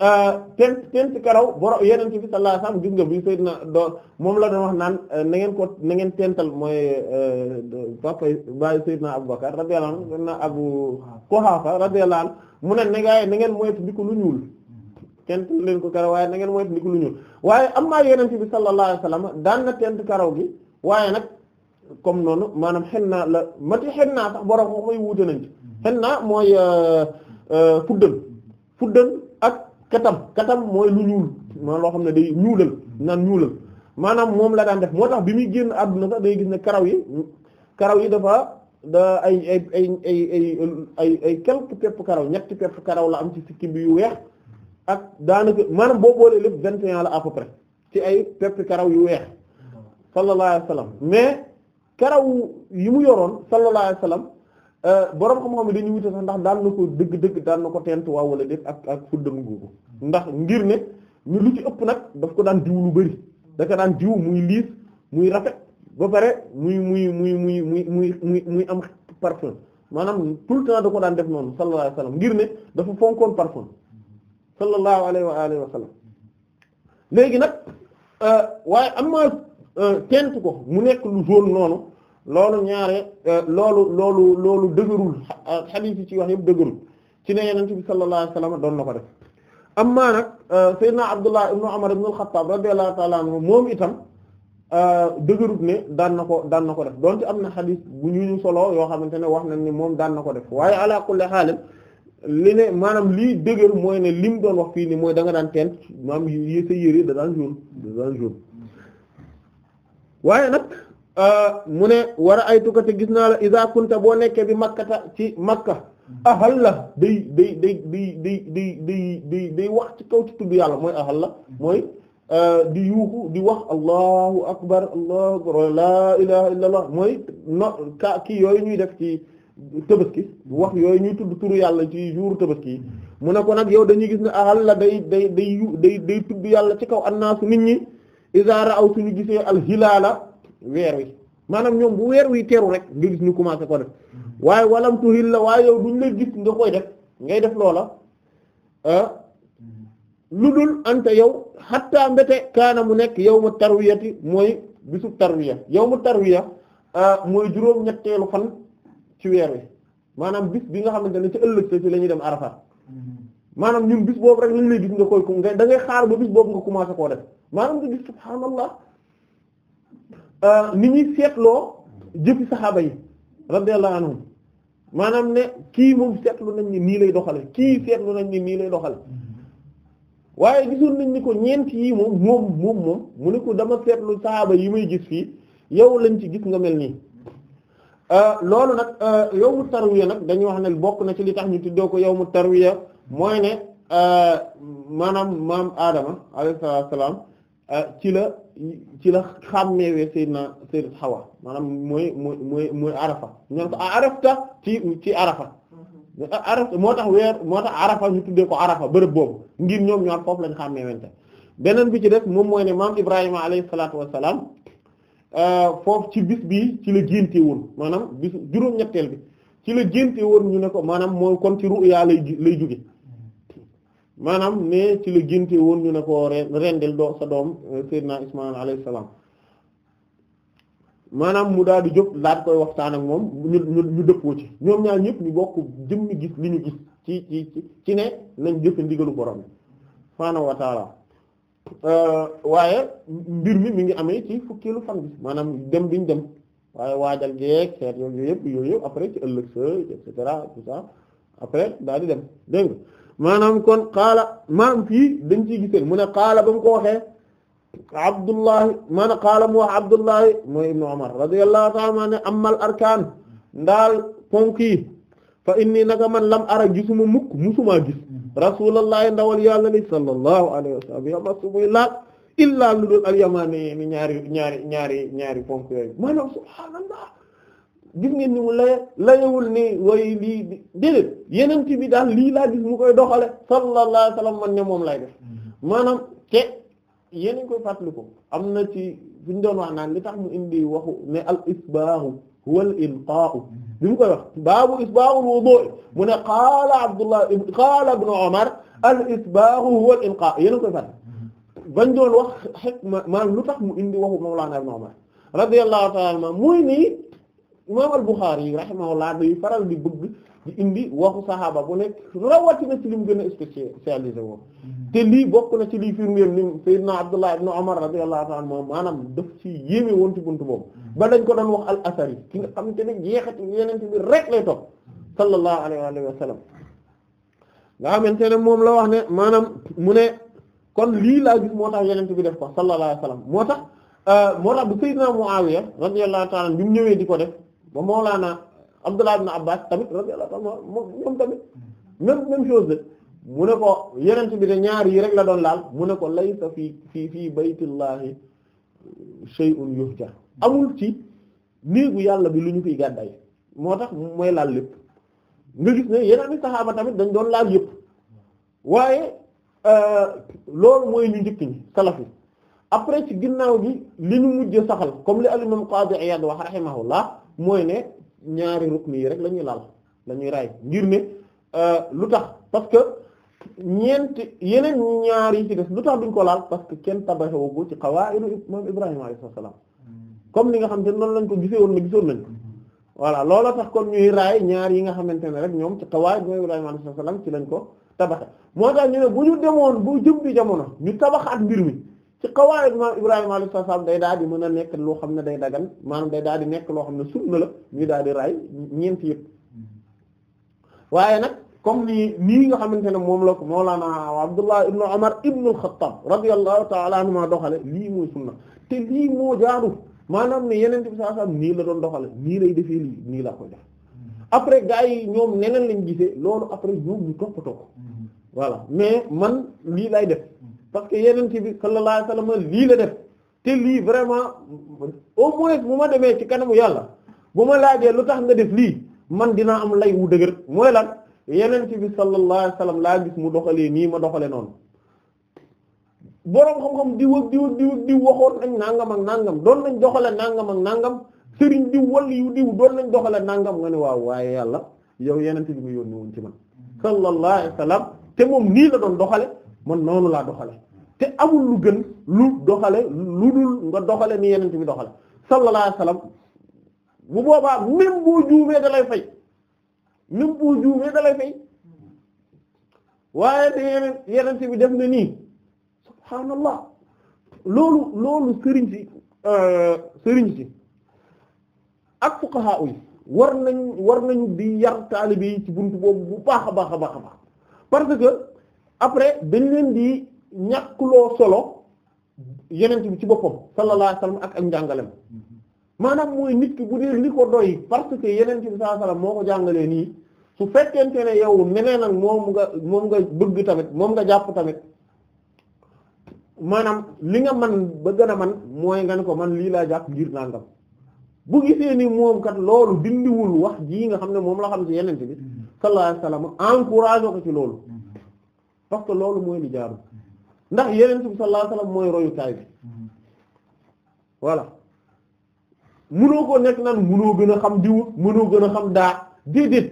Euh, tent tent karaw boro yeneen bi sallallahu alayhi wasallam gis nga bi sayyidna doon la doon wax naan euh, na ngeen ko na ngeen tental mooy euh, papa baay sayyidna Abu Bakar radiyallahu anhu sayyidna Abu Quhafa radiyallahu mu ne na ngaaye ngeen moytu ko lu ñuul tent leen ko karaw waaye na ngeen moytu lu ñuul waaye am naa yeneen bi sallallahu alayhi wasallam daan na tent karaw gi waaye nag comme noonu maanaam xen naa la mati xen naa sax borom ko koy wuute nañ mooy fuddën fuddën katam katam mooy lu ñuul maa loo xam ne day ñuulal naan ñuulal maanaam moom la daan def moo tax bi muy génn àdduna sax day gis ne karaw yi karaw yi dafa da ay ay ay ay ay ay karaw ñetti pepp karaw la am ci sikki bi yu weex ak daanaka maanaam boo boolee lépp vingt et la à ci ay pepp karaw yu weex sallallahu alayhi mais karaw yi mu yoroon sallallahu alayhi Euh, borom xam-xam dañuy wute sax ndax daal na ko dëgg dëgg daal na ko tent waaw wala déet ak ak fuddam googu ndax ngir ne ñu lu ci ëpp nag daf ko daan diw lu bari da ko daan diw muy liis muy rafet ba pare muy muy muy muy muy muy muy muy am parfum maanaam tout le temps da ko daan def noonu sallallahu alayhi wa ngir ne dafa fonkoon parfum sallallahu alayhi wa alihi wa sallam léegi nag euh, waaye am na euh, tent ko mu nekk lu jaune noonu loolu ñaare euh, loolu loolu loolu dëgërul euh, xadiis yi ci wax yëpp dëgërul ci ne yeneen bi sallallahu alayhi doon na ko def amma nag euh, Seydina Abdullah ibnu Umar ibnu al-Khattab radiyallahu ta'ala anhu moom itam dëgërut ne daan na ko daan na ko def donte am na xadiis bu ñu ñu solo yoo xamante ne wax nañ ni moom daan na ko def waaye ala kulli xaalim li ne maanaam lii dëgër mooy ne lim doon wax fii nii mooy danga daan tent maanaam yi sa yére da daan jour da jour waaye nag. Euh, mu ne war a ay tukkate gis naa la iza kunta boo nekkee bi makkata ci makka ahal la day day day day day day day day day wax ci kaw ci tudd yàlla mooy ahal la mooy euh, di yuuxu di wax allahu akbar allahu akbar laa ilaha illa allah mooy no ka kii yooyu ñuy def ci tabaski wax yooyu ñuy tudd turu yàlla ci jour tabaski yi mu ne ko nag yow dañuy gis ne ahal la day day day day day tudd yàlla ci kaw annaasu nit ñi iza ra'aw suñu gisee al hilaala weer wi maanaam ñoom bu weer wi teeru rek nga gis ñu commencé ko def waaye walam tuhil la waaye yow ñu la gis nga koy def ngay def loola ah, lu dul anta yow xatta mbete kaana mu nekk yow ma tarwiyati mooy bisu tarwiya yow ma tarwiya ah, mooy juróom ñetteelu fan ci weer wi maanaam bis bi nga xamante ne ci ëllëg ci la ñuy dem Arafat maanaam ñun bis boobu rek lañ lay gis nga koy da ngay xaar ba bis boobu nga commencé koo def maanaam nga gis subhaanallah Euh, ni ñuy seetloo jëfi saxaaba yi radiyallahu anhum maanaam ne kii moom seetlu nañ ni nii lay doxale kii seetlu nañ ni nii lay doxale waaye gisoon nañ ni ko ñeent yi moom moom moom mu ne ko dama feetlu saxaaba yi may gis fii yow lañ ci gis nga mel nii euh, loolu nag euh, yow mu tarwiya nag dañuy wax ne bokk na ci li tax ñu tuddoo ko yow mu tarwiya mooy ne maanaam maam Adama alayhi salaam Euh, ci la ci la xam xàmmeewee Seydina Seydina xawa maanaam mooy mooy mooy mooy Arafa ñoon ko arafta ci ci Arafa Arafa moo tax weer moo tax Arafa ñu tuddee ko Arafa bërëb boobu ngir ñoom ñaar foofu lañ xàmmeewante beneen bi ci def moom mooy ne maam Ibrahima alayhi salaatu wassalaam euh, foofu ci bis bi ci la génte woon maanaam bis juróom-ñetteel bi ci la génte woon ñu ne ko maanaam mooy kon ci ruya lay lay jóge maanaam ne ci la génte woon ñu ne ko rendil doo sa doom euh, Seydina Ismaïl alayhi salaam maanaam mu daal di jóg laaj koy waxtaan ak moom ñu ñu dëppoo ci ñoom ñaar ñëpp ñu bokk jëmmi gis li ñu gis ci ci ci ne nañ jëfe ndigalu borom subhaanahu wa taala euh, waaye mbir mi mi ngi amee ci fukkeelu fan bi maanaam dem biñ dem waaye waajal geeg seet yooyu yëpp yooyu yëpp après ci ëllëg sa et cetera après daal di dem dégg maanaam kon qaala maanaam fii dañ ciy gisee mu ne qaala ba mu ko waxee Abdullahi maanaam qaala mu wax Abdullahi mooy Ibn Umar radiyallahu ta'ala ma ne amal arkaan ndaal ponk yi fa inni naka man lam ara gisuma mukk musuma gis rasulullahi ndawal yàlla ni sallallahu alayhi wa sallam yamassu muy laaj illaa lu dul al yamaani ñaari ñaari ñaari ñaari ponk yooyu maanaam subhaanallah gis ngeen ni mu laye layewul ni way lii déedéet yeneen ti bi daal lii laa gis mu koy doxale sallallahu alayhi wasallam man ne moom lay def mm-hmm. maanaam te ko koy fàttaliku am na ci buñ doon wax naan li tax mu indi waxu ne al isbaahu huwa al ilqaa'u bi mm-hmm. mu wax baabu isbaahul wudu' mu ne qaala Abdullah qaala ibnu Umar al isbaahu huwa al ilqaa'u mm-hmm. wax xekk ma lu tax mu indi waxu mawlaana ibnu Umar radiyallahu ta'ala anhu mooy nii imaam al-Bukhari rahimahullah day faral di bëgg di indi waxu saxaaba bu nekk rawatina ci lim gën a spécialisé woon mhm. te lii bokk na ci lii firndeem ni Seydina Abdullah ibn Umar radiyallahu ta'ala anhu maanaam daf ci yéeme woon ci buntu boobu mhm. ba dañ ko doon wax al ki nga xamante ne jeexati yeneen bi rek lay topp sallallahu alayhi wa sallam nga xamante ne moom la wax ne maanaam mu ne kon lii laa gis moo tax yeneen bi def ko sallallahu alayhi wa sallam moo tax euh, moo tax bu Seydina Muawiya radiyallahu ta'ala bi mu ñëwee di ko def ba Mawlana Abdullah ibn Abbas tamit radiyallahu anhu moom tamit même même chose de mu ne ko yeneen bi de ñaar yi rek la doon laal mu ne ko laysa fii fii fii baytillahi shay'un yuhja amul ci néegu yàlla bi lu ñu koy gàdday moo tax mooy laal lépp nga gis ne yeneen saxaaba tamit dañ doon laal yëpp waaye euh, loolu mooy ñu njëkk ñi salaf yi après ci ginnaaw gi li ñu mujj saxal comme li al imam Qadi wax rahimahullah mooy ne ñaari rukn yi rek la ñuy laal lañuy ñuy raay ngir ne euh, lu tax parce que ñeenti yeneen ñaar yi ci def lu tax duñ ko laal parce que kenn tabaxewu ci qawaa'idu moom Ibrahima alayhi salaam hmm. comme li nga xam te noonu lañ ko gisee woon na gisoon nañ ko hmm. voilà looloo tax kon ñuy raay ñaar yi nga xamante ne rek ñoom ci qawaa'id moom Ibrahima alayhi salaam ci lañ ko tabaxe moo tax ñu ne bu ñu demoon bu jëm bi jamono ñu tabaxaat mbir mi ci xawaayu imaam Ibrahima alayhi salaam day daal di mën a nekk loo xam ne day dagan maanaam day daal di nekk loo xam ne sunna la ñuy daal di raay ñeent yëpp waaye nag comme nii nii nga xamante ne moom la ko moo Mawlana Abdullah ibnu Umar ibnu al-Khattab radiyallahu ta'ala anhuma doxale lii mooy sunna te lii moo jaadu maanaam ne yeneen bi sallallahu alayhi wasallam nii la doon doxale nii lay defee lii nii la koy def après gars yi ñoom neneen lañ gisee loolu après ñoom ñu toppatoo ko mm-hmm. voilà man lii lay def parce que yeneen ci bi sallallahu alayhi wa sallam lii la def te lii vraiment oo moins bu ma demee ci kanamu yàlla bu ma laajee lu tax nga def lii man dinaa am lay wu dëgër mooy lan yeneen ci bi sallallahu alayhi wa sallam laa gis mu doxalee nii ma doxale noonu boroom xam-xam diw ak diw ak diw ak diw waxoon nañ nangam ak nangam doon nañ doxale nangam ak nangam sëriñ diw wala yu diw doon nañ doxale nangam nga ne waaw waaye yàlla yow yeneen ci bi nga yónni woon ci man sallallahu alayhi wa sallam te moom nii la doon doxale man noonu laa doxale te amul lu gën lu doxale lu dul nga doxale ni yeneen bi doxale sallallahu alayhi bu boobaa même boo juumee da lay fay même boo juumee da fay waaye te yeneen bi def na nii subhaanallah loolu loolu sëriñ si euh, sëriñ si ak fuqaha yi war nañ war nañu di yar taalibe yi ci buntu boobu bu baax a baax a baax a baax parce que après dañ leen di ñàkkloo solo yenent bi ci boppam sallallahu alayhi wasallam ak ak njàngalem maanaam mooy nit ki bu dee li ko doy parce que yenent bi sallallahu alayhi wasallam moo ko jàngalee nii su fekkente ne yow neneen ak moom nga moom nga bëgg tamit moom nga jàpp tamit maanaam li nga man ba gën a man mooy nga ne ko man lii laa jàpp ngir nangam bu gisee ni moom kat loolu dindiwul wax jii nga xam ne moom la xam ci yenent bi sallallahu alayhi wasallam encouragé ko ci loolu parce que loolu mooy li jaarul ndax yeneen bi sallallahu alayhi mooy royukaay bi voilà munoo ko nekk naan munoo gën a xam diw munoo gën a xam daa déedéet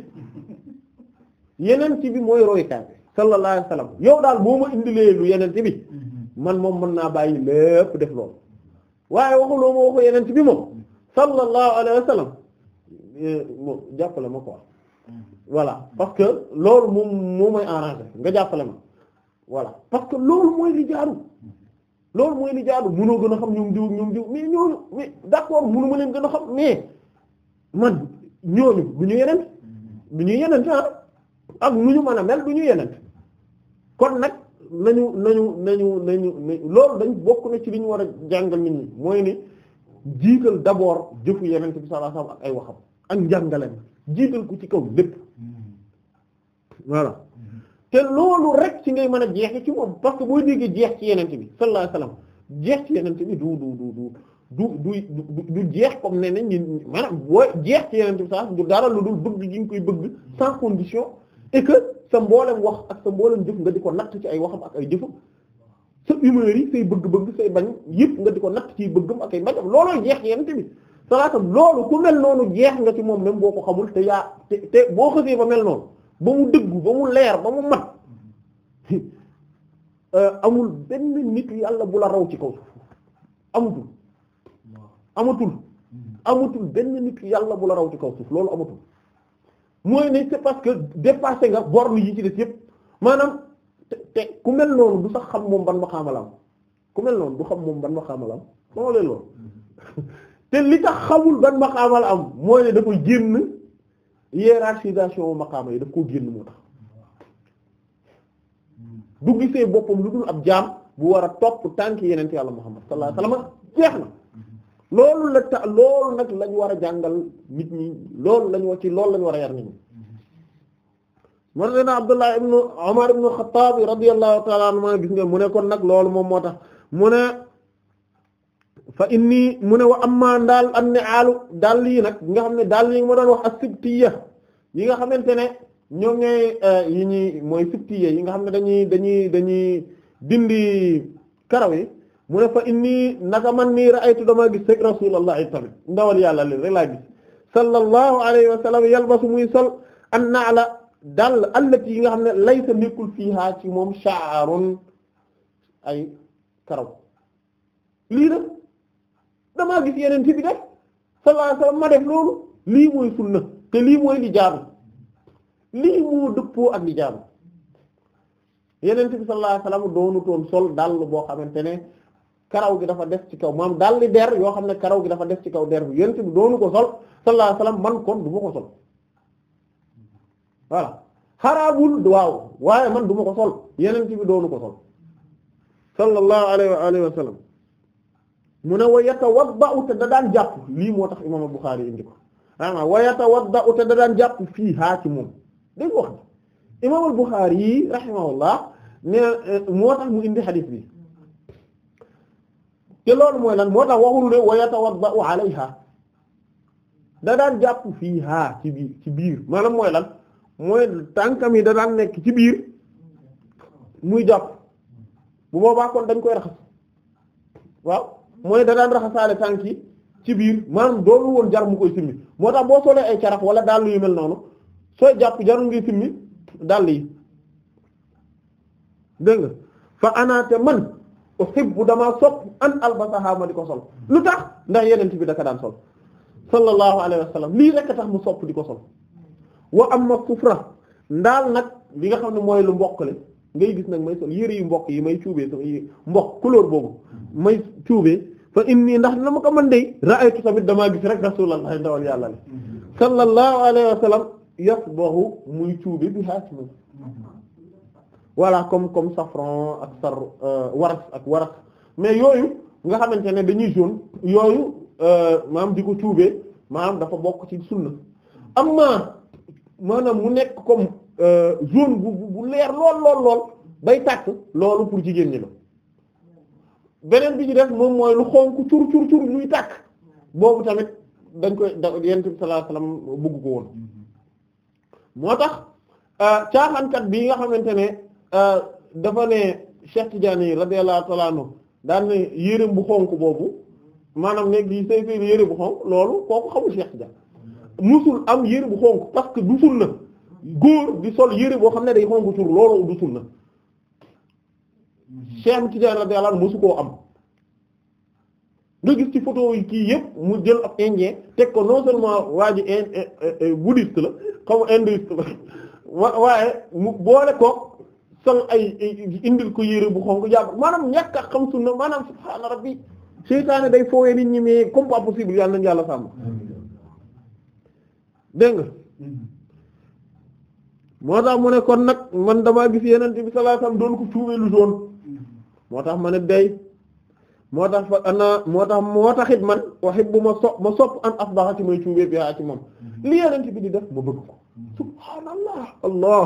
yeneen bi mooy royukaay bi sallallahu alayhi yow daal boo ma indilee lu yeneen ci bi man moom mën naa bàyyi lépp def loolu waaye waxuloo ma waxu yeneen ci bi moom sallallahu alayhi wasallam eh, jàppale ma quoi voilà parce que loolu moom moo may arrangé nga jàppale ma voilà parce que loolu mooy li jaaru loolu mooy li jaaru mënoo gën a xam ñoom diw ñoom diw mais ñooñu mais d'accord mënu ma leen gën a xam mais man ñooñu du ñu yeneen du ñu yeneen ah ak nu ñu mën a mel du ñu yeneen kon nag nañu nañu nañu loolu dañ bokk na ci li ñu war a jàngal nit ñi mooy ne jiital d'abord jëfu yeneen bi sallallahu ak ay waxam ak njàngaleem jiital ko ci kaw lépp hmm. voilà te loolu rek ci ngay mën a jeexe ci moom parce que boo déggee jeex ci yenente bi sallallahu alayhi wasallam jeex ci yenente bi du du du du du du du jeex comme ne nañ ñun maanaam boo jeex ci yenente bi sax du lu dul bëgg gi nga koy bëgg sans condition et que sa mboolem wax ak sa mboolem jëf nga di ko natt ci ay waxam ak ay jëfam sa humeur yi say bëgg-bëgg say bañ yëpp nga di ko natt ci bëggam ak ay bañam looloo jeex ci yenente bi sallallahu alayhi loolu ku mel noonu jeex nga ci moom même boo ko xamul te yaa te te boo xësee ba mel noonu ba mu dëggu ba mu leer ba mu mat euh, amul benn nit yàlla bu la raw ci kaw suuf amatul amatul amatul benn nit yàlla bu la raw ci kaw suuf loolu amatul mooy ne c'est parce que dépassé nga borne yi ci des yëpp maanaam te te ku mel noonu du sax xam moom ban ma xaamalam ku mel noonu du xam moom ban ma xaamalam moo leen loolu mm-hmm. te li tax xamul ban ma xaamal am mooy ne dafa génn hiérarchisation maqaama yi daf koo génn moo tax du gisee boppam lu dul ab jaam bu war a topp tànk yeneen yàlla Muhammad sallallahu alayhi wasallam jeex na loolu la ta loolu nag lañ war a jàngal nit ñi loolu lañ wax ci loolu lañ war a yar nit ñi man leen Abdullah ibn Umar ibn Khattab radiyallahu ta'ala anhu gis nga mu ne kon nag loolu moom moo tax mu ne fa inni mu ne wa amma daal am ne aalu dàll yi nag nga xam ne dàll yi ma doon wax as-sibtiyya yi nga xamante ne ñooy euh, yi mooy sibtiyya yi nga xam ne dañuy dañuy dañuy dindi karaw yi mu ne fa inni naka man nii ra'aytu damaa gis rek rasulullah tamit ndawal yàlla leen rek laa gis sallallahu alayhi wa sallam muy sol an naala dàll yi nga xam ne laysa nekkul fiihaa ci moom sha'run ay karaw lii damaa gis yeneen ti bi def sallallahu alayhi wasallam ma def loolu lii mooy sunna te lii mooy li jaaru lii moo dëppoo ak li jaaru yeneen ti bi sallallahu alayhi wasallam doonu toon sol dàll boo xamante ne karaw gi dafa def ci kaw maam dàll di der yoo xam ne karaw gi dafa def ci kaw der bi yeneen ti bi doonu ko sol sallallahu alayhi wasallam man kon du ma ko sol voilà xaraabul waaw waaye man du ko sol yeneen ti doonu ko sol sallallahu alayhi wa alihi wasallam mu ne wa yatawadda'u te da daan jàpp lii moo tax imaam Buxaari indi ko maanaam ah wa yatawadda'u te da daan jàpp fii haa ci moom dégg imaam Buxaari yi rahimahullah ne eh, moo tax mu indi xadiis bi te loolu mooy lan moo tax waxul ne wa yatawadda'u alayha da daan jàpp fii haa ci biir ci biir maanaam lan mooy tànkam yi da nekk ci biir muy jàpp bu boobaa kon dañ koy raxas mooy da daan raxasaale tànk yi ci biir maanaam doonul woon jar mu koy simmi moo tax boo solee ay carax wala dàll yu mel noonu soo jàpp jarul ngay simmi dàll yi dégg nga fa anaate man uhibbu damaa sopp an albasaha ma di ko sol lu tax ndax yeneen bi daka daan sol sallallahu alayhi wa sallam lii rekk tax mu sopp di ko sol wa amma kufra ndaal nag li nga xam ne mooy lu mbokkale ngay gis nag may sol yëre yu mbokk yi may cuubee sa mbokk couleur boobu may cuubee in nii ndax na ma ko mën dey ra'aytu tamit damaa gis rek rasulullah ndawal yàlla li sallallahu alayhi wa sallam yasbahu muy cuube bi xaasi moom voilà comme comme safran ak sar euh, waras ak waras mais yooyu nga xamante ne dañuy jaune yooyu euh, maam di ko cuubee maam dafa bokk ci sunna amma maanaam mu nekk comme Euh, jaune bu bu leer lool lool lool bay tàkk loolu pour jigéen ñi la beneen bi ci def moom mooy lu xonk cur cur cur luy tàkk boobu tamit dañ koy da yent bi sallallahu alayhi ko woon moo tax euh, caaxaankat bii nga xamante ne euh, dafa ne Cheikh Tidiane radiyallahu ta'ala anhu daan ne yérém bu xonk boobu maanaam ne gi say say yére bu xonk loolu kooku xamul Cheikh Tidiane musul am yére bu xonk parce que du sunna góor di sol yére boo xam ne day xongu tur loolu du sunna mhm. Cheikh Tidiane radiyallahu anhu mosu koo am nga gis ci photo yi kii yëpp mu jël ab indien teg ko non seulement waa ji eh, eh, eh, la xaw ma mu boole ko sol ay indil ko yére bu xonk jàpp maanaam ñàkk a xam sunna maanaam subhaana rabbi seytaane day foowee nit ñi mais comme possible yàlla nañu yàlla sàmm dégg moo tax mu ne kon nag man damaa gis yenente bi sallallahu doon ko cuube lu jaune moo tax ma ne day moo tax ana moo tax moo taxit man uhibbu ma sopp ma sopp an asbaha ci may cuube biha ci moom mm-hmm. li yenente bi di def ma bëgg ko subhaanallah allah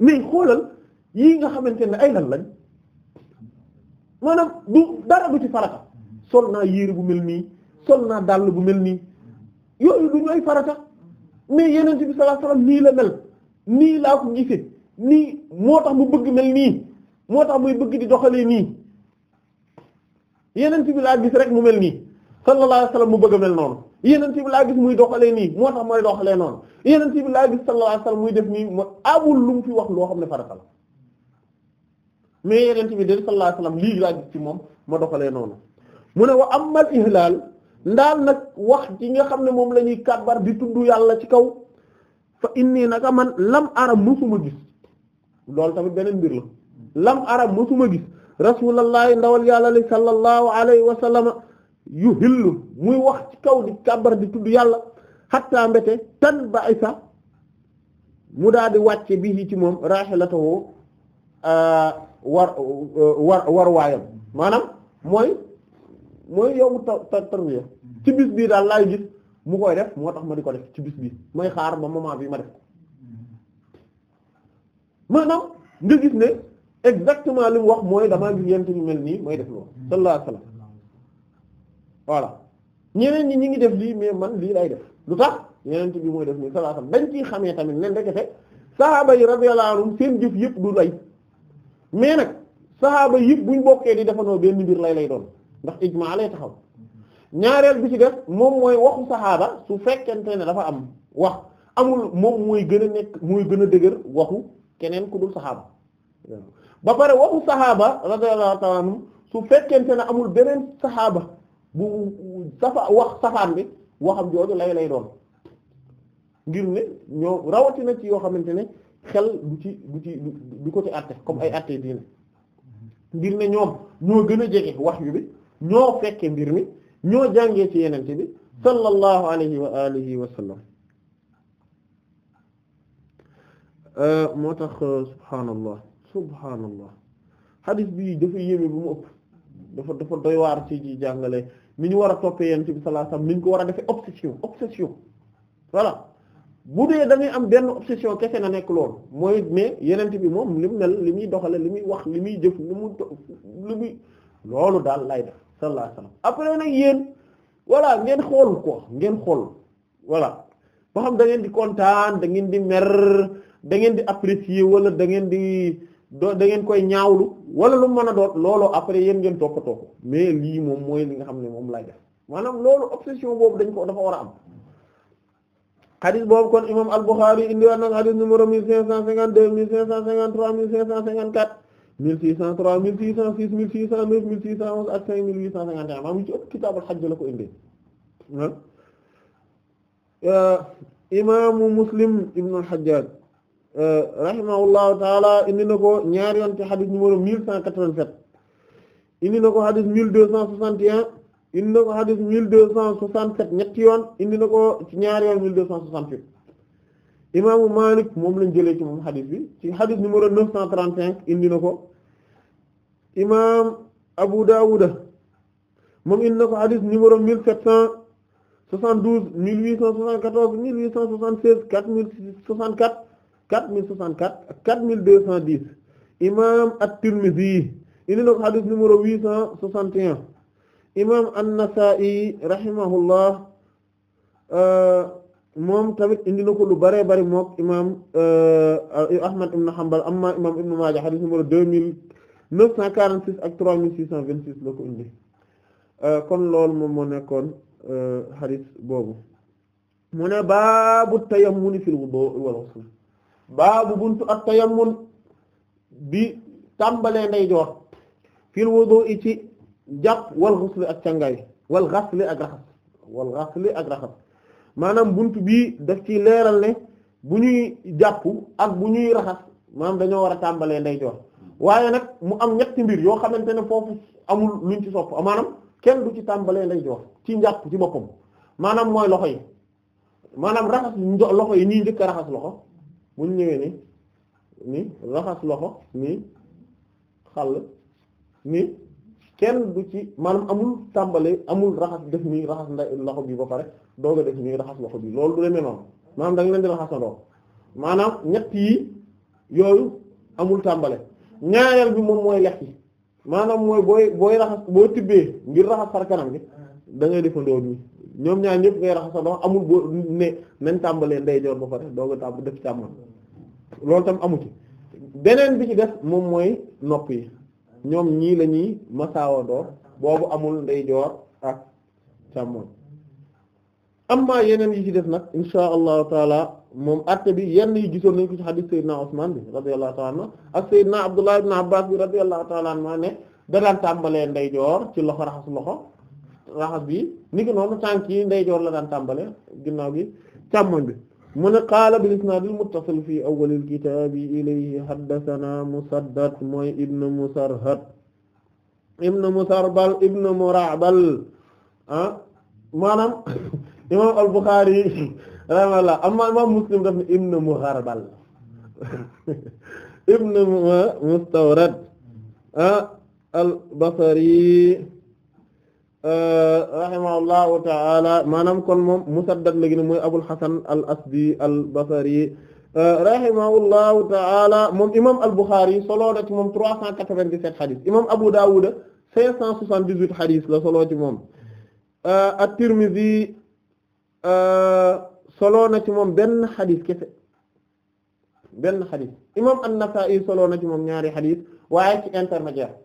mais xoolal yii nga xamante ne ay lan lañ maanaam du dara du ci farata mm-hmm. sol naa yére bu mel nii sol naa dàll bu mel nii yooyu du ñu ay farata mais yenente bi sallallahu alayhi nii la mel nii laa ko gisee nii moo tax mu bëgg mel nii moo tax muy bëgg di doxalee nii yeneen bi laa gis rek mu mel nii sallallahu alayhi wasallam mu bëgg a mel noonu yeneen bi laa gis muy doxalee nii moo tax mooy doxalee noonu yeneen bi laa gis sallallahu alayhi wasallam muy def nii ma amul lu mu fi wax loo xam ne farata la mais yeneen bi de sallallahu alayhi wasallam lii laa gis ci moom ma doxalee noonu mu ne wax wa amal ihlaal ndaal nag wax ji nga xam ne moom la ñuy kàbbar di tudd yàlla ci kaw. fa inni naka man lam ara mësuma gis loolu tamit beneen mbir la lam ara mësuma gis rasulallaahi ndawal yàlla li sallallahu alayhi wa sallam yu hillu muy wax kaw di kàbbar di tudd yàlla xatta mbete tan ba isa mu daal di wàcce bii ci moom raxilatahu war war war waayam maanaam mooy mooy yow mu ta tarwiya ci bis daal laay gis mu koy def moo tax ma di ko def ci bis bi may xaar ba moment bi ma def ko maanaam nga gis ne exactement lu mu wax mooy damaa gis yent ñu mel nii mooy def loolu sallallahu alayhi wasallam voilà ñeneen ñi ñi ngi def lii mais man lii lay def lu tax yeneen bi mooy def nii sallallahu dañ ciy xamee tamit nen ndekete sahaaba yi radiyallahu anhum seen jëf yëpp du lay mais nag sahaaba yëpp buñ bokkee di defandoo benn biir lay lay doon ndax ijmaa lay taxaw ñaareel bi ci def moom mooy waxu saxaaba su fekkente ne dafa am wax amul moom mooy gën a nekk mooy gën a dëgër waxu keneen ku dul saxaaba ba pare waxu saxaaba radiyallahu ta'ala anhu su fekkente ne amul beneen saxaaba bu safa wax safaan bi waxam jooju lay lay doon ngir ne ñoo rawatina ci yoo xamante ne xel du ci du ko ci àtte comme ay àtte ngir ne ñoom ñoo gën a jege wax yu bi ñoo fekke mbir mi ñoo jàngee ci yenente bi sallallahu alayhi wa alihi wa sallam euh, moo tax euh, subhaanallah subhaanallah xadis bii dafa yéeme bu mu ëpp dafa dafa doy waar ci ji jàngale ni ñu war a toppee yenente bi sallallahu alayhi ñu ko war a defe obsession obsession voilà bu dee dañuy am benn obsession kese na nekk lool mooy ne yenente bi moom li mu mel li muy doxale li muy wax li muy jëf li mu li muy loolu daal lay def sallallahu alayhi wa sallam après nag yéen voilà ngeen xool ko ngeen xool voilà ba xam da ngeen di kontaan da ngeen di mer da ngeen di apprécier wala da ngeen di da ngeen koy ñaawlu wala lu mën a doon loolu après yéen ngeen toppatoo ko mais lii moom mooy li nga xam ne moom lay def maanaam loolu obsession boobu dañ ko dafa war a am xadis boobu kon imam al-Bukhari indi war xadis numéro mille cinq cent cinquante deux mille cinq cent cinquante trois 1603 1606 1609 1611 ak 5851 maa ngi ci ëpp kitaabul hajj la ko indi euh, imaamu muslim ibnu al-Hajjaj euh, rahimahullahu taala indi na ko ñaari yoon ci xadis numéro 1187 indi na ko xadis 1261 indi na ko xadis 1267 ñetti yoon indi na ko ci ñaari yoon 1268 imaamu Malik moom lañ jëlee ci moom xadis bi ci xadis numéro 935 indi na ko imaam Abu Dawud moom indi na ko xadis numéro 1772 1874 1876 4064 4064 4210 imaam At-Tirmidhi indi na ko xadis numéro 861 imaam An-Nasa'i rahimahullah euh, moom tamit indi na ko lu bëree bëri mook imam euh, Ahmad ibn Hanbal amma imam Ibn Maaja hadith numéro deux mille neuf cent quarante six ak trois mille six cent vingt six la ko indi euh, kon loolu moom moo nekkoon hadith euh, boobu mu ne baabu tayammuni fil wudu wal ghusl baabu buntu at bi tàmbalee nday joor fil wudu i ci jàpp wal ghusl ak càngaay wal ghasli ak raxas wal ghasli ak raxas maanaam bunt bii daf ci leeral ne bu ñuy jàpp ak bu ñuy raxas maanaam dañoo war a tàmbalee ndeyjoor waaye nag mu am ñetti mbir yoo xamante ne foofu amul luñ ci sopp maanaam kenn du ci tàmbalee ndeyjoor ci njàpp ci boppam maanaam mooy loxo yi maanaam raxas loxo yi ñuy njëkk a raxas loxo bu ñu ñëwee ni ni raxas loxo ni xàll ni kenn du ci maanaam amul tàmbale amul raxas def nii raxas nda loxo bi ba pare doog a def nii raxas loxo bi loolu du demee noonu maanaam da nga leen di raxasandoo maanaam ñett yi yooyu amul tàmbale ñaareel bi moom mooy lex yi maanaam mooy booy booy raxas boo tibbee ngir raxas far kanam gi da ngay defandoo nii ñoom ñaar ñëpp ngay raxasandoo amul boo ne nañ tàmbalee ndeyjoor ba pare doog a tàmb def càmmoñ loolu tam amu ci beneen bi ci def moom mooy nopp yi ñoom ñii la ñuy masaawandoor boobu amul ndeyjoor ak càmmoñ amma yeneen yi ci def nag insha allahu taala moom atte bi yenn yi gisoon nañ ko ci xadiis Seydina Usmaan bi radiyallahu taala anhu ak Seydina Abdullah ibn Abbas bi radiyallahu taala anhu ne da daan tàmbalee ndeyjoor ci loxo raxas loxo raxas bi ni ko noonu tànk yi ndeyjoor la daan tàmbalee ginnaaw gi càmmoñ bi mu ne qaala bil isnaadil muttasil fii awwalil kitaabi ilayhi haddasanaa Musaddad mooy Ibn Musarhad Ibn Musarbal Ibn Mura'bal ah maanaam imaam al-Bukhari rahimahullah amma imaam Muslim daf ne Ibn Muharbal Ibn Mustawrad ah, al-Basri Euh, rahimahullahu taala maanaam kon moom Musaddad la gën mooy Abul Hasan al Asdi al Basri euh, rahimahullahu taala moom imam al Bukhari solo na ci moom 397 xadis imam Abu Dawud 578 xadis la solo ci moom euh, at-Tirmidhi solo na ci moom benn xadis kese benn xadis imam an-Nasa'i solo na ci moom ñaari xadis waaye ci intermédiaire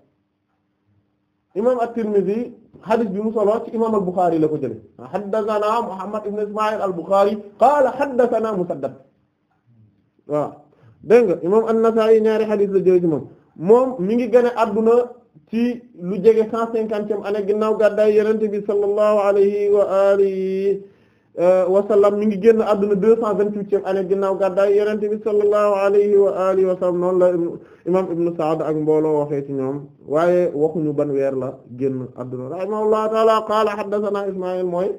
imam at-Tirmidhi xadis bi mu solo ci imam al-Bukhari la ko jële xaddasanaa Muhammad ibn Ismail al-Bukhari qaala xaddasanaa Musaddad la jële ci moom moom mi ngi gën a adduna ci lu jege cent cinquantième année ginnaaw gàddaay bi sallallahu alayhi wa alihi Euh, wasallam mi ngi génn adduna deux cent vingt-huitième année ginnaaw gàddaay yonent bi sallallahu alayhi wa alihi wa sallam la imam ibnu Sa'd ak mbooloo waxee ci ñoom waaye waxuñu ban weer la génn àdduna rahimahullahu ta'ala qaala haddathana Ismaïl mooy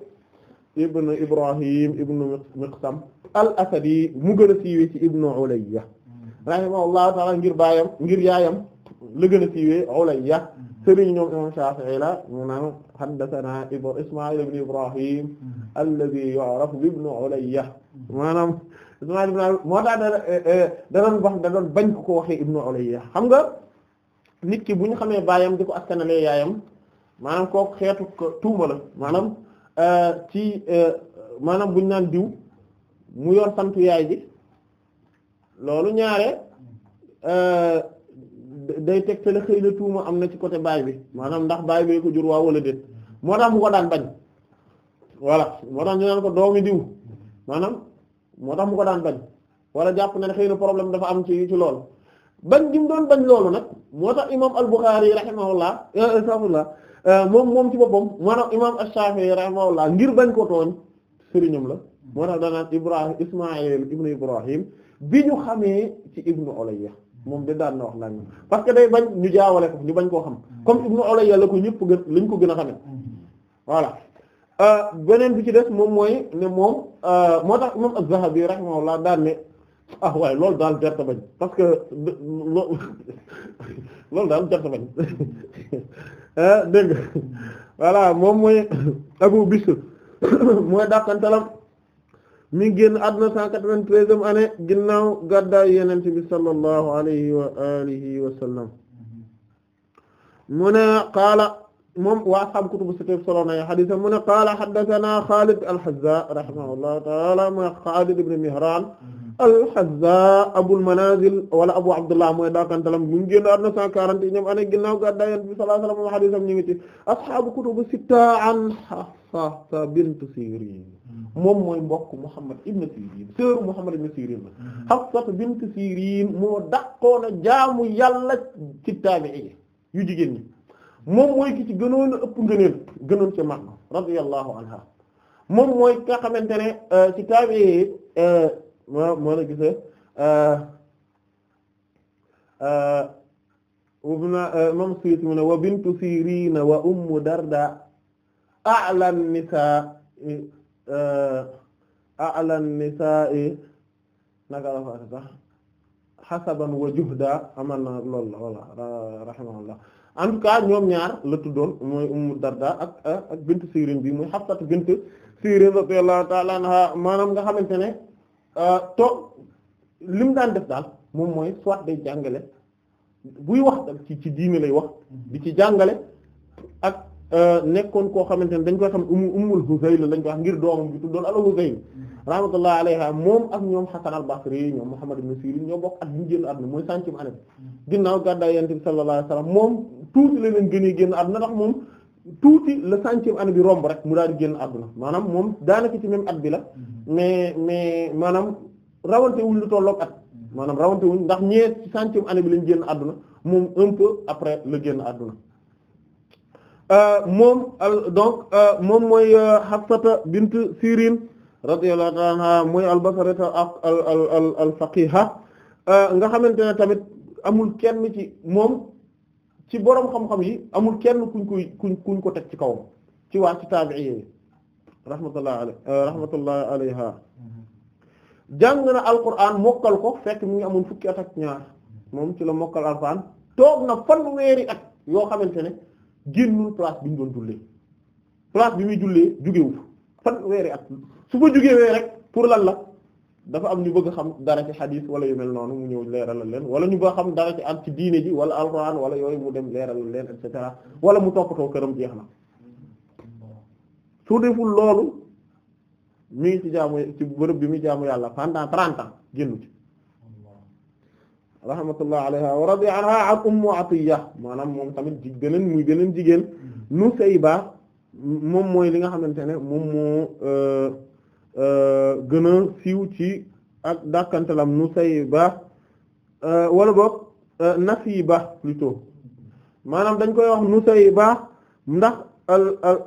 ibnu Ibrahim ibnu Miqsam al-Asadi mu gën a siiwee ci ibnu Ulayya rahimahullahu ta'ala ngir baayam ngir yaayam la gën a siiwee sëriñ ñoom imam Shafi'i la mu naan haddathana Isma'il ibn Ibrahim mm-hmm. alladhi yu'rafu bi ibn Ulayya mm-hmm. maanaam Isma'il ibn moo tax da eh, eh, doon wax da doon bañ ko ko waxee ibn Ulayya xam nga nit ki bu ñu xamee baayam di ko askanalee yaayam maanaam kooku xeetu tuuma la maanaam eh, ci maanaam bu ñu naan diw mu yor santu yaay ji loolu ñaare. day tegtale xëy na tuuma am na ci côté baay bi maanaam ndax baay bee ko jur waa wala déet moo tax mu ko daan bañ voilà moo tax ko doomi diw maanaam moo tax mu ko daan bañ wala jàpp na ne xëy na problème dafa am ci ci loolu bañ gi mu doon bañ loolu nag moo tax imaam al-Bukhari rahimahullah euh, astaghfirullah euh, moom moom ci boppam maanaam imaam ash-Shafi'i rahimahullah ngir bañ ko tooñ sëriñam la moo tax danaan Ibrahim Ismaïl ibnu Ibrahim bi ñu xamee ci ibnu Ulayya moom de daan na wax nangam parce que day bañ ñu jaawale ko ñu bañ koo xam comme Ibnu Ulayya la ko ñëpp gën lañ ko gën a xamee voilà euh, beneen bi ci def moom mooy ne moom euh, moo tax imam Az-Zahabi rahimahullah daan ne ah waaye loolu daal jarta bañ parce que loo loolu daal jarta bañ euh, dégg moom mooy Abu Bishr mooy dàqantalam mi ngi génn àdduna cent quatre-vingt-treizième année ginnaaw gàddaay Yonent bi sallallahu alayhi wa alihi wa sallam mu ne qaala moom waa ashaabu kutubu sitta solo na hadiis mu ne qaala haddathanaa Xaalid al-Hazzaa rahimahullahu ta'aala mooy Xaalid ibn Mihraan al-Hazzaa Abul Manaazil wala Abu Abdullah mooy daakantalam mu ngi génn àdduna cent quarante-et-unième année ginnaaw gàddaay Yonent bi sallallahu alayhi wa sallam hadiis am ñu ngi ci ashaabu kutubu sitta an Hafsa bint Sirin mm-hmm. moom mooy mbokk Muhammad ibn Sirin sœur Muhammad ibn Sirin la mm-hmm. Hafsa bint Sirin moo dàqoon a jaamu yàlla ci taabi'i yu jigéen ñi moom mooy ki ci gënoon a ëpp ngëneel gënoon ci mag radiyallahu anha moom mooy ka xamante ne euh, ci taabi'i euh, moo moo la gise euh, moom suit mu ne wa bintu Sirin wa ummu Darda a'la nisaa'i eh, eh, a'la nisaa'i naka la fa sax xasaban wa juhda aman na la walla rahimahullah en tout cas ñoom ñaar la tuddoon mooy Ummu Darda ak bint Sirin bi muy Hafsat bint Sirin radiyallahu ta'ala anha maanaam nga xamante ne eh, to lim daan def daal moom mooy soit day jàngale buy wax ci ci lay wax ci jàngale Euh, nekkoon koo xamante ne dañ koy xam umu umul Huzayl lañ ko wax ngir doomam bi tuddoon al-Huzayl rahmatullah alayha moom ak ñoom Hasan al-Basri ñoom Muhammad ibn Sirin ñoo bokk at bu ñu génn àdduna mooy centième année bi ginnaaw gàddaay Yonent bi sallallahu alayhi wasallam moom tuuti la leen gënee génn àdduna ndax moom tuuti la centième année bi romb rek mu daal di génn àdduna maanaam moom daanaka ci même at bi la mais mais maanaam rawantewuñ lu tollook at maanaam rawantewuñ ndax ñee centième année bi lañ génn àdduna moom un peu après la génn àdduna Euh, moom euh, donc euh, moom mooy Hafsata bint Sirin radiyallahu ta'ala anha mooy albasarata ak al al al nga xamante ne tamit amul kenn ci moom ci boroom xam-xam yi amul kenn kuñ koy kuñ ko teg ci kawam ci waa ci taabi'i yi rahmatullah alayhi rahmatullah alayha jàng na alquran mokal ko fekk mi ngi amoon fukki at ak ñaar moom ci la mokkal alquran toog na fanweeri at yoo xamante ne génnul place bi ñu doon jullee place bi muy jullee jugewu fa fan weeri at su fa jugewee rek pour lan la dafa am ñu bëgg xam dara ci xadiis wala yu mel noonu mu ñëw leeralal leen wala ñu bëgg xam dara ci am ci diine ji wala alxuraan wala yooyu mu dem leeralal leen et cetera wala mu toppatoo këram jeex na su deful loolu mi ngi ci jaamu ci bërëb bi muy jaamu yàlla pendant trente ans génnu ci rahmatullah alayha wa radiya anha an ummu atiya maanaam moom tamit ji beneen muy beneen jigéen mm-hmm. Nusayba moom mooy li nga xamante ne moom moo euh, euh, gën a siiw ci ak dàkkantalam Nusayba euh, wala boog Nasiba plutôt maanaam dañ koy wax Nusayba ndax al al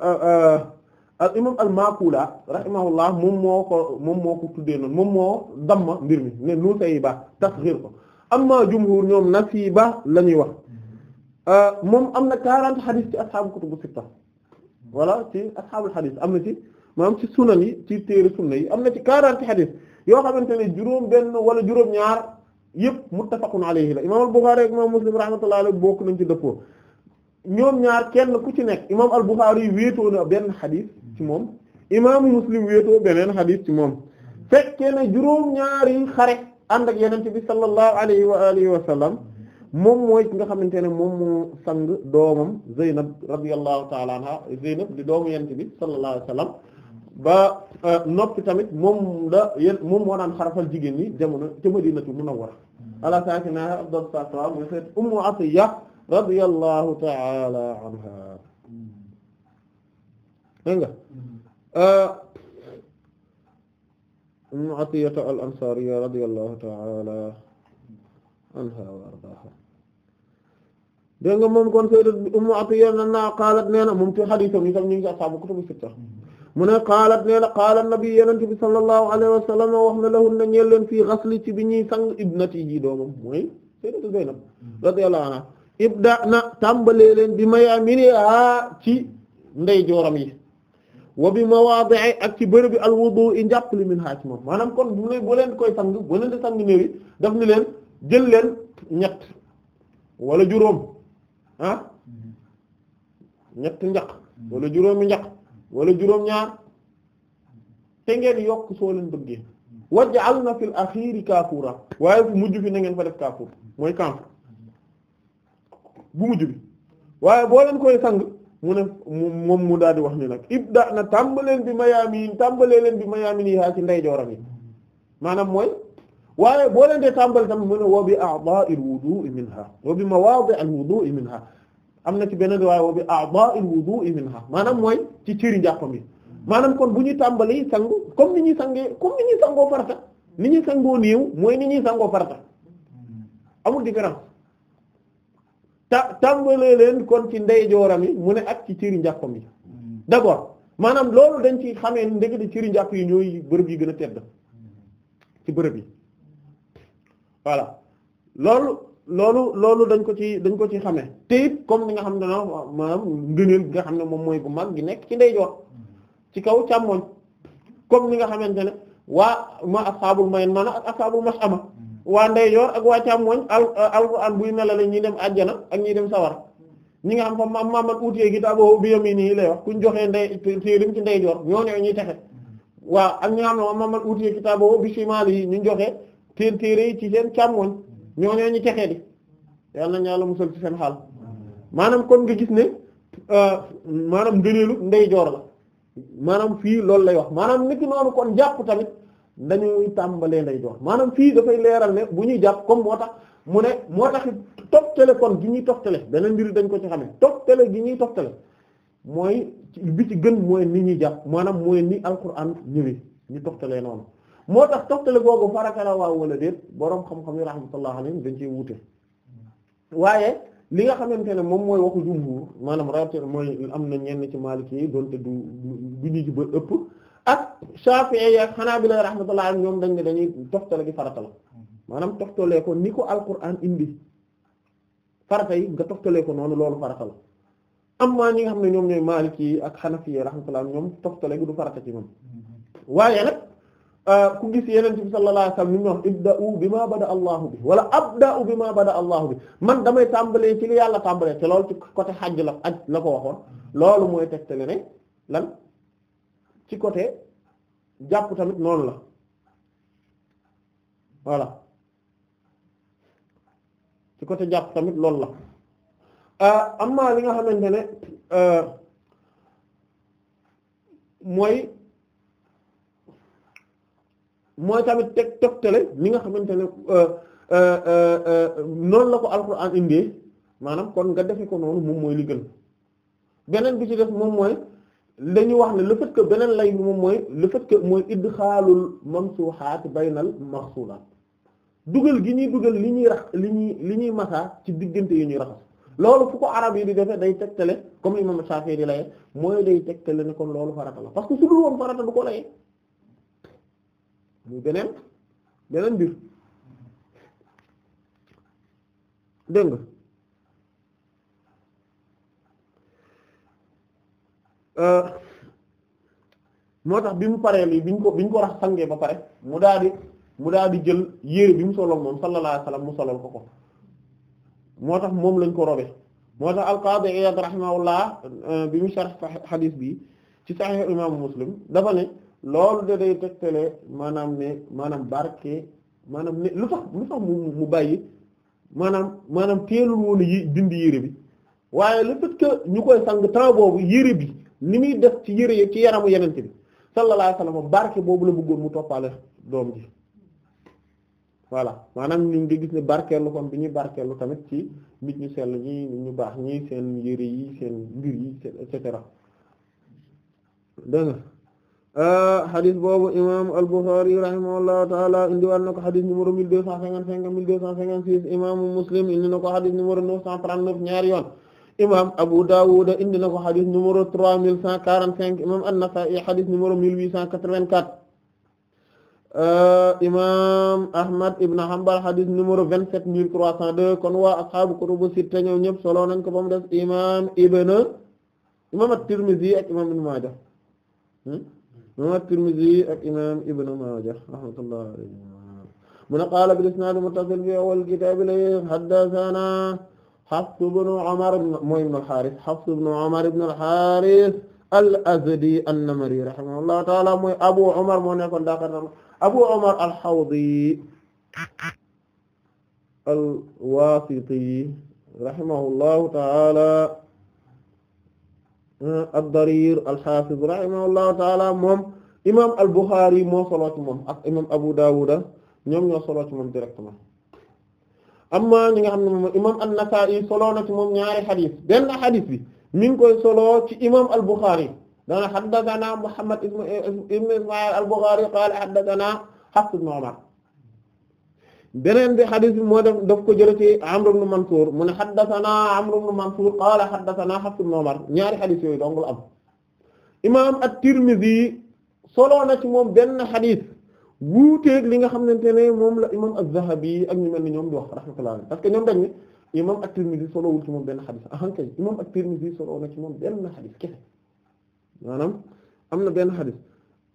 al imam al Maqula rahimahullah moom moo ko moom moo ko tuddee noonu moom moo damma mbir mi ne Nusayba tasghir ko amma jumhur ñoom nasiba la ñuy wax mm-hmm. euh, moom am na 40 xadis ci ashaabu kutubu sitta wala ci ashaabul xadis am na ci maanaam ci sunan yi ci téere sunna yi am na ci 40 xadis yoo xamante ne juróom benn wala juróom ñaar yëpp muttafaqun alayhi la imaam al-Bukhari ak imaam Muslim rahmatullahi alayhi bokk nañ ci dëppoo ñoom ñaar kenn ku ci nekk imaam al-Bukhari wéetoo na benn xadis ci moom imaamu Muslim wéetoo beneen xadis ci moom fekkee na juróom ñaari xare ànd ak yenente bi sallallahu alayhi wa alihi wa sallam moom mooy nga xamante ne moom moo sang doomam Zeynab radiyallahu ta'ala anha Zeynab di doomu yenente sallallahu wa sallam ba euh, noppi tamit moom moom moo daan xarafal jigéen ñi jamono ca Madinatu Munawwara ala saakina afdal sata mooy seet Ummu ta'ala anha ibn Atiyata al-Ansariya radiyallahu ta'ala anha wa ardaaha dégg nga moom kon sayyidat Ummu Atiyya na qaalat nee na moom ci hadiisam itam ñu ngi ashaabu kutubu sitta mu ne qaalat nee na qaala nabi yonent bi sallallahu alayhi wa sallam wax na lahun na ñeel leen fii xasli ci bi ñuy sang ibnati ji doomam mooy sayyidatu Zaynab radiyallahu anha ibda na tàmbalee leen bi mayaaminihaa ci ndey jooram yi wa bi mawaadi'i ak ci bërëb bi al wudu'i njàpp li min haa ci moom maanaam kon bu bu leen koy sang bu leen di sang néew yi leen jël leen ñett wala juróom ah? ñett njaq wala juróomi njaq wala juróom te ngeen yokk soo leen bëggee waj'alna fil axiiri mujj fi na ngeen fa def mooy kaamp bu mujj bi waaye boo leen koy sang mu ne moom mu daal di wax ni nag ibda na tàmbaleen bi mayaami tàmbalee leen bi mayaami nii haa ci ndeyjooram yi maanaam mooy waaye boo leen dee tàmbali tamit mu ne wa bi a'da'il wudu'i minha wa bi mawadi'il wudu'i minha am na ci beneen waaye wa bi a'da'il wudu'i minha maanaam mooy ci ciri njàppam yi maanaam kon bu ñuy tàmbali sangu comme ni ñuy sangee comme ni ñuy sangoo farata ni ñuy sangoo néew mooy ni ñuy sangoo farata amul différence ta tàmbalee leen kon ci ndeyjooram yi mu ne ak ci ciri njàppam yi mm. d'abord maanaam loolu dañ ci xamee ndege di ciri njàpp yi ñooy bërëb yi gën a tedd ci bërëb yi voilà loolu loolu loolu dañ ko ci dañ ko ci xamee te comme ni nga xam ne maanaam ngëneel bi nga xam ne moom mooy bu mag gi nekk ci ndeyjoor ci kaw càmmoñ comme ni nga xamante ne waa ma ashabul ma maanaam ak ashabul mas'ama mm. waa ndeyjoor ak waa càmmoñ al uh, alxuraan buy melale ñi dem àjjana ak ñi dem sawar ñi nga xam fa maam maaman uutee kitaabahu bi yamiinihi lay wax kuñ joxee ndey téerim ci ndeyjoor ñoo ne ñuy texe waaw ak ñi nga xam ne maam maaman uutee kitaabahu bi shimaalihi ñu joxee téer téere yi ci seen càmmoñ ñoo ne ñu texe di yàlla na ñaala musal ci seen xaal maanaam kon nga gis ne uh, maanaam ngëneelu ndeyjoor la maanaam fii loolu lay wax maanaam nit ki noonu kon jàpp tamit dañuy tàmbalee nday joor maanaam fii dafay leeral ne bu ñuy jàpp comme moo tax mu ne moo tax toftale kon gi ñuy toftale beneen mbir dañ ko ci xamee toftale gi ñuy toftale mooy bi ci gën mooy ni ñuy jàpp maanaam mooy ni alquran ñëwee ñu toftalee noonu moo tax toftale googu faraka la waaw wala déet boroom xam-xam yi rahmatullah alayhim dañ cee wuute waaye li nga xamante ne moom mooy waxu jumhur maanaam rawatina mooy am na ñenn ci maaliki yi doonte du du ñu ci ba ëpp Shafi'i ak Hanabila rahmatullah ñoom dañ ne dañuy toftale gi farata la mm-hmm. maanaam toftalee ko ni ko Alquraan indi farata yi nga toftalee ko noonu loolu farata la maa ñi nga xam ne ñoom ñooy Maliki ak Hanafi rahmatullah ñoom toftale gi du farata ci moom mm-hmm. waaye nag euh, ku gis yeneen bi sallallahu alayhi wasallam ni mu wax ibda'u bima bada allahu bi wala abda'u bima bada allahu bi man damay tàmbalee ci li yàlla tàmbalee te loolu ci côté xajj la aj la ko waxoon mm-hmm. loolu mooy tegtale ne lan côté jàpp tamit noonu la voilà ci côté jàpp tamit loolu la euh, am na li nga xamante ne euh, mooy mooy tamit teg tegtale li nga xamante ne euh, noonu la ko alxuraan indee maanaam kon nga defe ko noonu moom mooy li gën beneen bi ci def moom mooy dañu wax ne le fait que beneen lay bi moom mooy le fait que mooy idxaalul mamsuuhaat baynal maxsuulaat dugal gi ñuy dugal li ñuy rax li ñuy li ñuy masaa ci diggante yu ñuy raxas loolu fu ko arab yi di defee day tegtale comme imam Shafi'i di laye mooy day tegtale ne kon loolu farata la parce que su dul woon farata du ko laye muy beneen beneen mbir dégg nga Euh, moo tax bi mu paree lii biñ ko biñ ko rax sangee ba pare mu daal di mu daal di jël yére bi mu solol moom sallallahu alayhi wasallam mu solol ko ko moo tax moom lañ ko robe moo tax al-Qadi Iyad rahimahullah euh, bi mu sharh hadith bi ci Sahih imaamu Muslim dafa ne loolu da day tegtale maanaam ne maanaam barke maanaam ne lu tax lu tax mu mu bàyyi maanaam maanaam teelul woon a yére bi waaye le fait que ñu koy sang temps boobu yére bi ni muy def ci yére yi ci yaramu yenente bi sallallahu alayhi wasallam barke boobu la bëggoon mu toppale doom ji voilà maanaam ñu ngi gis ne barkeelu kon bi ñuy barkeelu tamit ci nit ñu sell ñi ñu baax ñi seen yére yi seen mbir yi et cetera dégg nga xadis euh, boobu imam al-Bukhari rahimahullahu taala indiwaat na ko xadis numéro mille deux cent cinquante-cinq deux cent cinquante-six imam Muslim indi na ko xadis numéro neuf cent trente-neuf ñaari yoon imam Abu Dawud indi na ko xadis numéro trois mille cent quarante cinq imam An-Nasa'i xadis numéro mille huit cent quatre vingt quatre imam Ahmad ibn Hanbal xadis numéro vingt sept mille trois cent deux kon waa ashaabu kutubu sitta ñoom ñëpp solo nañ ko ba mu des imam Ibn imam At-Tirmidhi ak imam Ibn Maaja hmm? imam At-Tirmidhi ak imam Ibn Maaja rahmatullah alayhi mu ne qaala bil isnaad muttasil fi awwal kitaab li haddathana Hafs ibn Umar mooy ibn al-Harith Hafs ibn Umar ibn al-Harith al-Azdi an-Namari rahimahullahu ta'ala mooy Abu Umar moo nekkoon daakatam Abu Umar al-Hawdi al-Wasiti rahimahullahu ta'ala ad-Darir al-Hafiz rahimahullahu ta'ala moom imam al-Bukhari moo solo ci moom ak imam Abu Dawud ñoom ñoo solo ci moom directement amma ñi nga xam ne moom imam an-Nasa'i solo na ci moom ñaari xadis benn xadis bi mi ngi koy solo ci imam al dana haddathana Muhammad ibn Isma'il al-Bukhari qala haddathana Hafs ibn Umar beneen bi xadis bi moo def daf ko jële ci imam at solo na ci moom benn wuuteeg li nga xamante ne moom la imam az-Zahabi ak ñu mel ni ñoom di wax rahmatullah parce que ñoom dañ ne imam at-Tirmidhi solowul ci moom benn xadis ahankay imam at-Tirmidhi solow na ci moom benn xadis kese maanaam am na benn xadis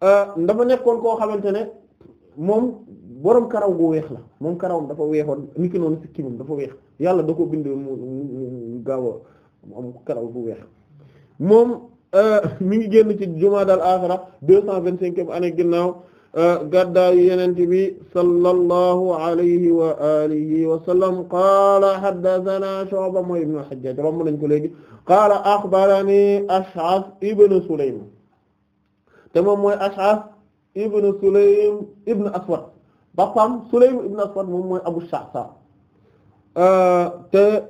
euh, dafa nekkoon koo xamante ne moom borom karaw gu weex la moom karawam dafa weexoon niki noonu sikki moom dafa weex yàlla da ko bind mu gaaw a am karaw gu weex moom euh, mu ngi génn ci jumaa dal axira deux cent vingt-cinquième année ginnaaw gàddaayu yenente bi sallallahu alayhi wa alihi wa sallam qaala haddathana Shu'ba mooy ibnu Hajjaj romb nañ ko léegi qaala akhbarani Ash'ath ibnu Sulaym te moom mooy Ash'ath ibnu Sulaym ibnu Aswad bapam Sulaym ibnu Aswad moom mooy Abu Sha'sa te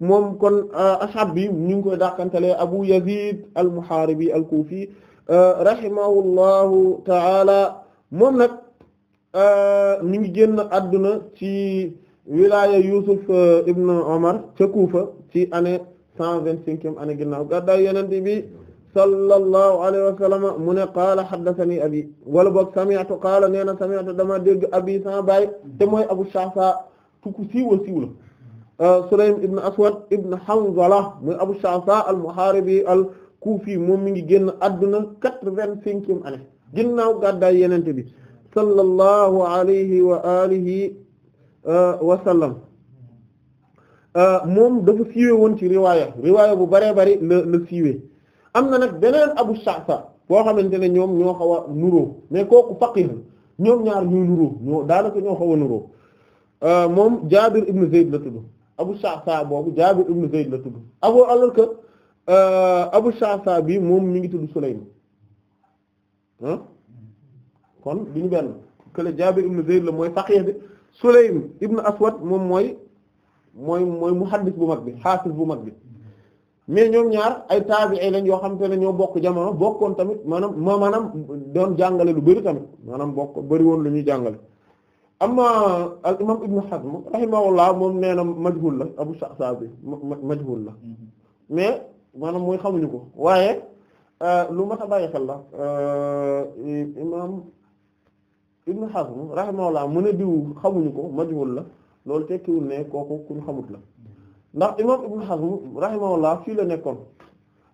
moom kon Ash'ath bi ñu ngi koy dàqantelee Abu Yazid al-Muharibi al-Kufi rahimahullahu taala moom nag euh, mi ngi génn àdduna ci wilaya Yusuf euh, ibn Omar ca Kufa ci année cent vingt-cinquième année ginnaaw gàddaay yonent bi sallallahu alayhi wa sallam mu ne qaala haddathani abi wala boog sami'tu qaala nee na sami'tu dama dégg abi sama baay te mooy Abu Sha'sa tuku siiwa siiw la euh, Sulaym ibn Aswad ibn Hanzala muy Abu Sha'sa al-Muharibi al kuufi moom mu ngi génn adduna quatre-vingt-cinquième année ginnaaw gàddaay yenente bi sallallahu alayhi wa alihi euh, wa sallam euh, moom dafa siiwe woon ci riwaaya riwaaya bu baree bari la la am na nag beneen abu sha'sa boo xamante ne ñoom ñoo xaw a nuroo mais kooku faqih ñoom ñaar daanaka ñoo xaw a nuroo euh, moom jaabir ibn zayd la tudd abu sha'sa boobu jaabir ibn zayd la tudd Euh, Abu Shasa bi moom mi ngi tudd Sulaym kon duñu benn kële Jaabir ibn Zayd la mooy faqih bi Sulaym ibn Aswad moom mooy mooy mooy muhaddis bu mag bi xaafis bu mag bi mais ñoom ñaar ay taabi'i lañ yoo xam te ne ñoo bokk jamono bokkoon tamit maanaam ma maanaam doon jàngale lu bari tamit maanaam bokk bari woon lu ñuy jàngale amma al imam Ibn Hazm rahimahullah moom nee majhul la Abu Shasa bi majhul la mm-hmm. mais maanaam mooy xamuñu ko waaye euh, lu mat a bàyyi xel la euh, imaam Ibn Hazm rahimahullah mu ne diw xamuñu ko majhul la loolu tekkiwul ne kooku kuñ xamut la ndax imaam Ibn Hazm rahimahullah fii la nekkoon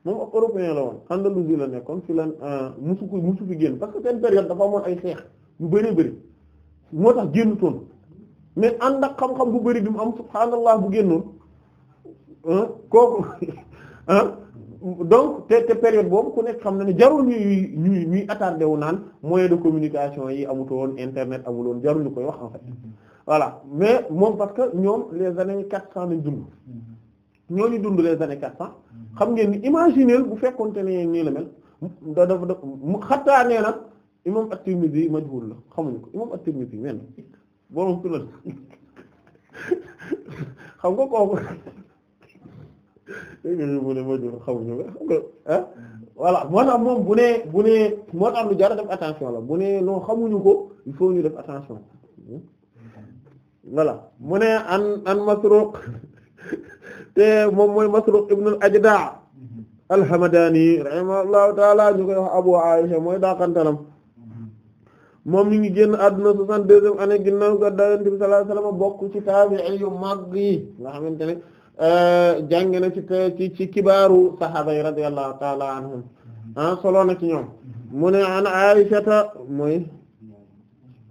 moom ak européen la woon Andalousie la nekkoon fii la euh, musu ko musu fi génn parce que seen période dafa moon ay xeex yu bëree bëri moo tax génnutoon mais ànd ak xam-xam bu bëri bi mu am subhaanallah bu génnoon kooku Ah, donc te te période boobu ku nekk xam na ne jarul ñuy ñuy ñuy wu naan moyen de communication yi amutoon internet amuloon jarul ñu koy wax en fait voilà mais moom parce que ñoom les années quatre cent lañ dund ñooñu dund les années quatre cent xam ngeen ni imaginer bu fekkonte ne nii la mel da dafa da xattaa nee na imam at-Tirmidhi majhul la xamuñu ko moom imam at-Tirmidhi men borom sunna xam nga kooku dégg nga mu ne ma jur moo bu ne bu ne moo tax lu jar a xamuñu ko il faut ñu def attention voilà mu ne an an Masruq te moom mooy Masruq ibn al-Ajda' al-Hamadani rahimahullahu ñu koy wax Abu Aisha mooy daakantalam moom ñu ngi génn àdduna soixante-deuxième année ginnaaw gàddaay Yonent bi sallallahu bokku wasallam bokk ci taabi'i yu mag yi nga xamante ne Eh, jànge na ci ci ci kibaaru sahaaba yi radiyallahu taala anhum ah solo na ci ñoom mu ne an Aisata mooy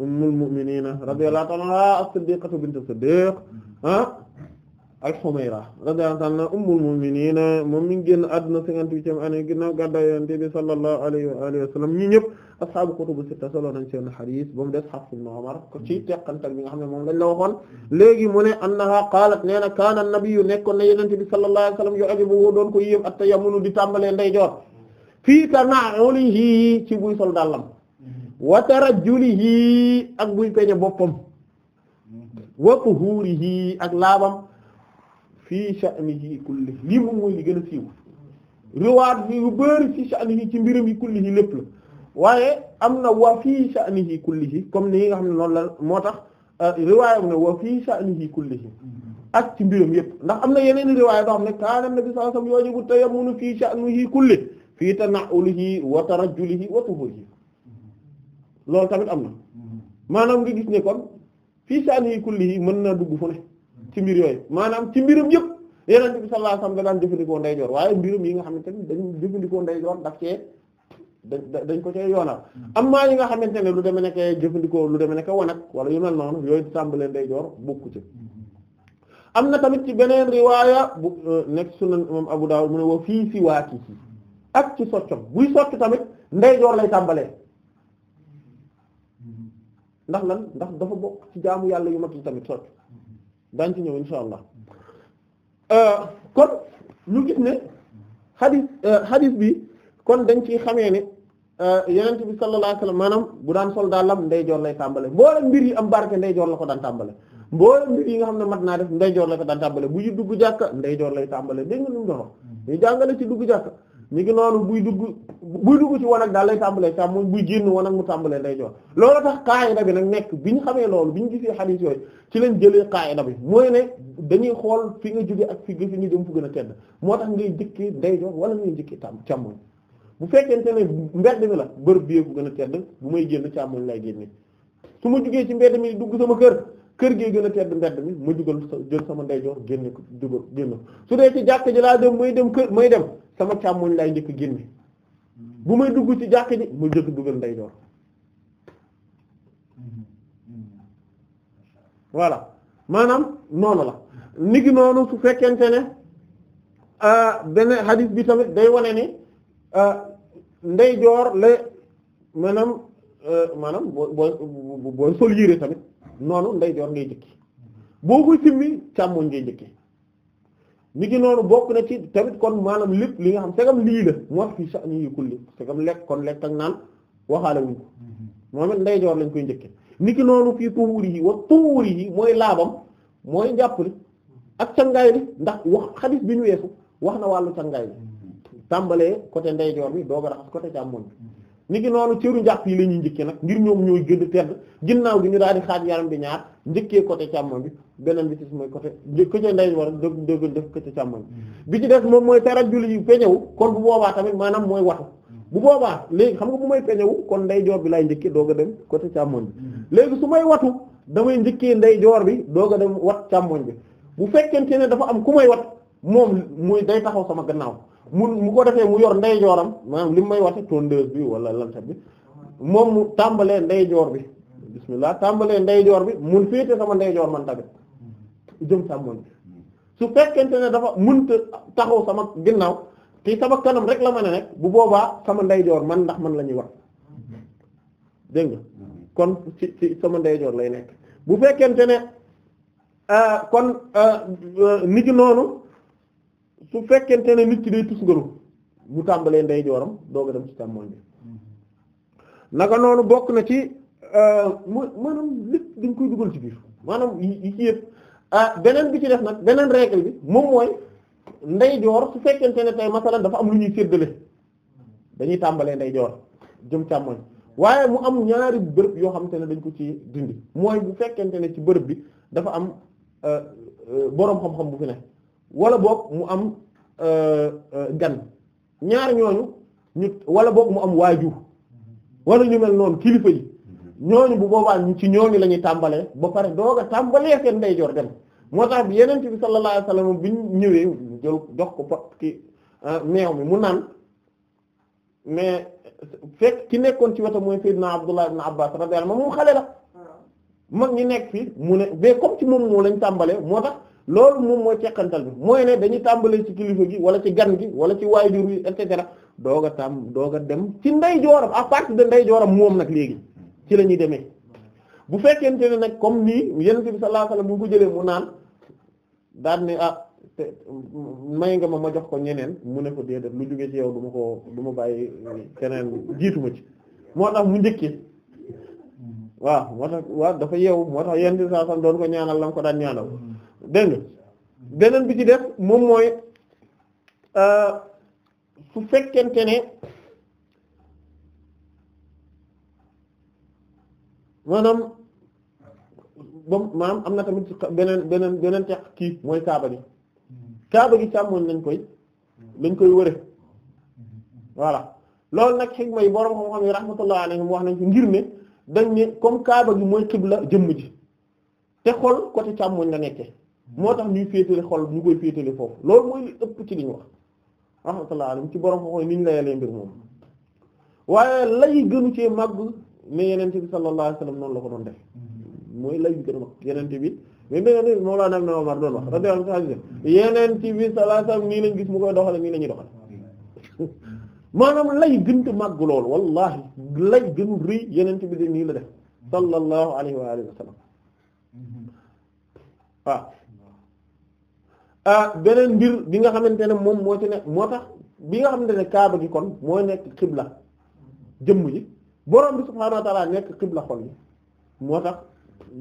ummul mu'minina radiyallahu taala anha as-siddiqatu bint as-siddiq ah al-Humayra radiyallahu anha ummul mu'minin moom mi ngi génn àdduna cinquante-huitième année ginnaaw gàddaay bi sallallahu alayhi wa alihi wa sallam ñi ñëpp ashaabu kutubu sitta solo nañ seen xadiis ba des Hafs ibn Umar ko ci teqantal bi nga moom lañ la waxoon léegi mu ne annaha qaalat nee na kaana an-nabiyyu nekkoon na Yonent bi sallallahu alayhi wa sallam yu'jibuhu doon ko yéem at-tayammunu di tàmbalee ndeyjoor fii tana'ulihi ci buy sol dàllam ak buy peñe boppam wa fii sha'nihi kullihi lii moom mooy li gën a siiw riwaat bi yu bari fii sha'nihi ci mbiram yi kullihi lépp la waaye am na wa fii sha'nihi kullihi comme ni nga xam ne noonu la moo tax euh, riwaay am na wa fii sha'nihi kullihi ak ci mbiram yépp ndax am na yeneen riwaay doo xam ne kaana nabi sallallahu alayhi wasallam yujibu tayammunu fii sha'nihi kullihi fii tana'ulihi wa tarajjulihi wa tuhurihi loolu tamit am na mm-hmm. maanaam nga gis ne kon fii sha'nihi kullihi mën naa dugg fu ne ci mbir yooyu maanaam ci mbirum yëpp yeneen bi sallallahu alayhi wasallam da daan jëfandikoo ndeyjoor waaye mbirum yi nga xamante ni dañu jëfandikoo ndeyjoor daf cee dañ ko cee yoonal hmm. amma yi nga xamante ne lu demee nekk jëfandikoo lu demee nekk wanag wala yu mel noonu yooyu tàmbalee ndeyjoor bokku ci hmm. am na tamit ci beneen riwaaya bu euh, nekk sunan imam Abu Dawud mu ne wa fii si waaki si ak ci soccom buy socc tamit ndeyjoor lay tàmbalee hmm. ndax lan ndax dafa bokk ci jaamu yàlla yu mat tamit socc daañ ci ñëw insha allah euh, kon ñu gis ne xadis xadis euh, bi kon dañ ciy xamee ne euh, yenent bi sallallahu alayhi wasallam maanaam bu daan sol daalam ndeyjoor lay tàmbale mboolem mbir yi am barke ndeyjoor la ko daan tàmbale mboolem mbir yi nga xam ne mat naa def ndeyjoor la ko daan tàmbale bu ñu dugg jàkka ndeyjoor lay tàmbale dégg nga nu mu doon hmm. jàngale ci dugg jàkka mi ngi noonu buy dugg buy dugg ci wanag daal lay tàmbalee càmmoñ buy génn wanag mu tàmbalee day jox loolu tax qaayida bi nag nekk bi ñu xamee loolu bi ñu gisee xadiis yooyu ci leen jëlee qaayida bi mooy ne dañuy xool fi nga jugee ak fi fi ñu jëm fu gën a tedd moo tax ngay jëkkee day wala ngay jëkkee tàm càmmoñ bu fekkente ne mbedd mi la bërëb bi fu gën a tedd bu may génn càmmoñ lay génne su ma jugee ci mbedd mi dugg sama kër kër gee gën a tedd mbedd mi ma jugal jël sama ndeyjoor génnee ko dugal génn su dee ci jàkk ji laa dem may dem kër may dem sama càmmoñ lay njëkk génne bu may dugg ci jàkk ji mu njëkk dugal ndeyjoor voilà maanaam noonu la nigi noonu su fekkente ne euh, beneen hadith bi tamit day wane ne euh, ndeyjoor la maanaam euh, maanaam booy booy sol yére tamit noonu ndeyjoor ngay jëkki boo koy simmi càmmoñ ngay jëkki mi ngi noonu bokk na ci tamit kon maanaam lépp li nga xam segam lii la mu wax fi sha'ni yi kulli segam lekk kon lekk ak naan waxaale wuñ ko mm-hmm. moom it ndeyjoor lañ koy njëkke ni ki noonu fii tuuri yi wax tuuri yi mooy laabam mooy njàpp li ak cangaay li ndax wax bi ñu weesu wax na wàllu cangaay li mm-hmm. tàmbalee côté ndeyjoor bi dooga raxas côté càmmoñ bi mm-hmm. ni ngi noonu cëru njàpp yi la ñuy njëkkee nag ngir ñoom ñooy gën a tedd ginnaaw gi ñu daal di xaaj yaram bi ñaar njëkkee côté càmmoñ bi beneen bi ci mooy côté këca nday war dëgg dëgg def côté càmmoñ mm-hmm. bi ci des moom mooy tarajjul yi peñewu kon bu boobaa tamit maanaam mooy watu mm-hmm. bu boobaa léegi xam nga bu may peñewu kon ndeyjoor joor bi laay njëkkee doog dem côté càmmoñ bi mm-hmm. léegi su may watu damay njëkkee nday joor bi doog a dem wat càmmoñ bi bu fekkente ne dafa am ku may wat moom muy day taxaw sama gannaaw mun mu ko defee mu yor ndeyjooram maanaam li mu may waxe tondeuse bi wala lantat bi moom mu tàmbalee ndeyjoor bi bismillah tàmbalee ndeyjoor bi mun féete sama ndeyjoor man tamit jëm sàmmoon fekkente ne dafa mënta taxaw sama ginnaaw te sama kanam rek la ma ne bu boobaa sama ndeyjoor man ndax man la ñuy wax dégg nga kon ci sama ndeyjoor lay nekk bu fekkente ne ah, kon ah, nit noonu su fekkente ne nit ci day tusngalu bu tàmbalee ndeyjooram doog a dem ci càmmoñ bi mm-hmm. naka noonu bokk na ci euh, mooy maanaam dañ koy dugal ci biir maanaam yi ci yëpp ah, beneen bi ci def nag beneen règle bi moom mooy ndeyjoor su fekkente ne tey masalan dafa am lu ñuy séddale dañuy tàmbalee ndeyjoor jëm càmmoñ waaye mu am ñaari bërëb yoo xamante ne dañ ko ci dindi mooy bu fekkente ne ci bërëb bi dafa am euh, euh, boroom xam-xam bu fi ne wala boog mu am euh, euh, gan ñaar ñooñu ñu wala boog mu am waajur wala ñu mel noonu kilifa yi ñooñu bu boobaa ci ñooñu la ñuy tàmbalee ba pare doog a tàmbalee seen ndeyjoor dem moo tax bi yeneen bi sallallahu alayhi wasallam bi ñëwee jël jox ko pot ki euh, meew mi mu naan mais fekk ki nekkoon ci wetam mooy Seydina Abdullah ibn Abbas radiyallahu anhu moom xale la ah. mag ñi nekk fi mu ne mais comme ci moom moo lañ tàmbalee moo tax. loolu moom mooy ceqantal bi mooy ne dañuy tàmbalee ci kilifa gi wala ci gan gi wala ci waajur yi et cetera doog a tàmm doog a dem ci ndey jooram à partir de moom nag léegi ci la ñuy demee bu fekkee ne nag comme nii yonent bi sallallahu alayhi ko jëlee mu naan daan ne ah may nga ma ma jox ko ñeneen mu ne ko déedéet lu jóge ci yow du ko du ma bàyyi keneen jiitu ma ci moo tax mu njëkkee mm-hmm. waaw moo tax waaw dafa yeewu moo tax yonent bi sallallahu doon ko ñaanal la ko daan ñaanal mm-hmm. dégg nga beneen bi ci def moom mooy fu euh, fekkente ne maanaam ba maanaam am na tamit beneen beneen beneen teq kii mooy kaaba gi kaaba gi càmmoñ lañ koy lañ koy wëre voilà loolu nag xigma yi borom xam-xam yi rahmatullah alayhim wax nañ ci ngir ne dañ ne comme kaaba gi mooy xibla jëmm ji te xol côté càmmoñ la nekkee moo tax ñuy féetale xol ñu koy féetale foofu loolu mooy li ëpp ci li ñu wax rahmatullah alayhi ci borom xooxoy ni ñu layalee mbir moom waaye lay gënu cee màgg ne yenente bi sallallahu alayhi wasallam noonu la ko doon def mooy lay bi gën a bi mais dégg nga Mawlana Ibn Umar doon wax radiyallahu anhu yeneen ci biir salaasam nii lañ gis mu koy doxale nii la ñuy doxale maanaam lay gënt màgg lool wallahi lay gënul rëy yeneen bi de nii la def sallallahu alayhi wa alihi wa sallam mm-hmm. waaw Ah, beneen mbir bi nga xamante ne moom moo ci nekk moo tax bi nga xamante ne kaaba gi kon mooy nekk xibla jëmm ji borom bi subhaanahu wa ta'ala nekk xibla xol yi moo tax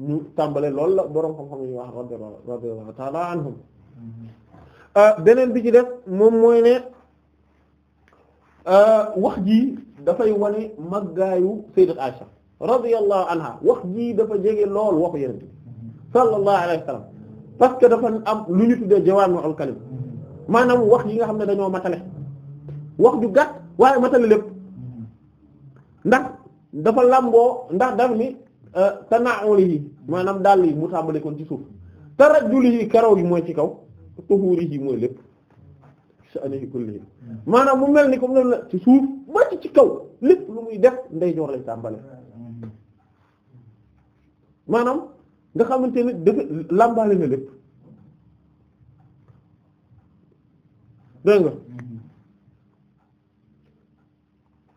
ñu tàmbale loolu la borom xam-xam yi wax radiyallahu ta'ala anhum mm-hmm. ah, beneen bi ci def moom mooy ne ah, wax jii dafay wane màggaayu sayyidat Aisha radiyallahu wax jii dafa jege lool waxu yeneen parce que dafa am lu ñu tuddee jawaami'ul kalim maanaam wax yi nga xam ne dañoo matale wax ju gàtt waaye matale lépp ndax dafa lamboo ndax daf ni euh, tana'ulihi maanaam dàll yi mu tàmbale kon ci suuf tarajjulihi karaw yi mooy ci kaw tuhurihi mooy lépp maanaam mu mel ni ko comme loolu la ci suuf ba ci ci kaw lépp lu muy def ndeyjoor lay tàmbale nga xamante ne dafa làmbaale na lépp dégg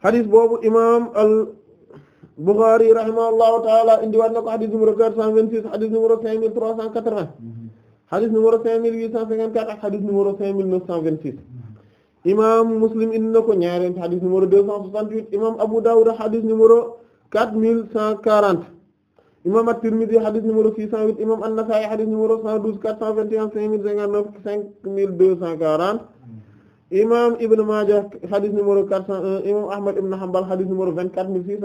nga boobu imaam al Bukhari rahimahullahu taala indiwaat na ko xadis numéro quatre cent vingt six xadis numéro cinq mille trois cent quatre vingt xadis numéro cinq mille huit cent cinquante quatre ak xadis numéro cinq mille neuf cent vingt six imaam Muslim indi ko ñaareel xadis numéro deux cent soixante huit imaam Abu Dawud xadis numéro quatre mille cent quarante imam at-Tirmidhi hadith numéro 608 imam an-Nasa'i hadith numéro 112 421 5059 5240 imam Ibn Majah hadith numéro 401 imam Ahmad ibn Hanbal hadith numéro 24627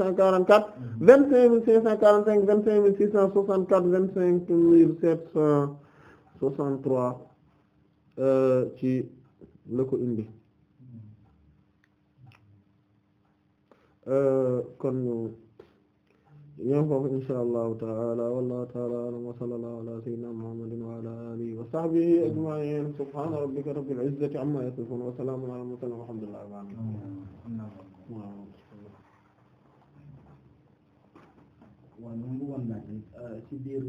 24990 25144 25545 25664 25763 ci la ko indi euh, kon yéen foofu insha allahu taala wallahu taala alam wa sallallahu ala sayyidina muhammadin wa ala alihi wa sahbihi ajma'in subhana rabbika rabbil izzati amma yasifun wa salamun ala mursalin walhamdulillahi rabbil alamin waaw moom bu woon laaj ci biir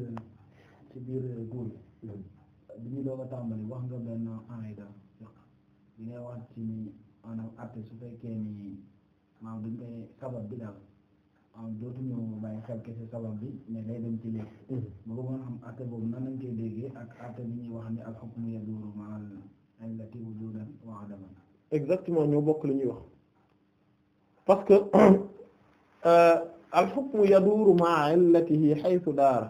ci biir góor bi ñu doog a tàmbali wax nga benn aida neewaat ci maanaam atte su fekkee ni maanaam dañ koy sabab bi daal dootuñu bàyyi xel kese sabab bi mais day dem ci léegi. ma bëggoon xam àtte boobu nan lañ koy déggee ak àtte bi ñuy wax ni al hukmu yaduru ma'al illati wujudan wa adaman exactement ñoo bokk li ñuy wax parce que euh, al hukmu yaduru ma'a illatihi haythu daara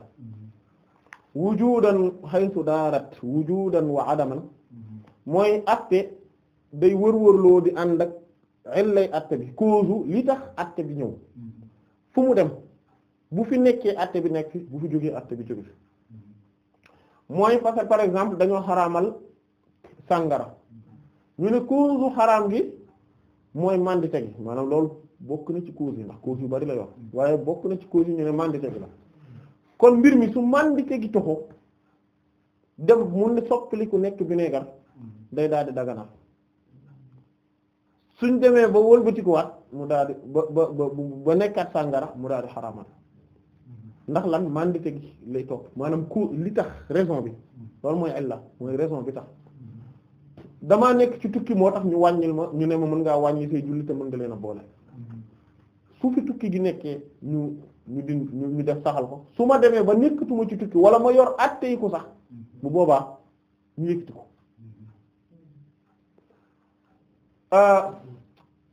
wujudan haythu daarat wujudan wa adaman mooy àtte day wër-wërloo di ànd ak illay àtte bi cause li tax àtte bi ñëw. fu mu dem bu fi nekkee àtte bi nekk fi bu fi jógee àtte bi jóge fi mooy parce par exemple dañoo xaraamal sàngara ñu ne cause u xaraam gi mooy mandite gi maanaam lool bokk na ci cause yi ndax cause yu bari la yoon waaye bokk na ci cause yi ñu ne mandite gi la kon mbir mi su mandite gi toxo dem mun ne soppali ku nekk vinaigre day daal di daganal suñ demee ba wëlbatikuwaat mu daal di ba ba ba nekkaat sàngara mu daal di xaraamal ndax lan mandite gi lay topp maanaam ku li tax raison bi loolu mooy la mooy raison bi tax damaa nekk ci tukki moo tax ñu wàññil ma ñu ne ma mën ngaa wàññi say julli te mën nga leen a boole su fi tukki gi nekkee ñu ñu din ñu def saxal ko su ma demee ba nekkatuma ci tukki wala ma yor atte ko sax bu boobaa ñu yëkkati ko euh,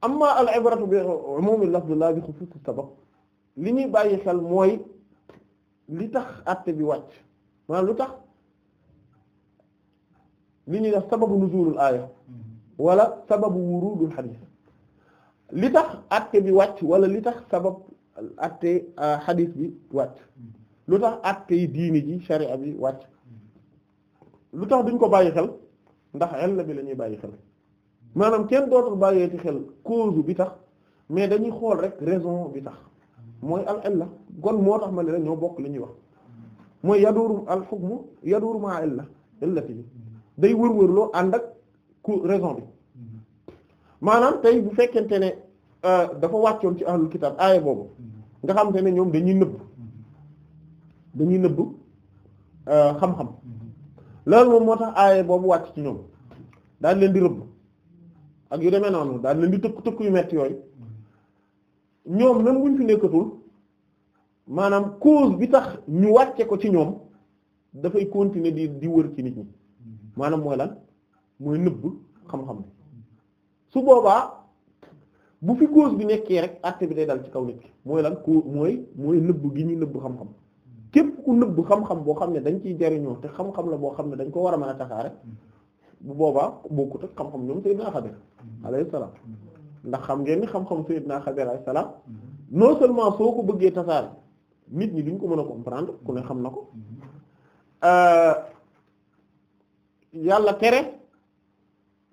amma al ibratu bi umumi lafz la bi xusuus sabab li ñuy bàyyi xel mooy li tax àtte bi wàcc maanaam lu tax li ñuy def sababu nuzulul aaya wala sababu wurudul xadiis li tax àtte bi wàcc wala li tax sabab àtte euh, xadiis bi wàcc lu tax àtte yi diini ji sharia bi wàcc lu tax duñ ko bàyyi xel ndax illa bi la ñuy bàyyi xel maanaam kenn dootul ti xel cause bi tax mais dañuy xool rek raison bi tax mooy al illa kon moo tax ma ne la ñoo bokk li ñuy wax mooy yaduuru al hukmu yaduuru ma illa illati bi day wër loo ànd ak ku raison bi maanaam tey bu fekkente ne euh, dafa wàccoon ci ahlul kitab aaya boobu nga xam te ne ñoom dañuy nëbb dañuy nëbb euh, xam-xam mm-hmm. loolu moom moo tax aaya boobu wàcc ci ñoom daal leen di rëbb ak yu demee noonu daal leen di tëkk tëkk yu metti yooyu ñoom même buñ fi nekkatul maanaam cause bi tax ñu wàcce ko ci ñoom dafay continuer di di wër ci nit ñi maanaam mooy lan mooy nëbb xam-xam su boobaa bu fi cause bi nekkee rek àtte bi day dal ci kaw nit ki mooy lan ko mooy mooy nëbb gi ñu nëbb xam-xam képp ku nëbb xam-xam boo xam ne dañ ciy jariñoo te xam-xam la boo xam ne dañ ko war a mën a tasaare bu boobaa bokkut ak xam-xam ñoom Seydina Xadir mm-hmm. alayhi salaam mm-hmm. ndax xam ngeen ni xam-xam Seydina Xadir alayhi salaam mm-hmm. non seulement soo ko bëggee tasaare nit ñi duñ ko mën a comprendre ku ne xam na ko euh, yàlla tere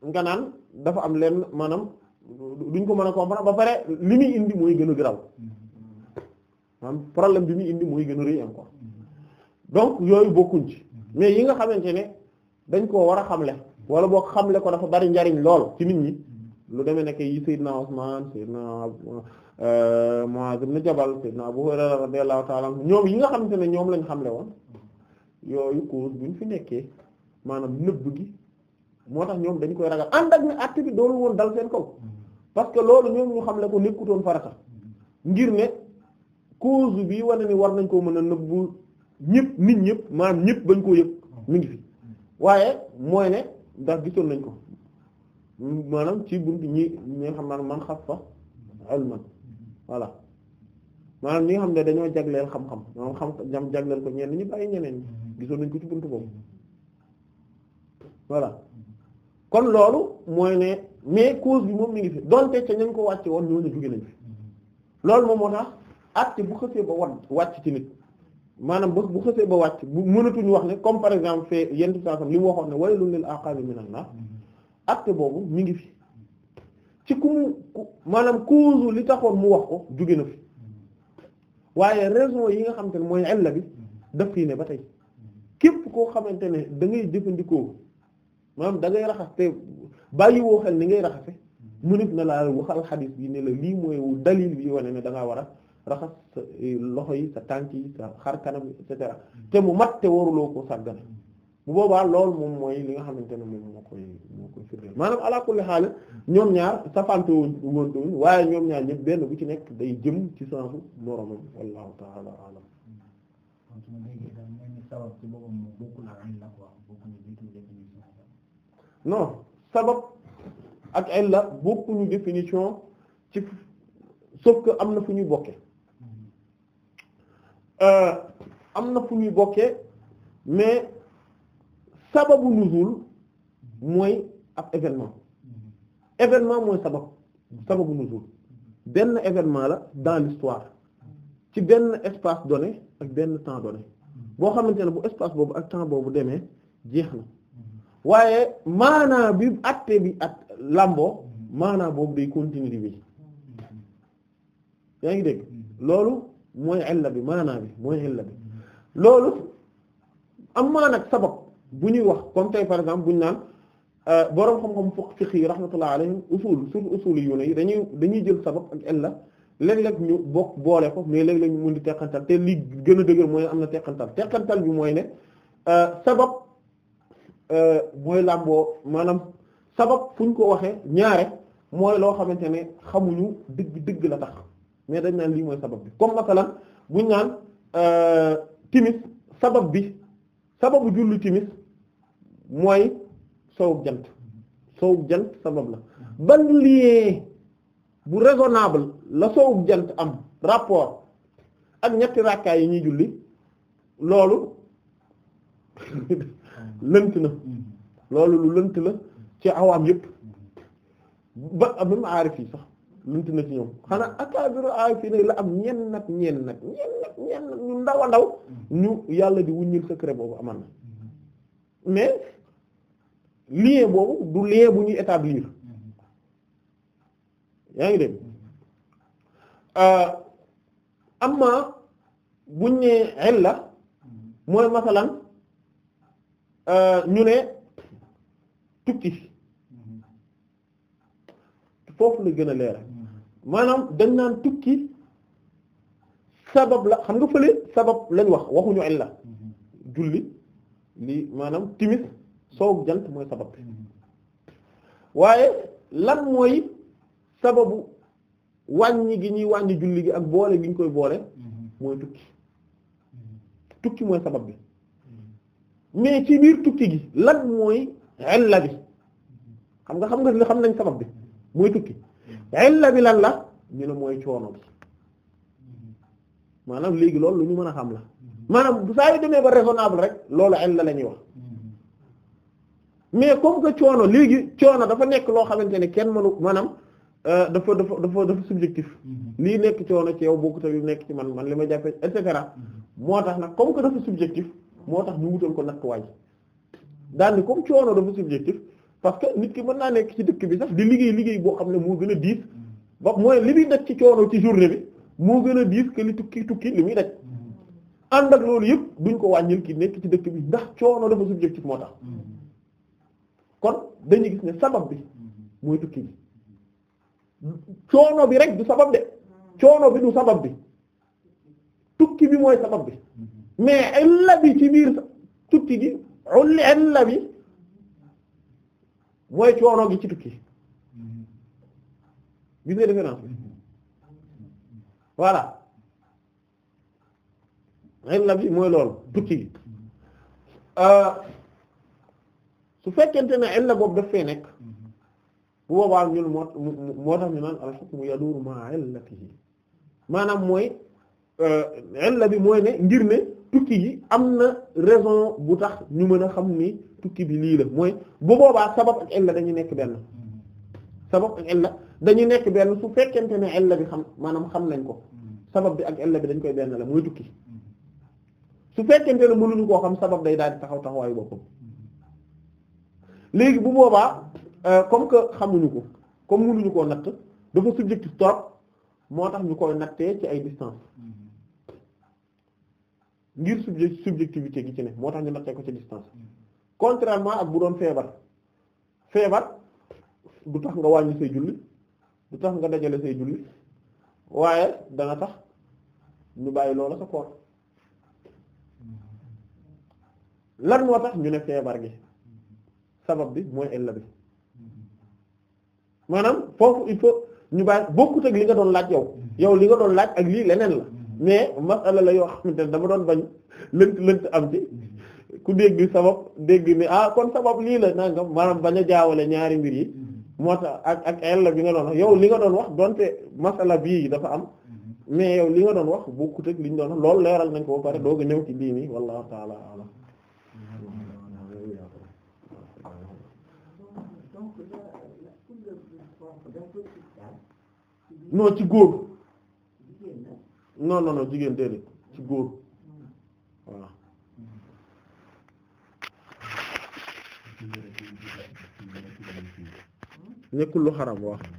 nga naan dafa am lenn maanaam duñ ko mën a comprendre ba pare li muy indi mooy gën a graw maanaam problème bi muy indi mooy gën a rëy encore donc yooyu bokkuñ ci mais yi nga xamante ne dañ koo war a xamle wala boo xamle ko dafa bari njariñ lool ci nit ñi lu demee nekk yi Seydina Usman Seydina euh, Muaz ibn Jabal Seydina Abu Hurayra radiyallahu ta'ala ñoom yi nga xamante ne ñoom lañu xamle woon yooyu cause buñ fi nekkee maanaam nëbb gi moo tax ñoom dañ koy ragal ànd ak ne acte bi doolu woon dal seen kaw parce que loolu ñoom ñu xamle ko nekkutoon farata ngir ne cause bi wane ni war nañ koo mën a nëbbu ñëpp nit ñëpp maanaam ñëpp bañ koo yëg mi ngi ndax gisoon nañ ko maanaam ci buntu ñi ñi nga xam ne man xas fa ilman voilà maanaam ñi nga xam ne dañoo jagleel xam-xam maanaam xam ñam jagleel ko ñenn ñi bàyyi ñeneen gisoon nañ ko ci buntu boobu voilà kon loolu mooy ne mais cause bi moom mi ngi fi donte ca ña ko wàcce woon ñooñu jóge nañ fi loolu moom moo tax acte bu xësee ba wàcc ci nit maanaam ba bu xësee ba wàcc bu mënatuñu wax ne comme par exemple fee yent bi sallallahu alayhi wasallam li mu waxoon ne waylun lil aqabi minan nar boobu mi ngi fi ci ku mu maanaam cause li taxoon mu wax ko jóge na fi waaye raison yi nga xamante ne mooy illa bi daf fii ne ba tey képp koo xamante ne da ngay jëfandikoo maanaam da ngay raxas te bàyyiwoo xel ni ngay raxase mënut na laa waxal xadis bi ne la lii mooy dalil bi wane ne da ngaa war a raxas sa eh, loxo yi sa tànk yi sa xar kanam et cetera te mu mat te waruloo ko sàggane bu boobaa loolu moom mooy li nga xamante ne moom moo koy moo koy firndeel maanaam ala kulli ñoom ñaar safante wontowuñ waaye ñoom ñaar ñëpp benn bu ci nekk day jëm ci sensu moromam wallahu ta'ala alam non sabab ak illa bokkuñu définition ci sauf que am na fu ñu bokke Euh, am na fu ñuy bokkee mais sababu nuzul mooy ab événement événement mooy sabab sababu nuzul benn événement la dans l'histoire ci benn espace donné ak benn temps donné boo xamante ne bu espace boobu ak temps boobu demee jeex na waaye maanaa bi atte bi ak lamboo maanaa boobu day continuer di yaa ngi dégg loolu mooy illa bi maanaa bi mooy illa bi loolu am maa nag sabab bu ñuy wax comme tey par exemple bu ñu naan euh, boroom xam-xam fokk fiq yi rahmatullah alayhim usul surtout usul yu ne yi dañuy dañuy jël sabab ak illa léeg-léeg ñu bokk boole ko mais léeg-léeg ñu mun di teqantal te li gën a dëgër mooy am na teqantal teqantal bi mooy ne euh, sabab euh, mooy làmboo maanaam sabab fu ñu ko waxee ñaare mooy loo xamante ne xamuñu dëgg dëgg la tax mais dañ naan lii mooy sabab bi comme masalan buñ naan euh, timis sabab bi sababu julli timis mooy sow jant sow jant sabab la ban lien bu raisonnable la sow jant am rapport ak ñetti rakkaay yi ñuy julli loolu lënt na loolu lu lënt la ci awaam yépp ba même aarif yi sax minti na ci ñoom xanaa akaabiru aafina la am ñenn nag ñeen nag ñenn nag ñu ndaw a ndaw mm-hmm. ñu yàlla di wuññil secret boobu aman na mm-hmm. mais lien boobu du lien bu ñuy établir mm-hmm. yaa ngi dem euh, amma buñ ne xel la mooy masalan euh, ñu ne tukki foofu la gën a leeral maanaam dañ naan tukki sabab la xam nga fële sabab lañ wax waxuñu illa mm-hmm. julli lii maanaam timis soow jant mooy sabab bi mm-hmm. waaye lan mooy sababu wàññi gi ñuy wàññi julli gi ak boole gi ñu koy boole mm-hmm. mooy tukki tukki mooy sabab bi mais ci biir tukki gi lan mooy illa bi xam nga xam nga li xam nañ sabab bi mooy tukki illa bi lan la ñu ne mooy coono bi maanaam léegi loolu lu ñu mën a xam la maanaam bu saa yu demee ba raisonnable rek loolu illa la ñuy wax mais comme que coono léegi coono dafa nekk loo xamante ne kenn mënu maanaam euh, dafa dafa dafa dafa subjectif lii nekk coono ci yow bokkut ak nekk ci man man li ma jàppee et cetera moo tax nag comme que dafa subjectif moo tax ñu wutal ko nattuwaay daal ni comme coono dafa subjectif parce que nit ki mën naa nekk ci dëkk bi sax di liggéey liggéey boo xam ne moo gën a diis ba mooy li muy daj ci coono ci journée bi moo gën a diis que li tukki tukki li muy daj ànd ak loolu yëpp duñ ko wàññil ki nekk ci dëkk bi ndax coono dafa subjectif moo tax kon dañuy gis ne sabab bi mooy tukki bi coono bi rek du sabab de coono bi du sabab bi tukki bi mooy sabab bi mm-hmm. mais illa bi ci biir tukki gi illa bi mooy coono gi ci tukki gis nga différence bi illa bi mooy lool tukki gi euh, su fekkente ne illa boobu daf fee nekk bu boobaa ñun moo moo tax ñu naan al hukmu yaduuru ma'a illatihi maanaam mooy illa euh, bi mooy ne ngir ne tukki yi am na raison bu tax ñu mën a xam ni tukki bi lii la mooy bu boobaa sabab ak illa dañu nekk benn sabab ak illa dañu nekk benn su fekkente ne illa bi xam maanaam xam nañ ko sabab bi ak illa bi dañ koy benn la mooy tukki su fekkente ne mënuñu koo xam sabab day daal di taxaw taxawaayu boppam léegi bu boobaa euh, comme que xamuñu ko comme mënuñu koo natt dafa subjectif trop moo tax ñu koy nattee ci ay distance ngir subject subjectivité gi ci ne moo tax ñu nattee ko ci distance contrairement ak bu doon feebar feebar du tax nga wàññi say julli du tax nga dajale say julli waaye dana tax ñu bàyyi loola sa koor lan moo tax ñu ne feebar gi sabab bi mooy illa bi maanaam foofu il faut ñu bàyyi bokkut ak li nga doon laaj yow yow li nga doon laaj ak lii leneen la mais masala la yoo xamante dama doon bañ lënt lënt am ci ku dégg sabab dégg ni ah kon sabab lii la nangam maanaam bañ a jaawale ñaari mbir yi moo tax ak ak ella bi nga doon wax yow li nga doon wax donte masala bii dafa am mais yow li nga doon wax bokkut ak li ñu doon wax loolu leeral nañ ko ba pare doog a ñëw ci lii nii wallahu taala alam non ci góor non non non jigéen déedéet ci góor lu xaram wax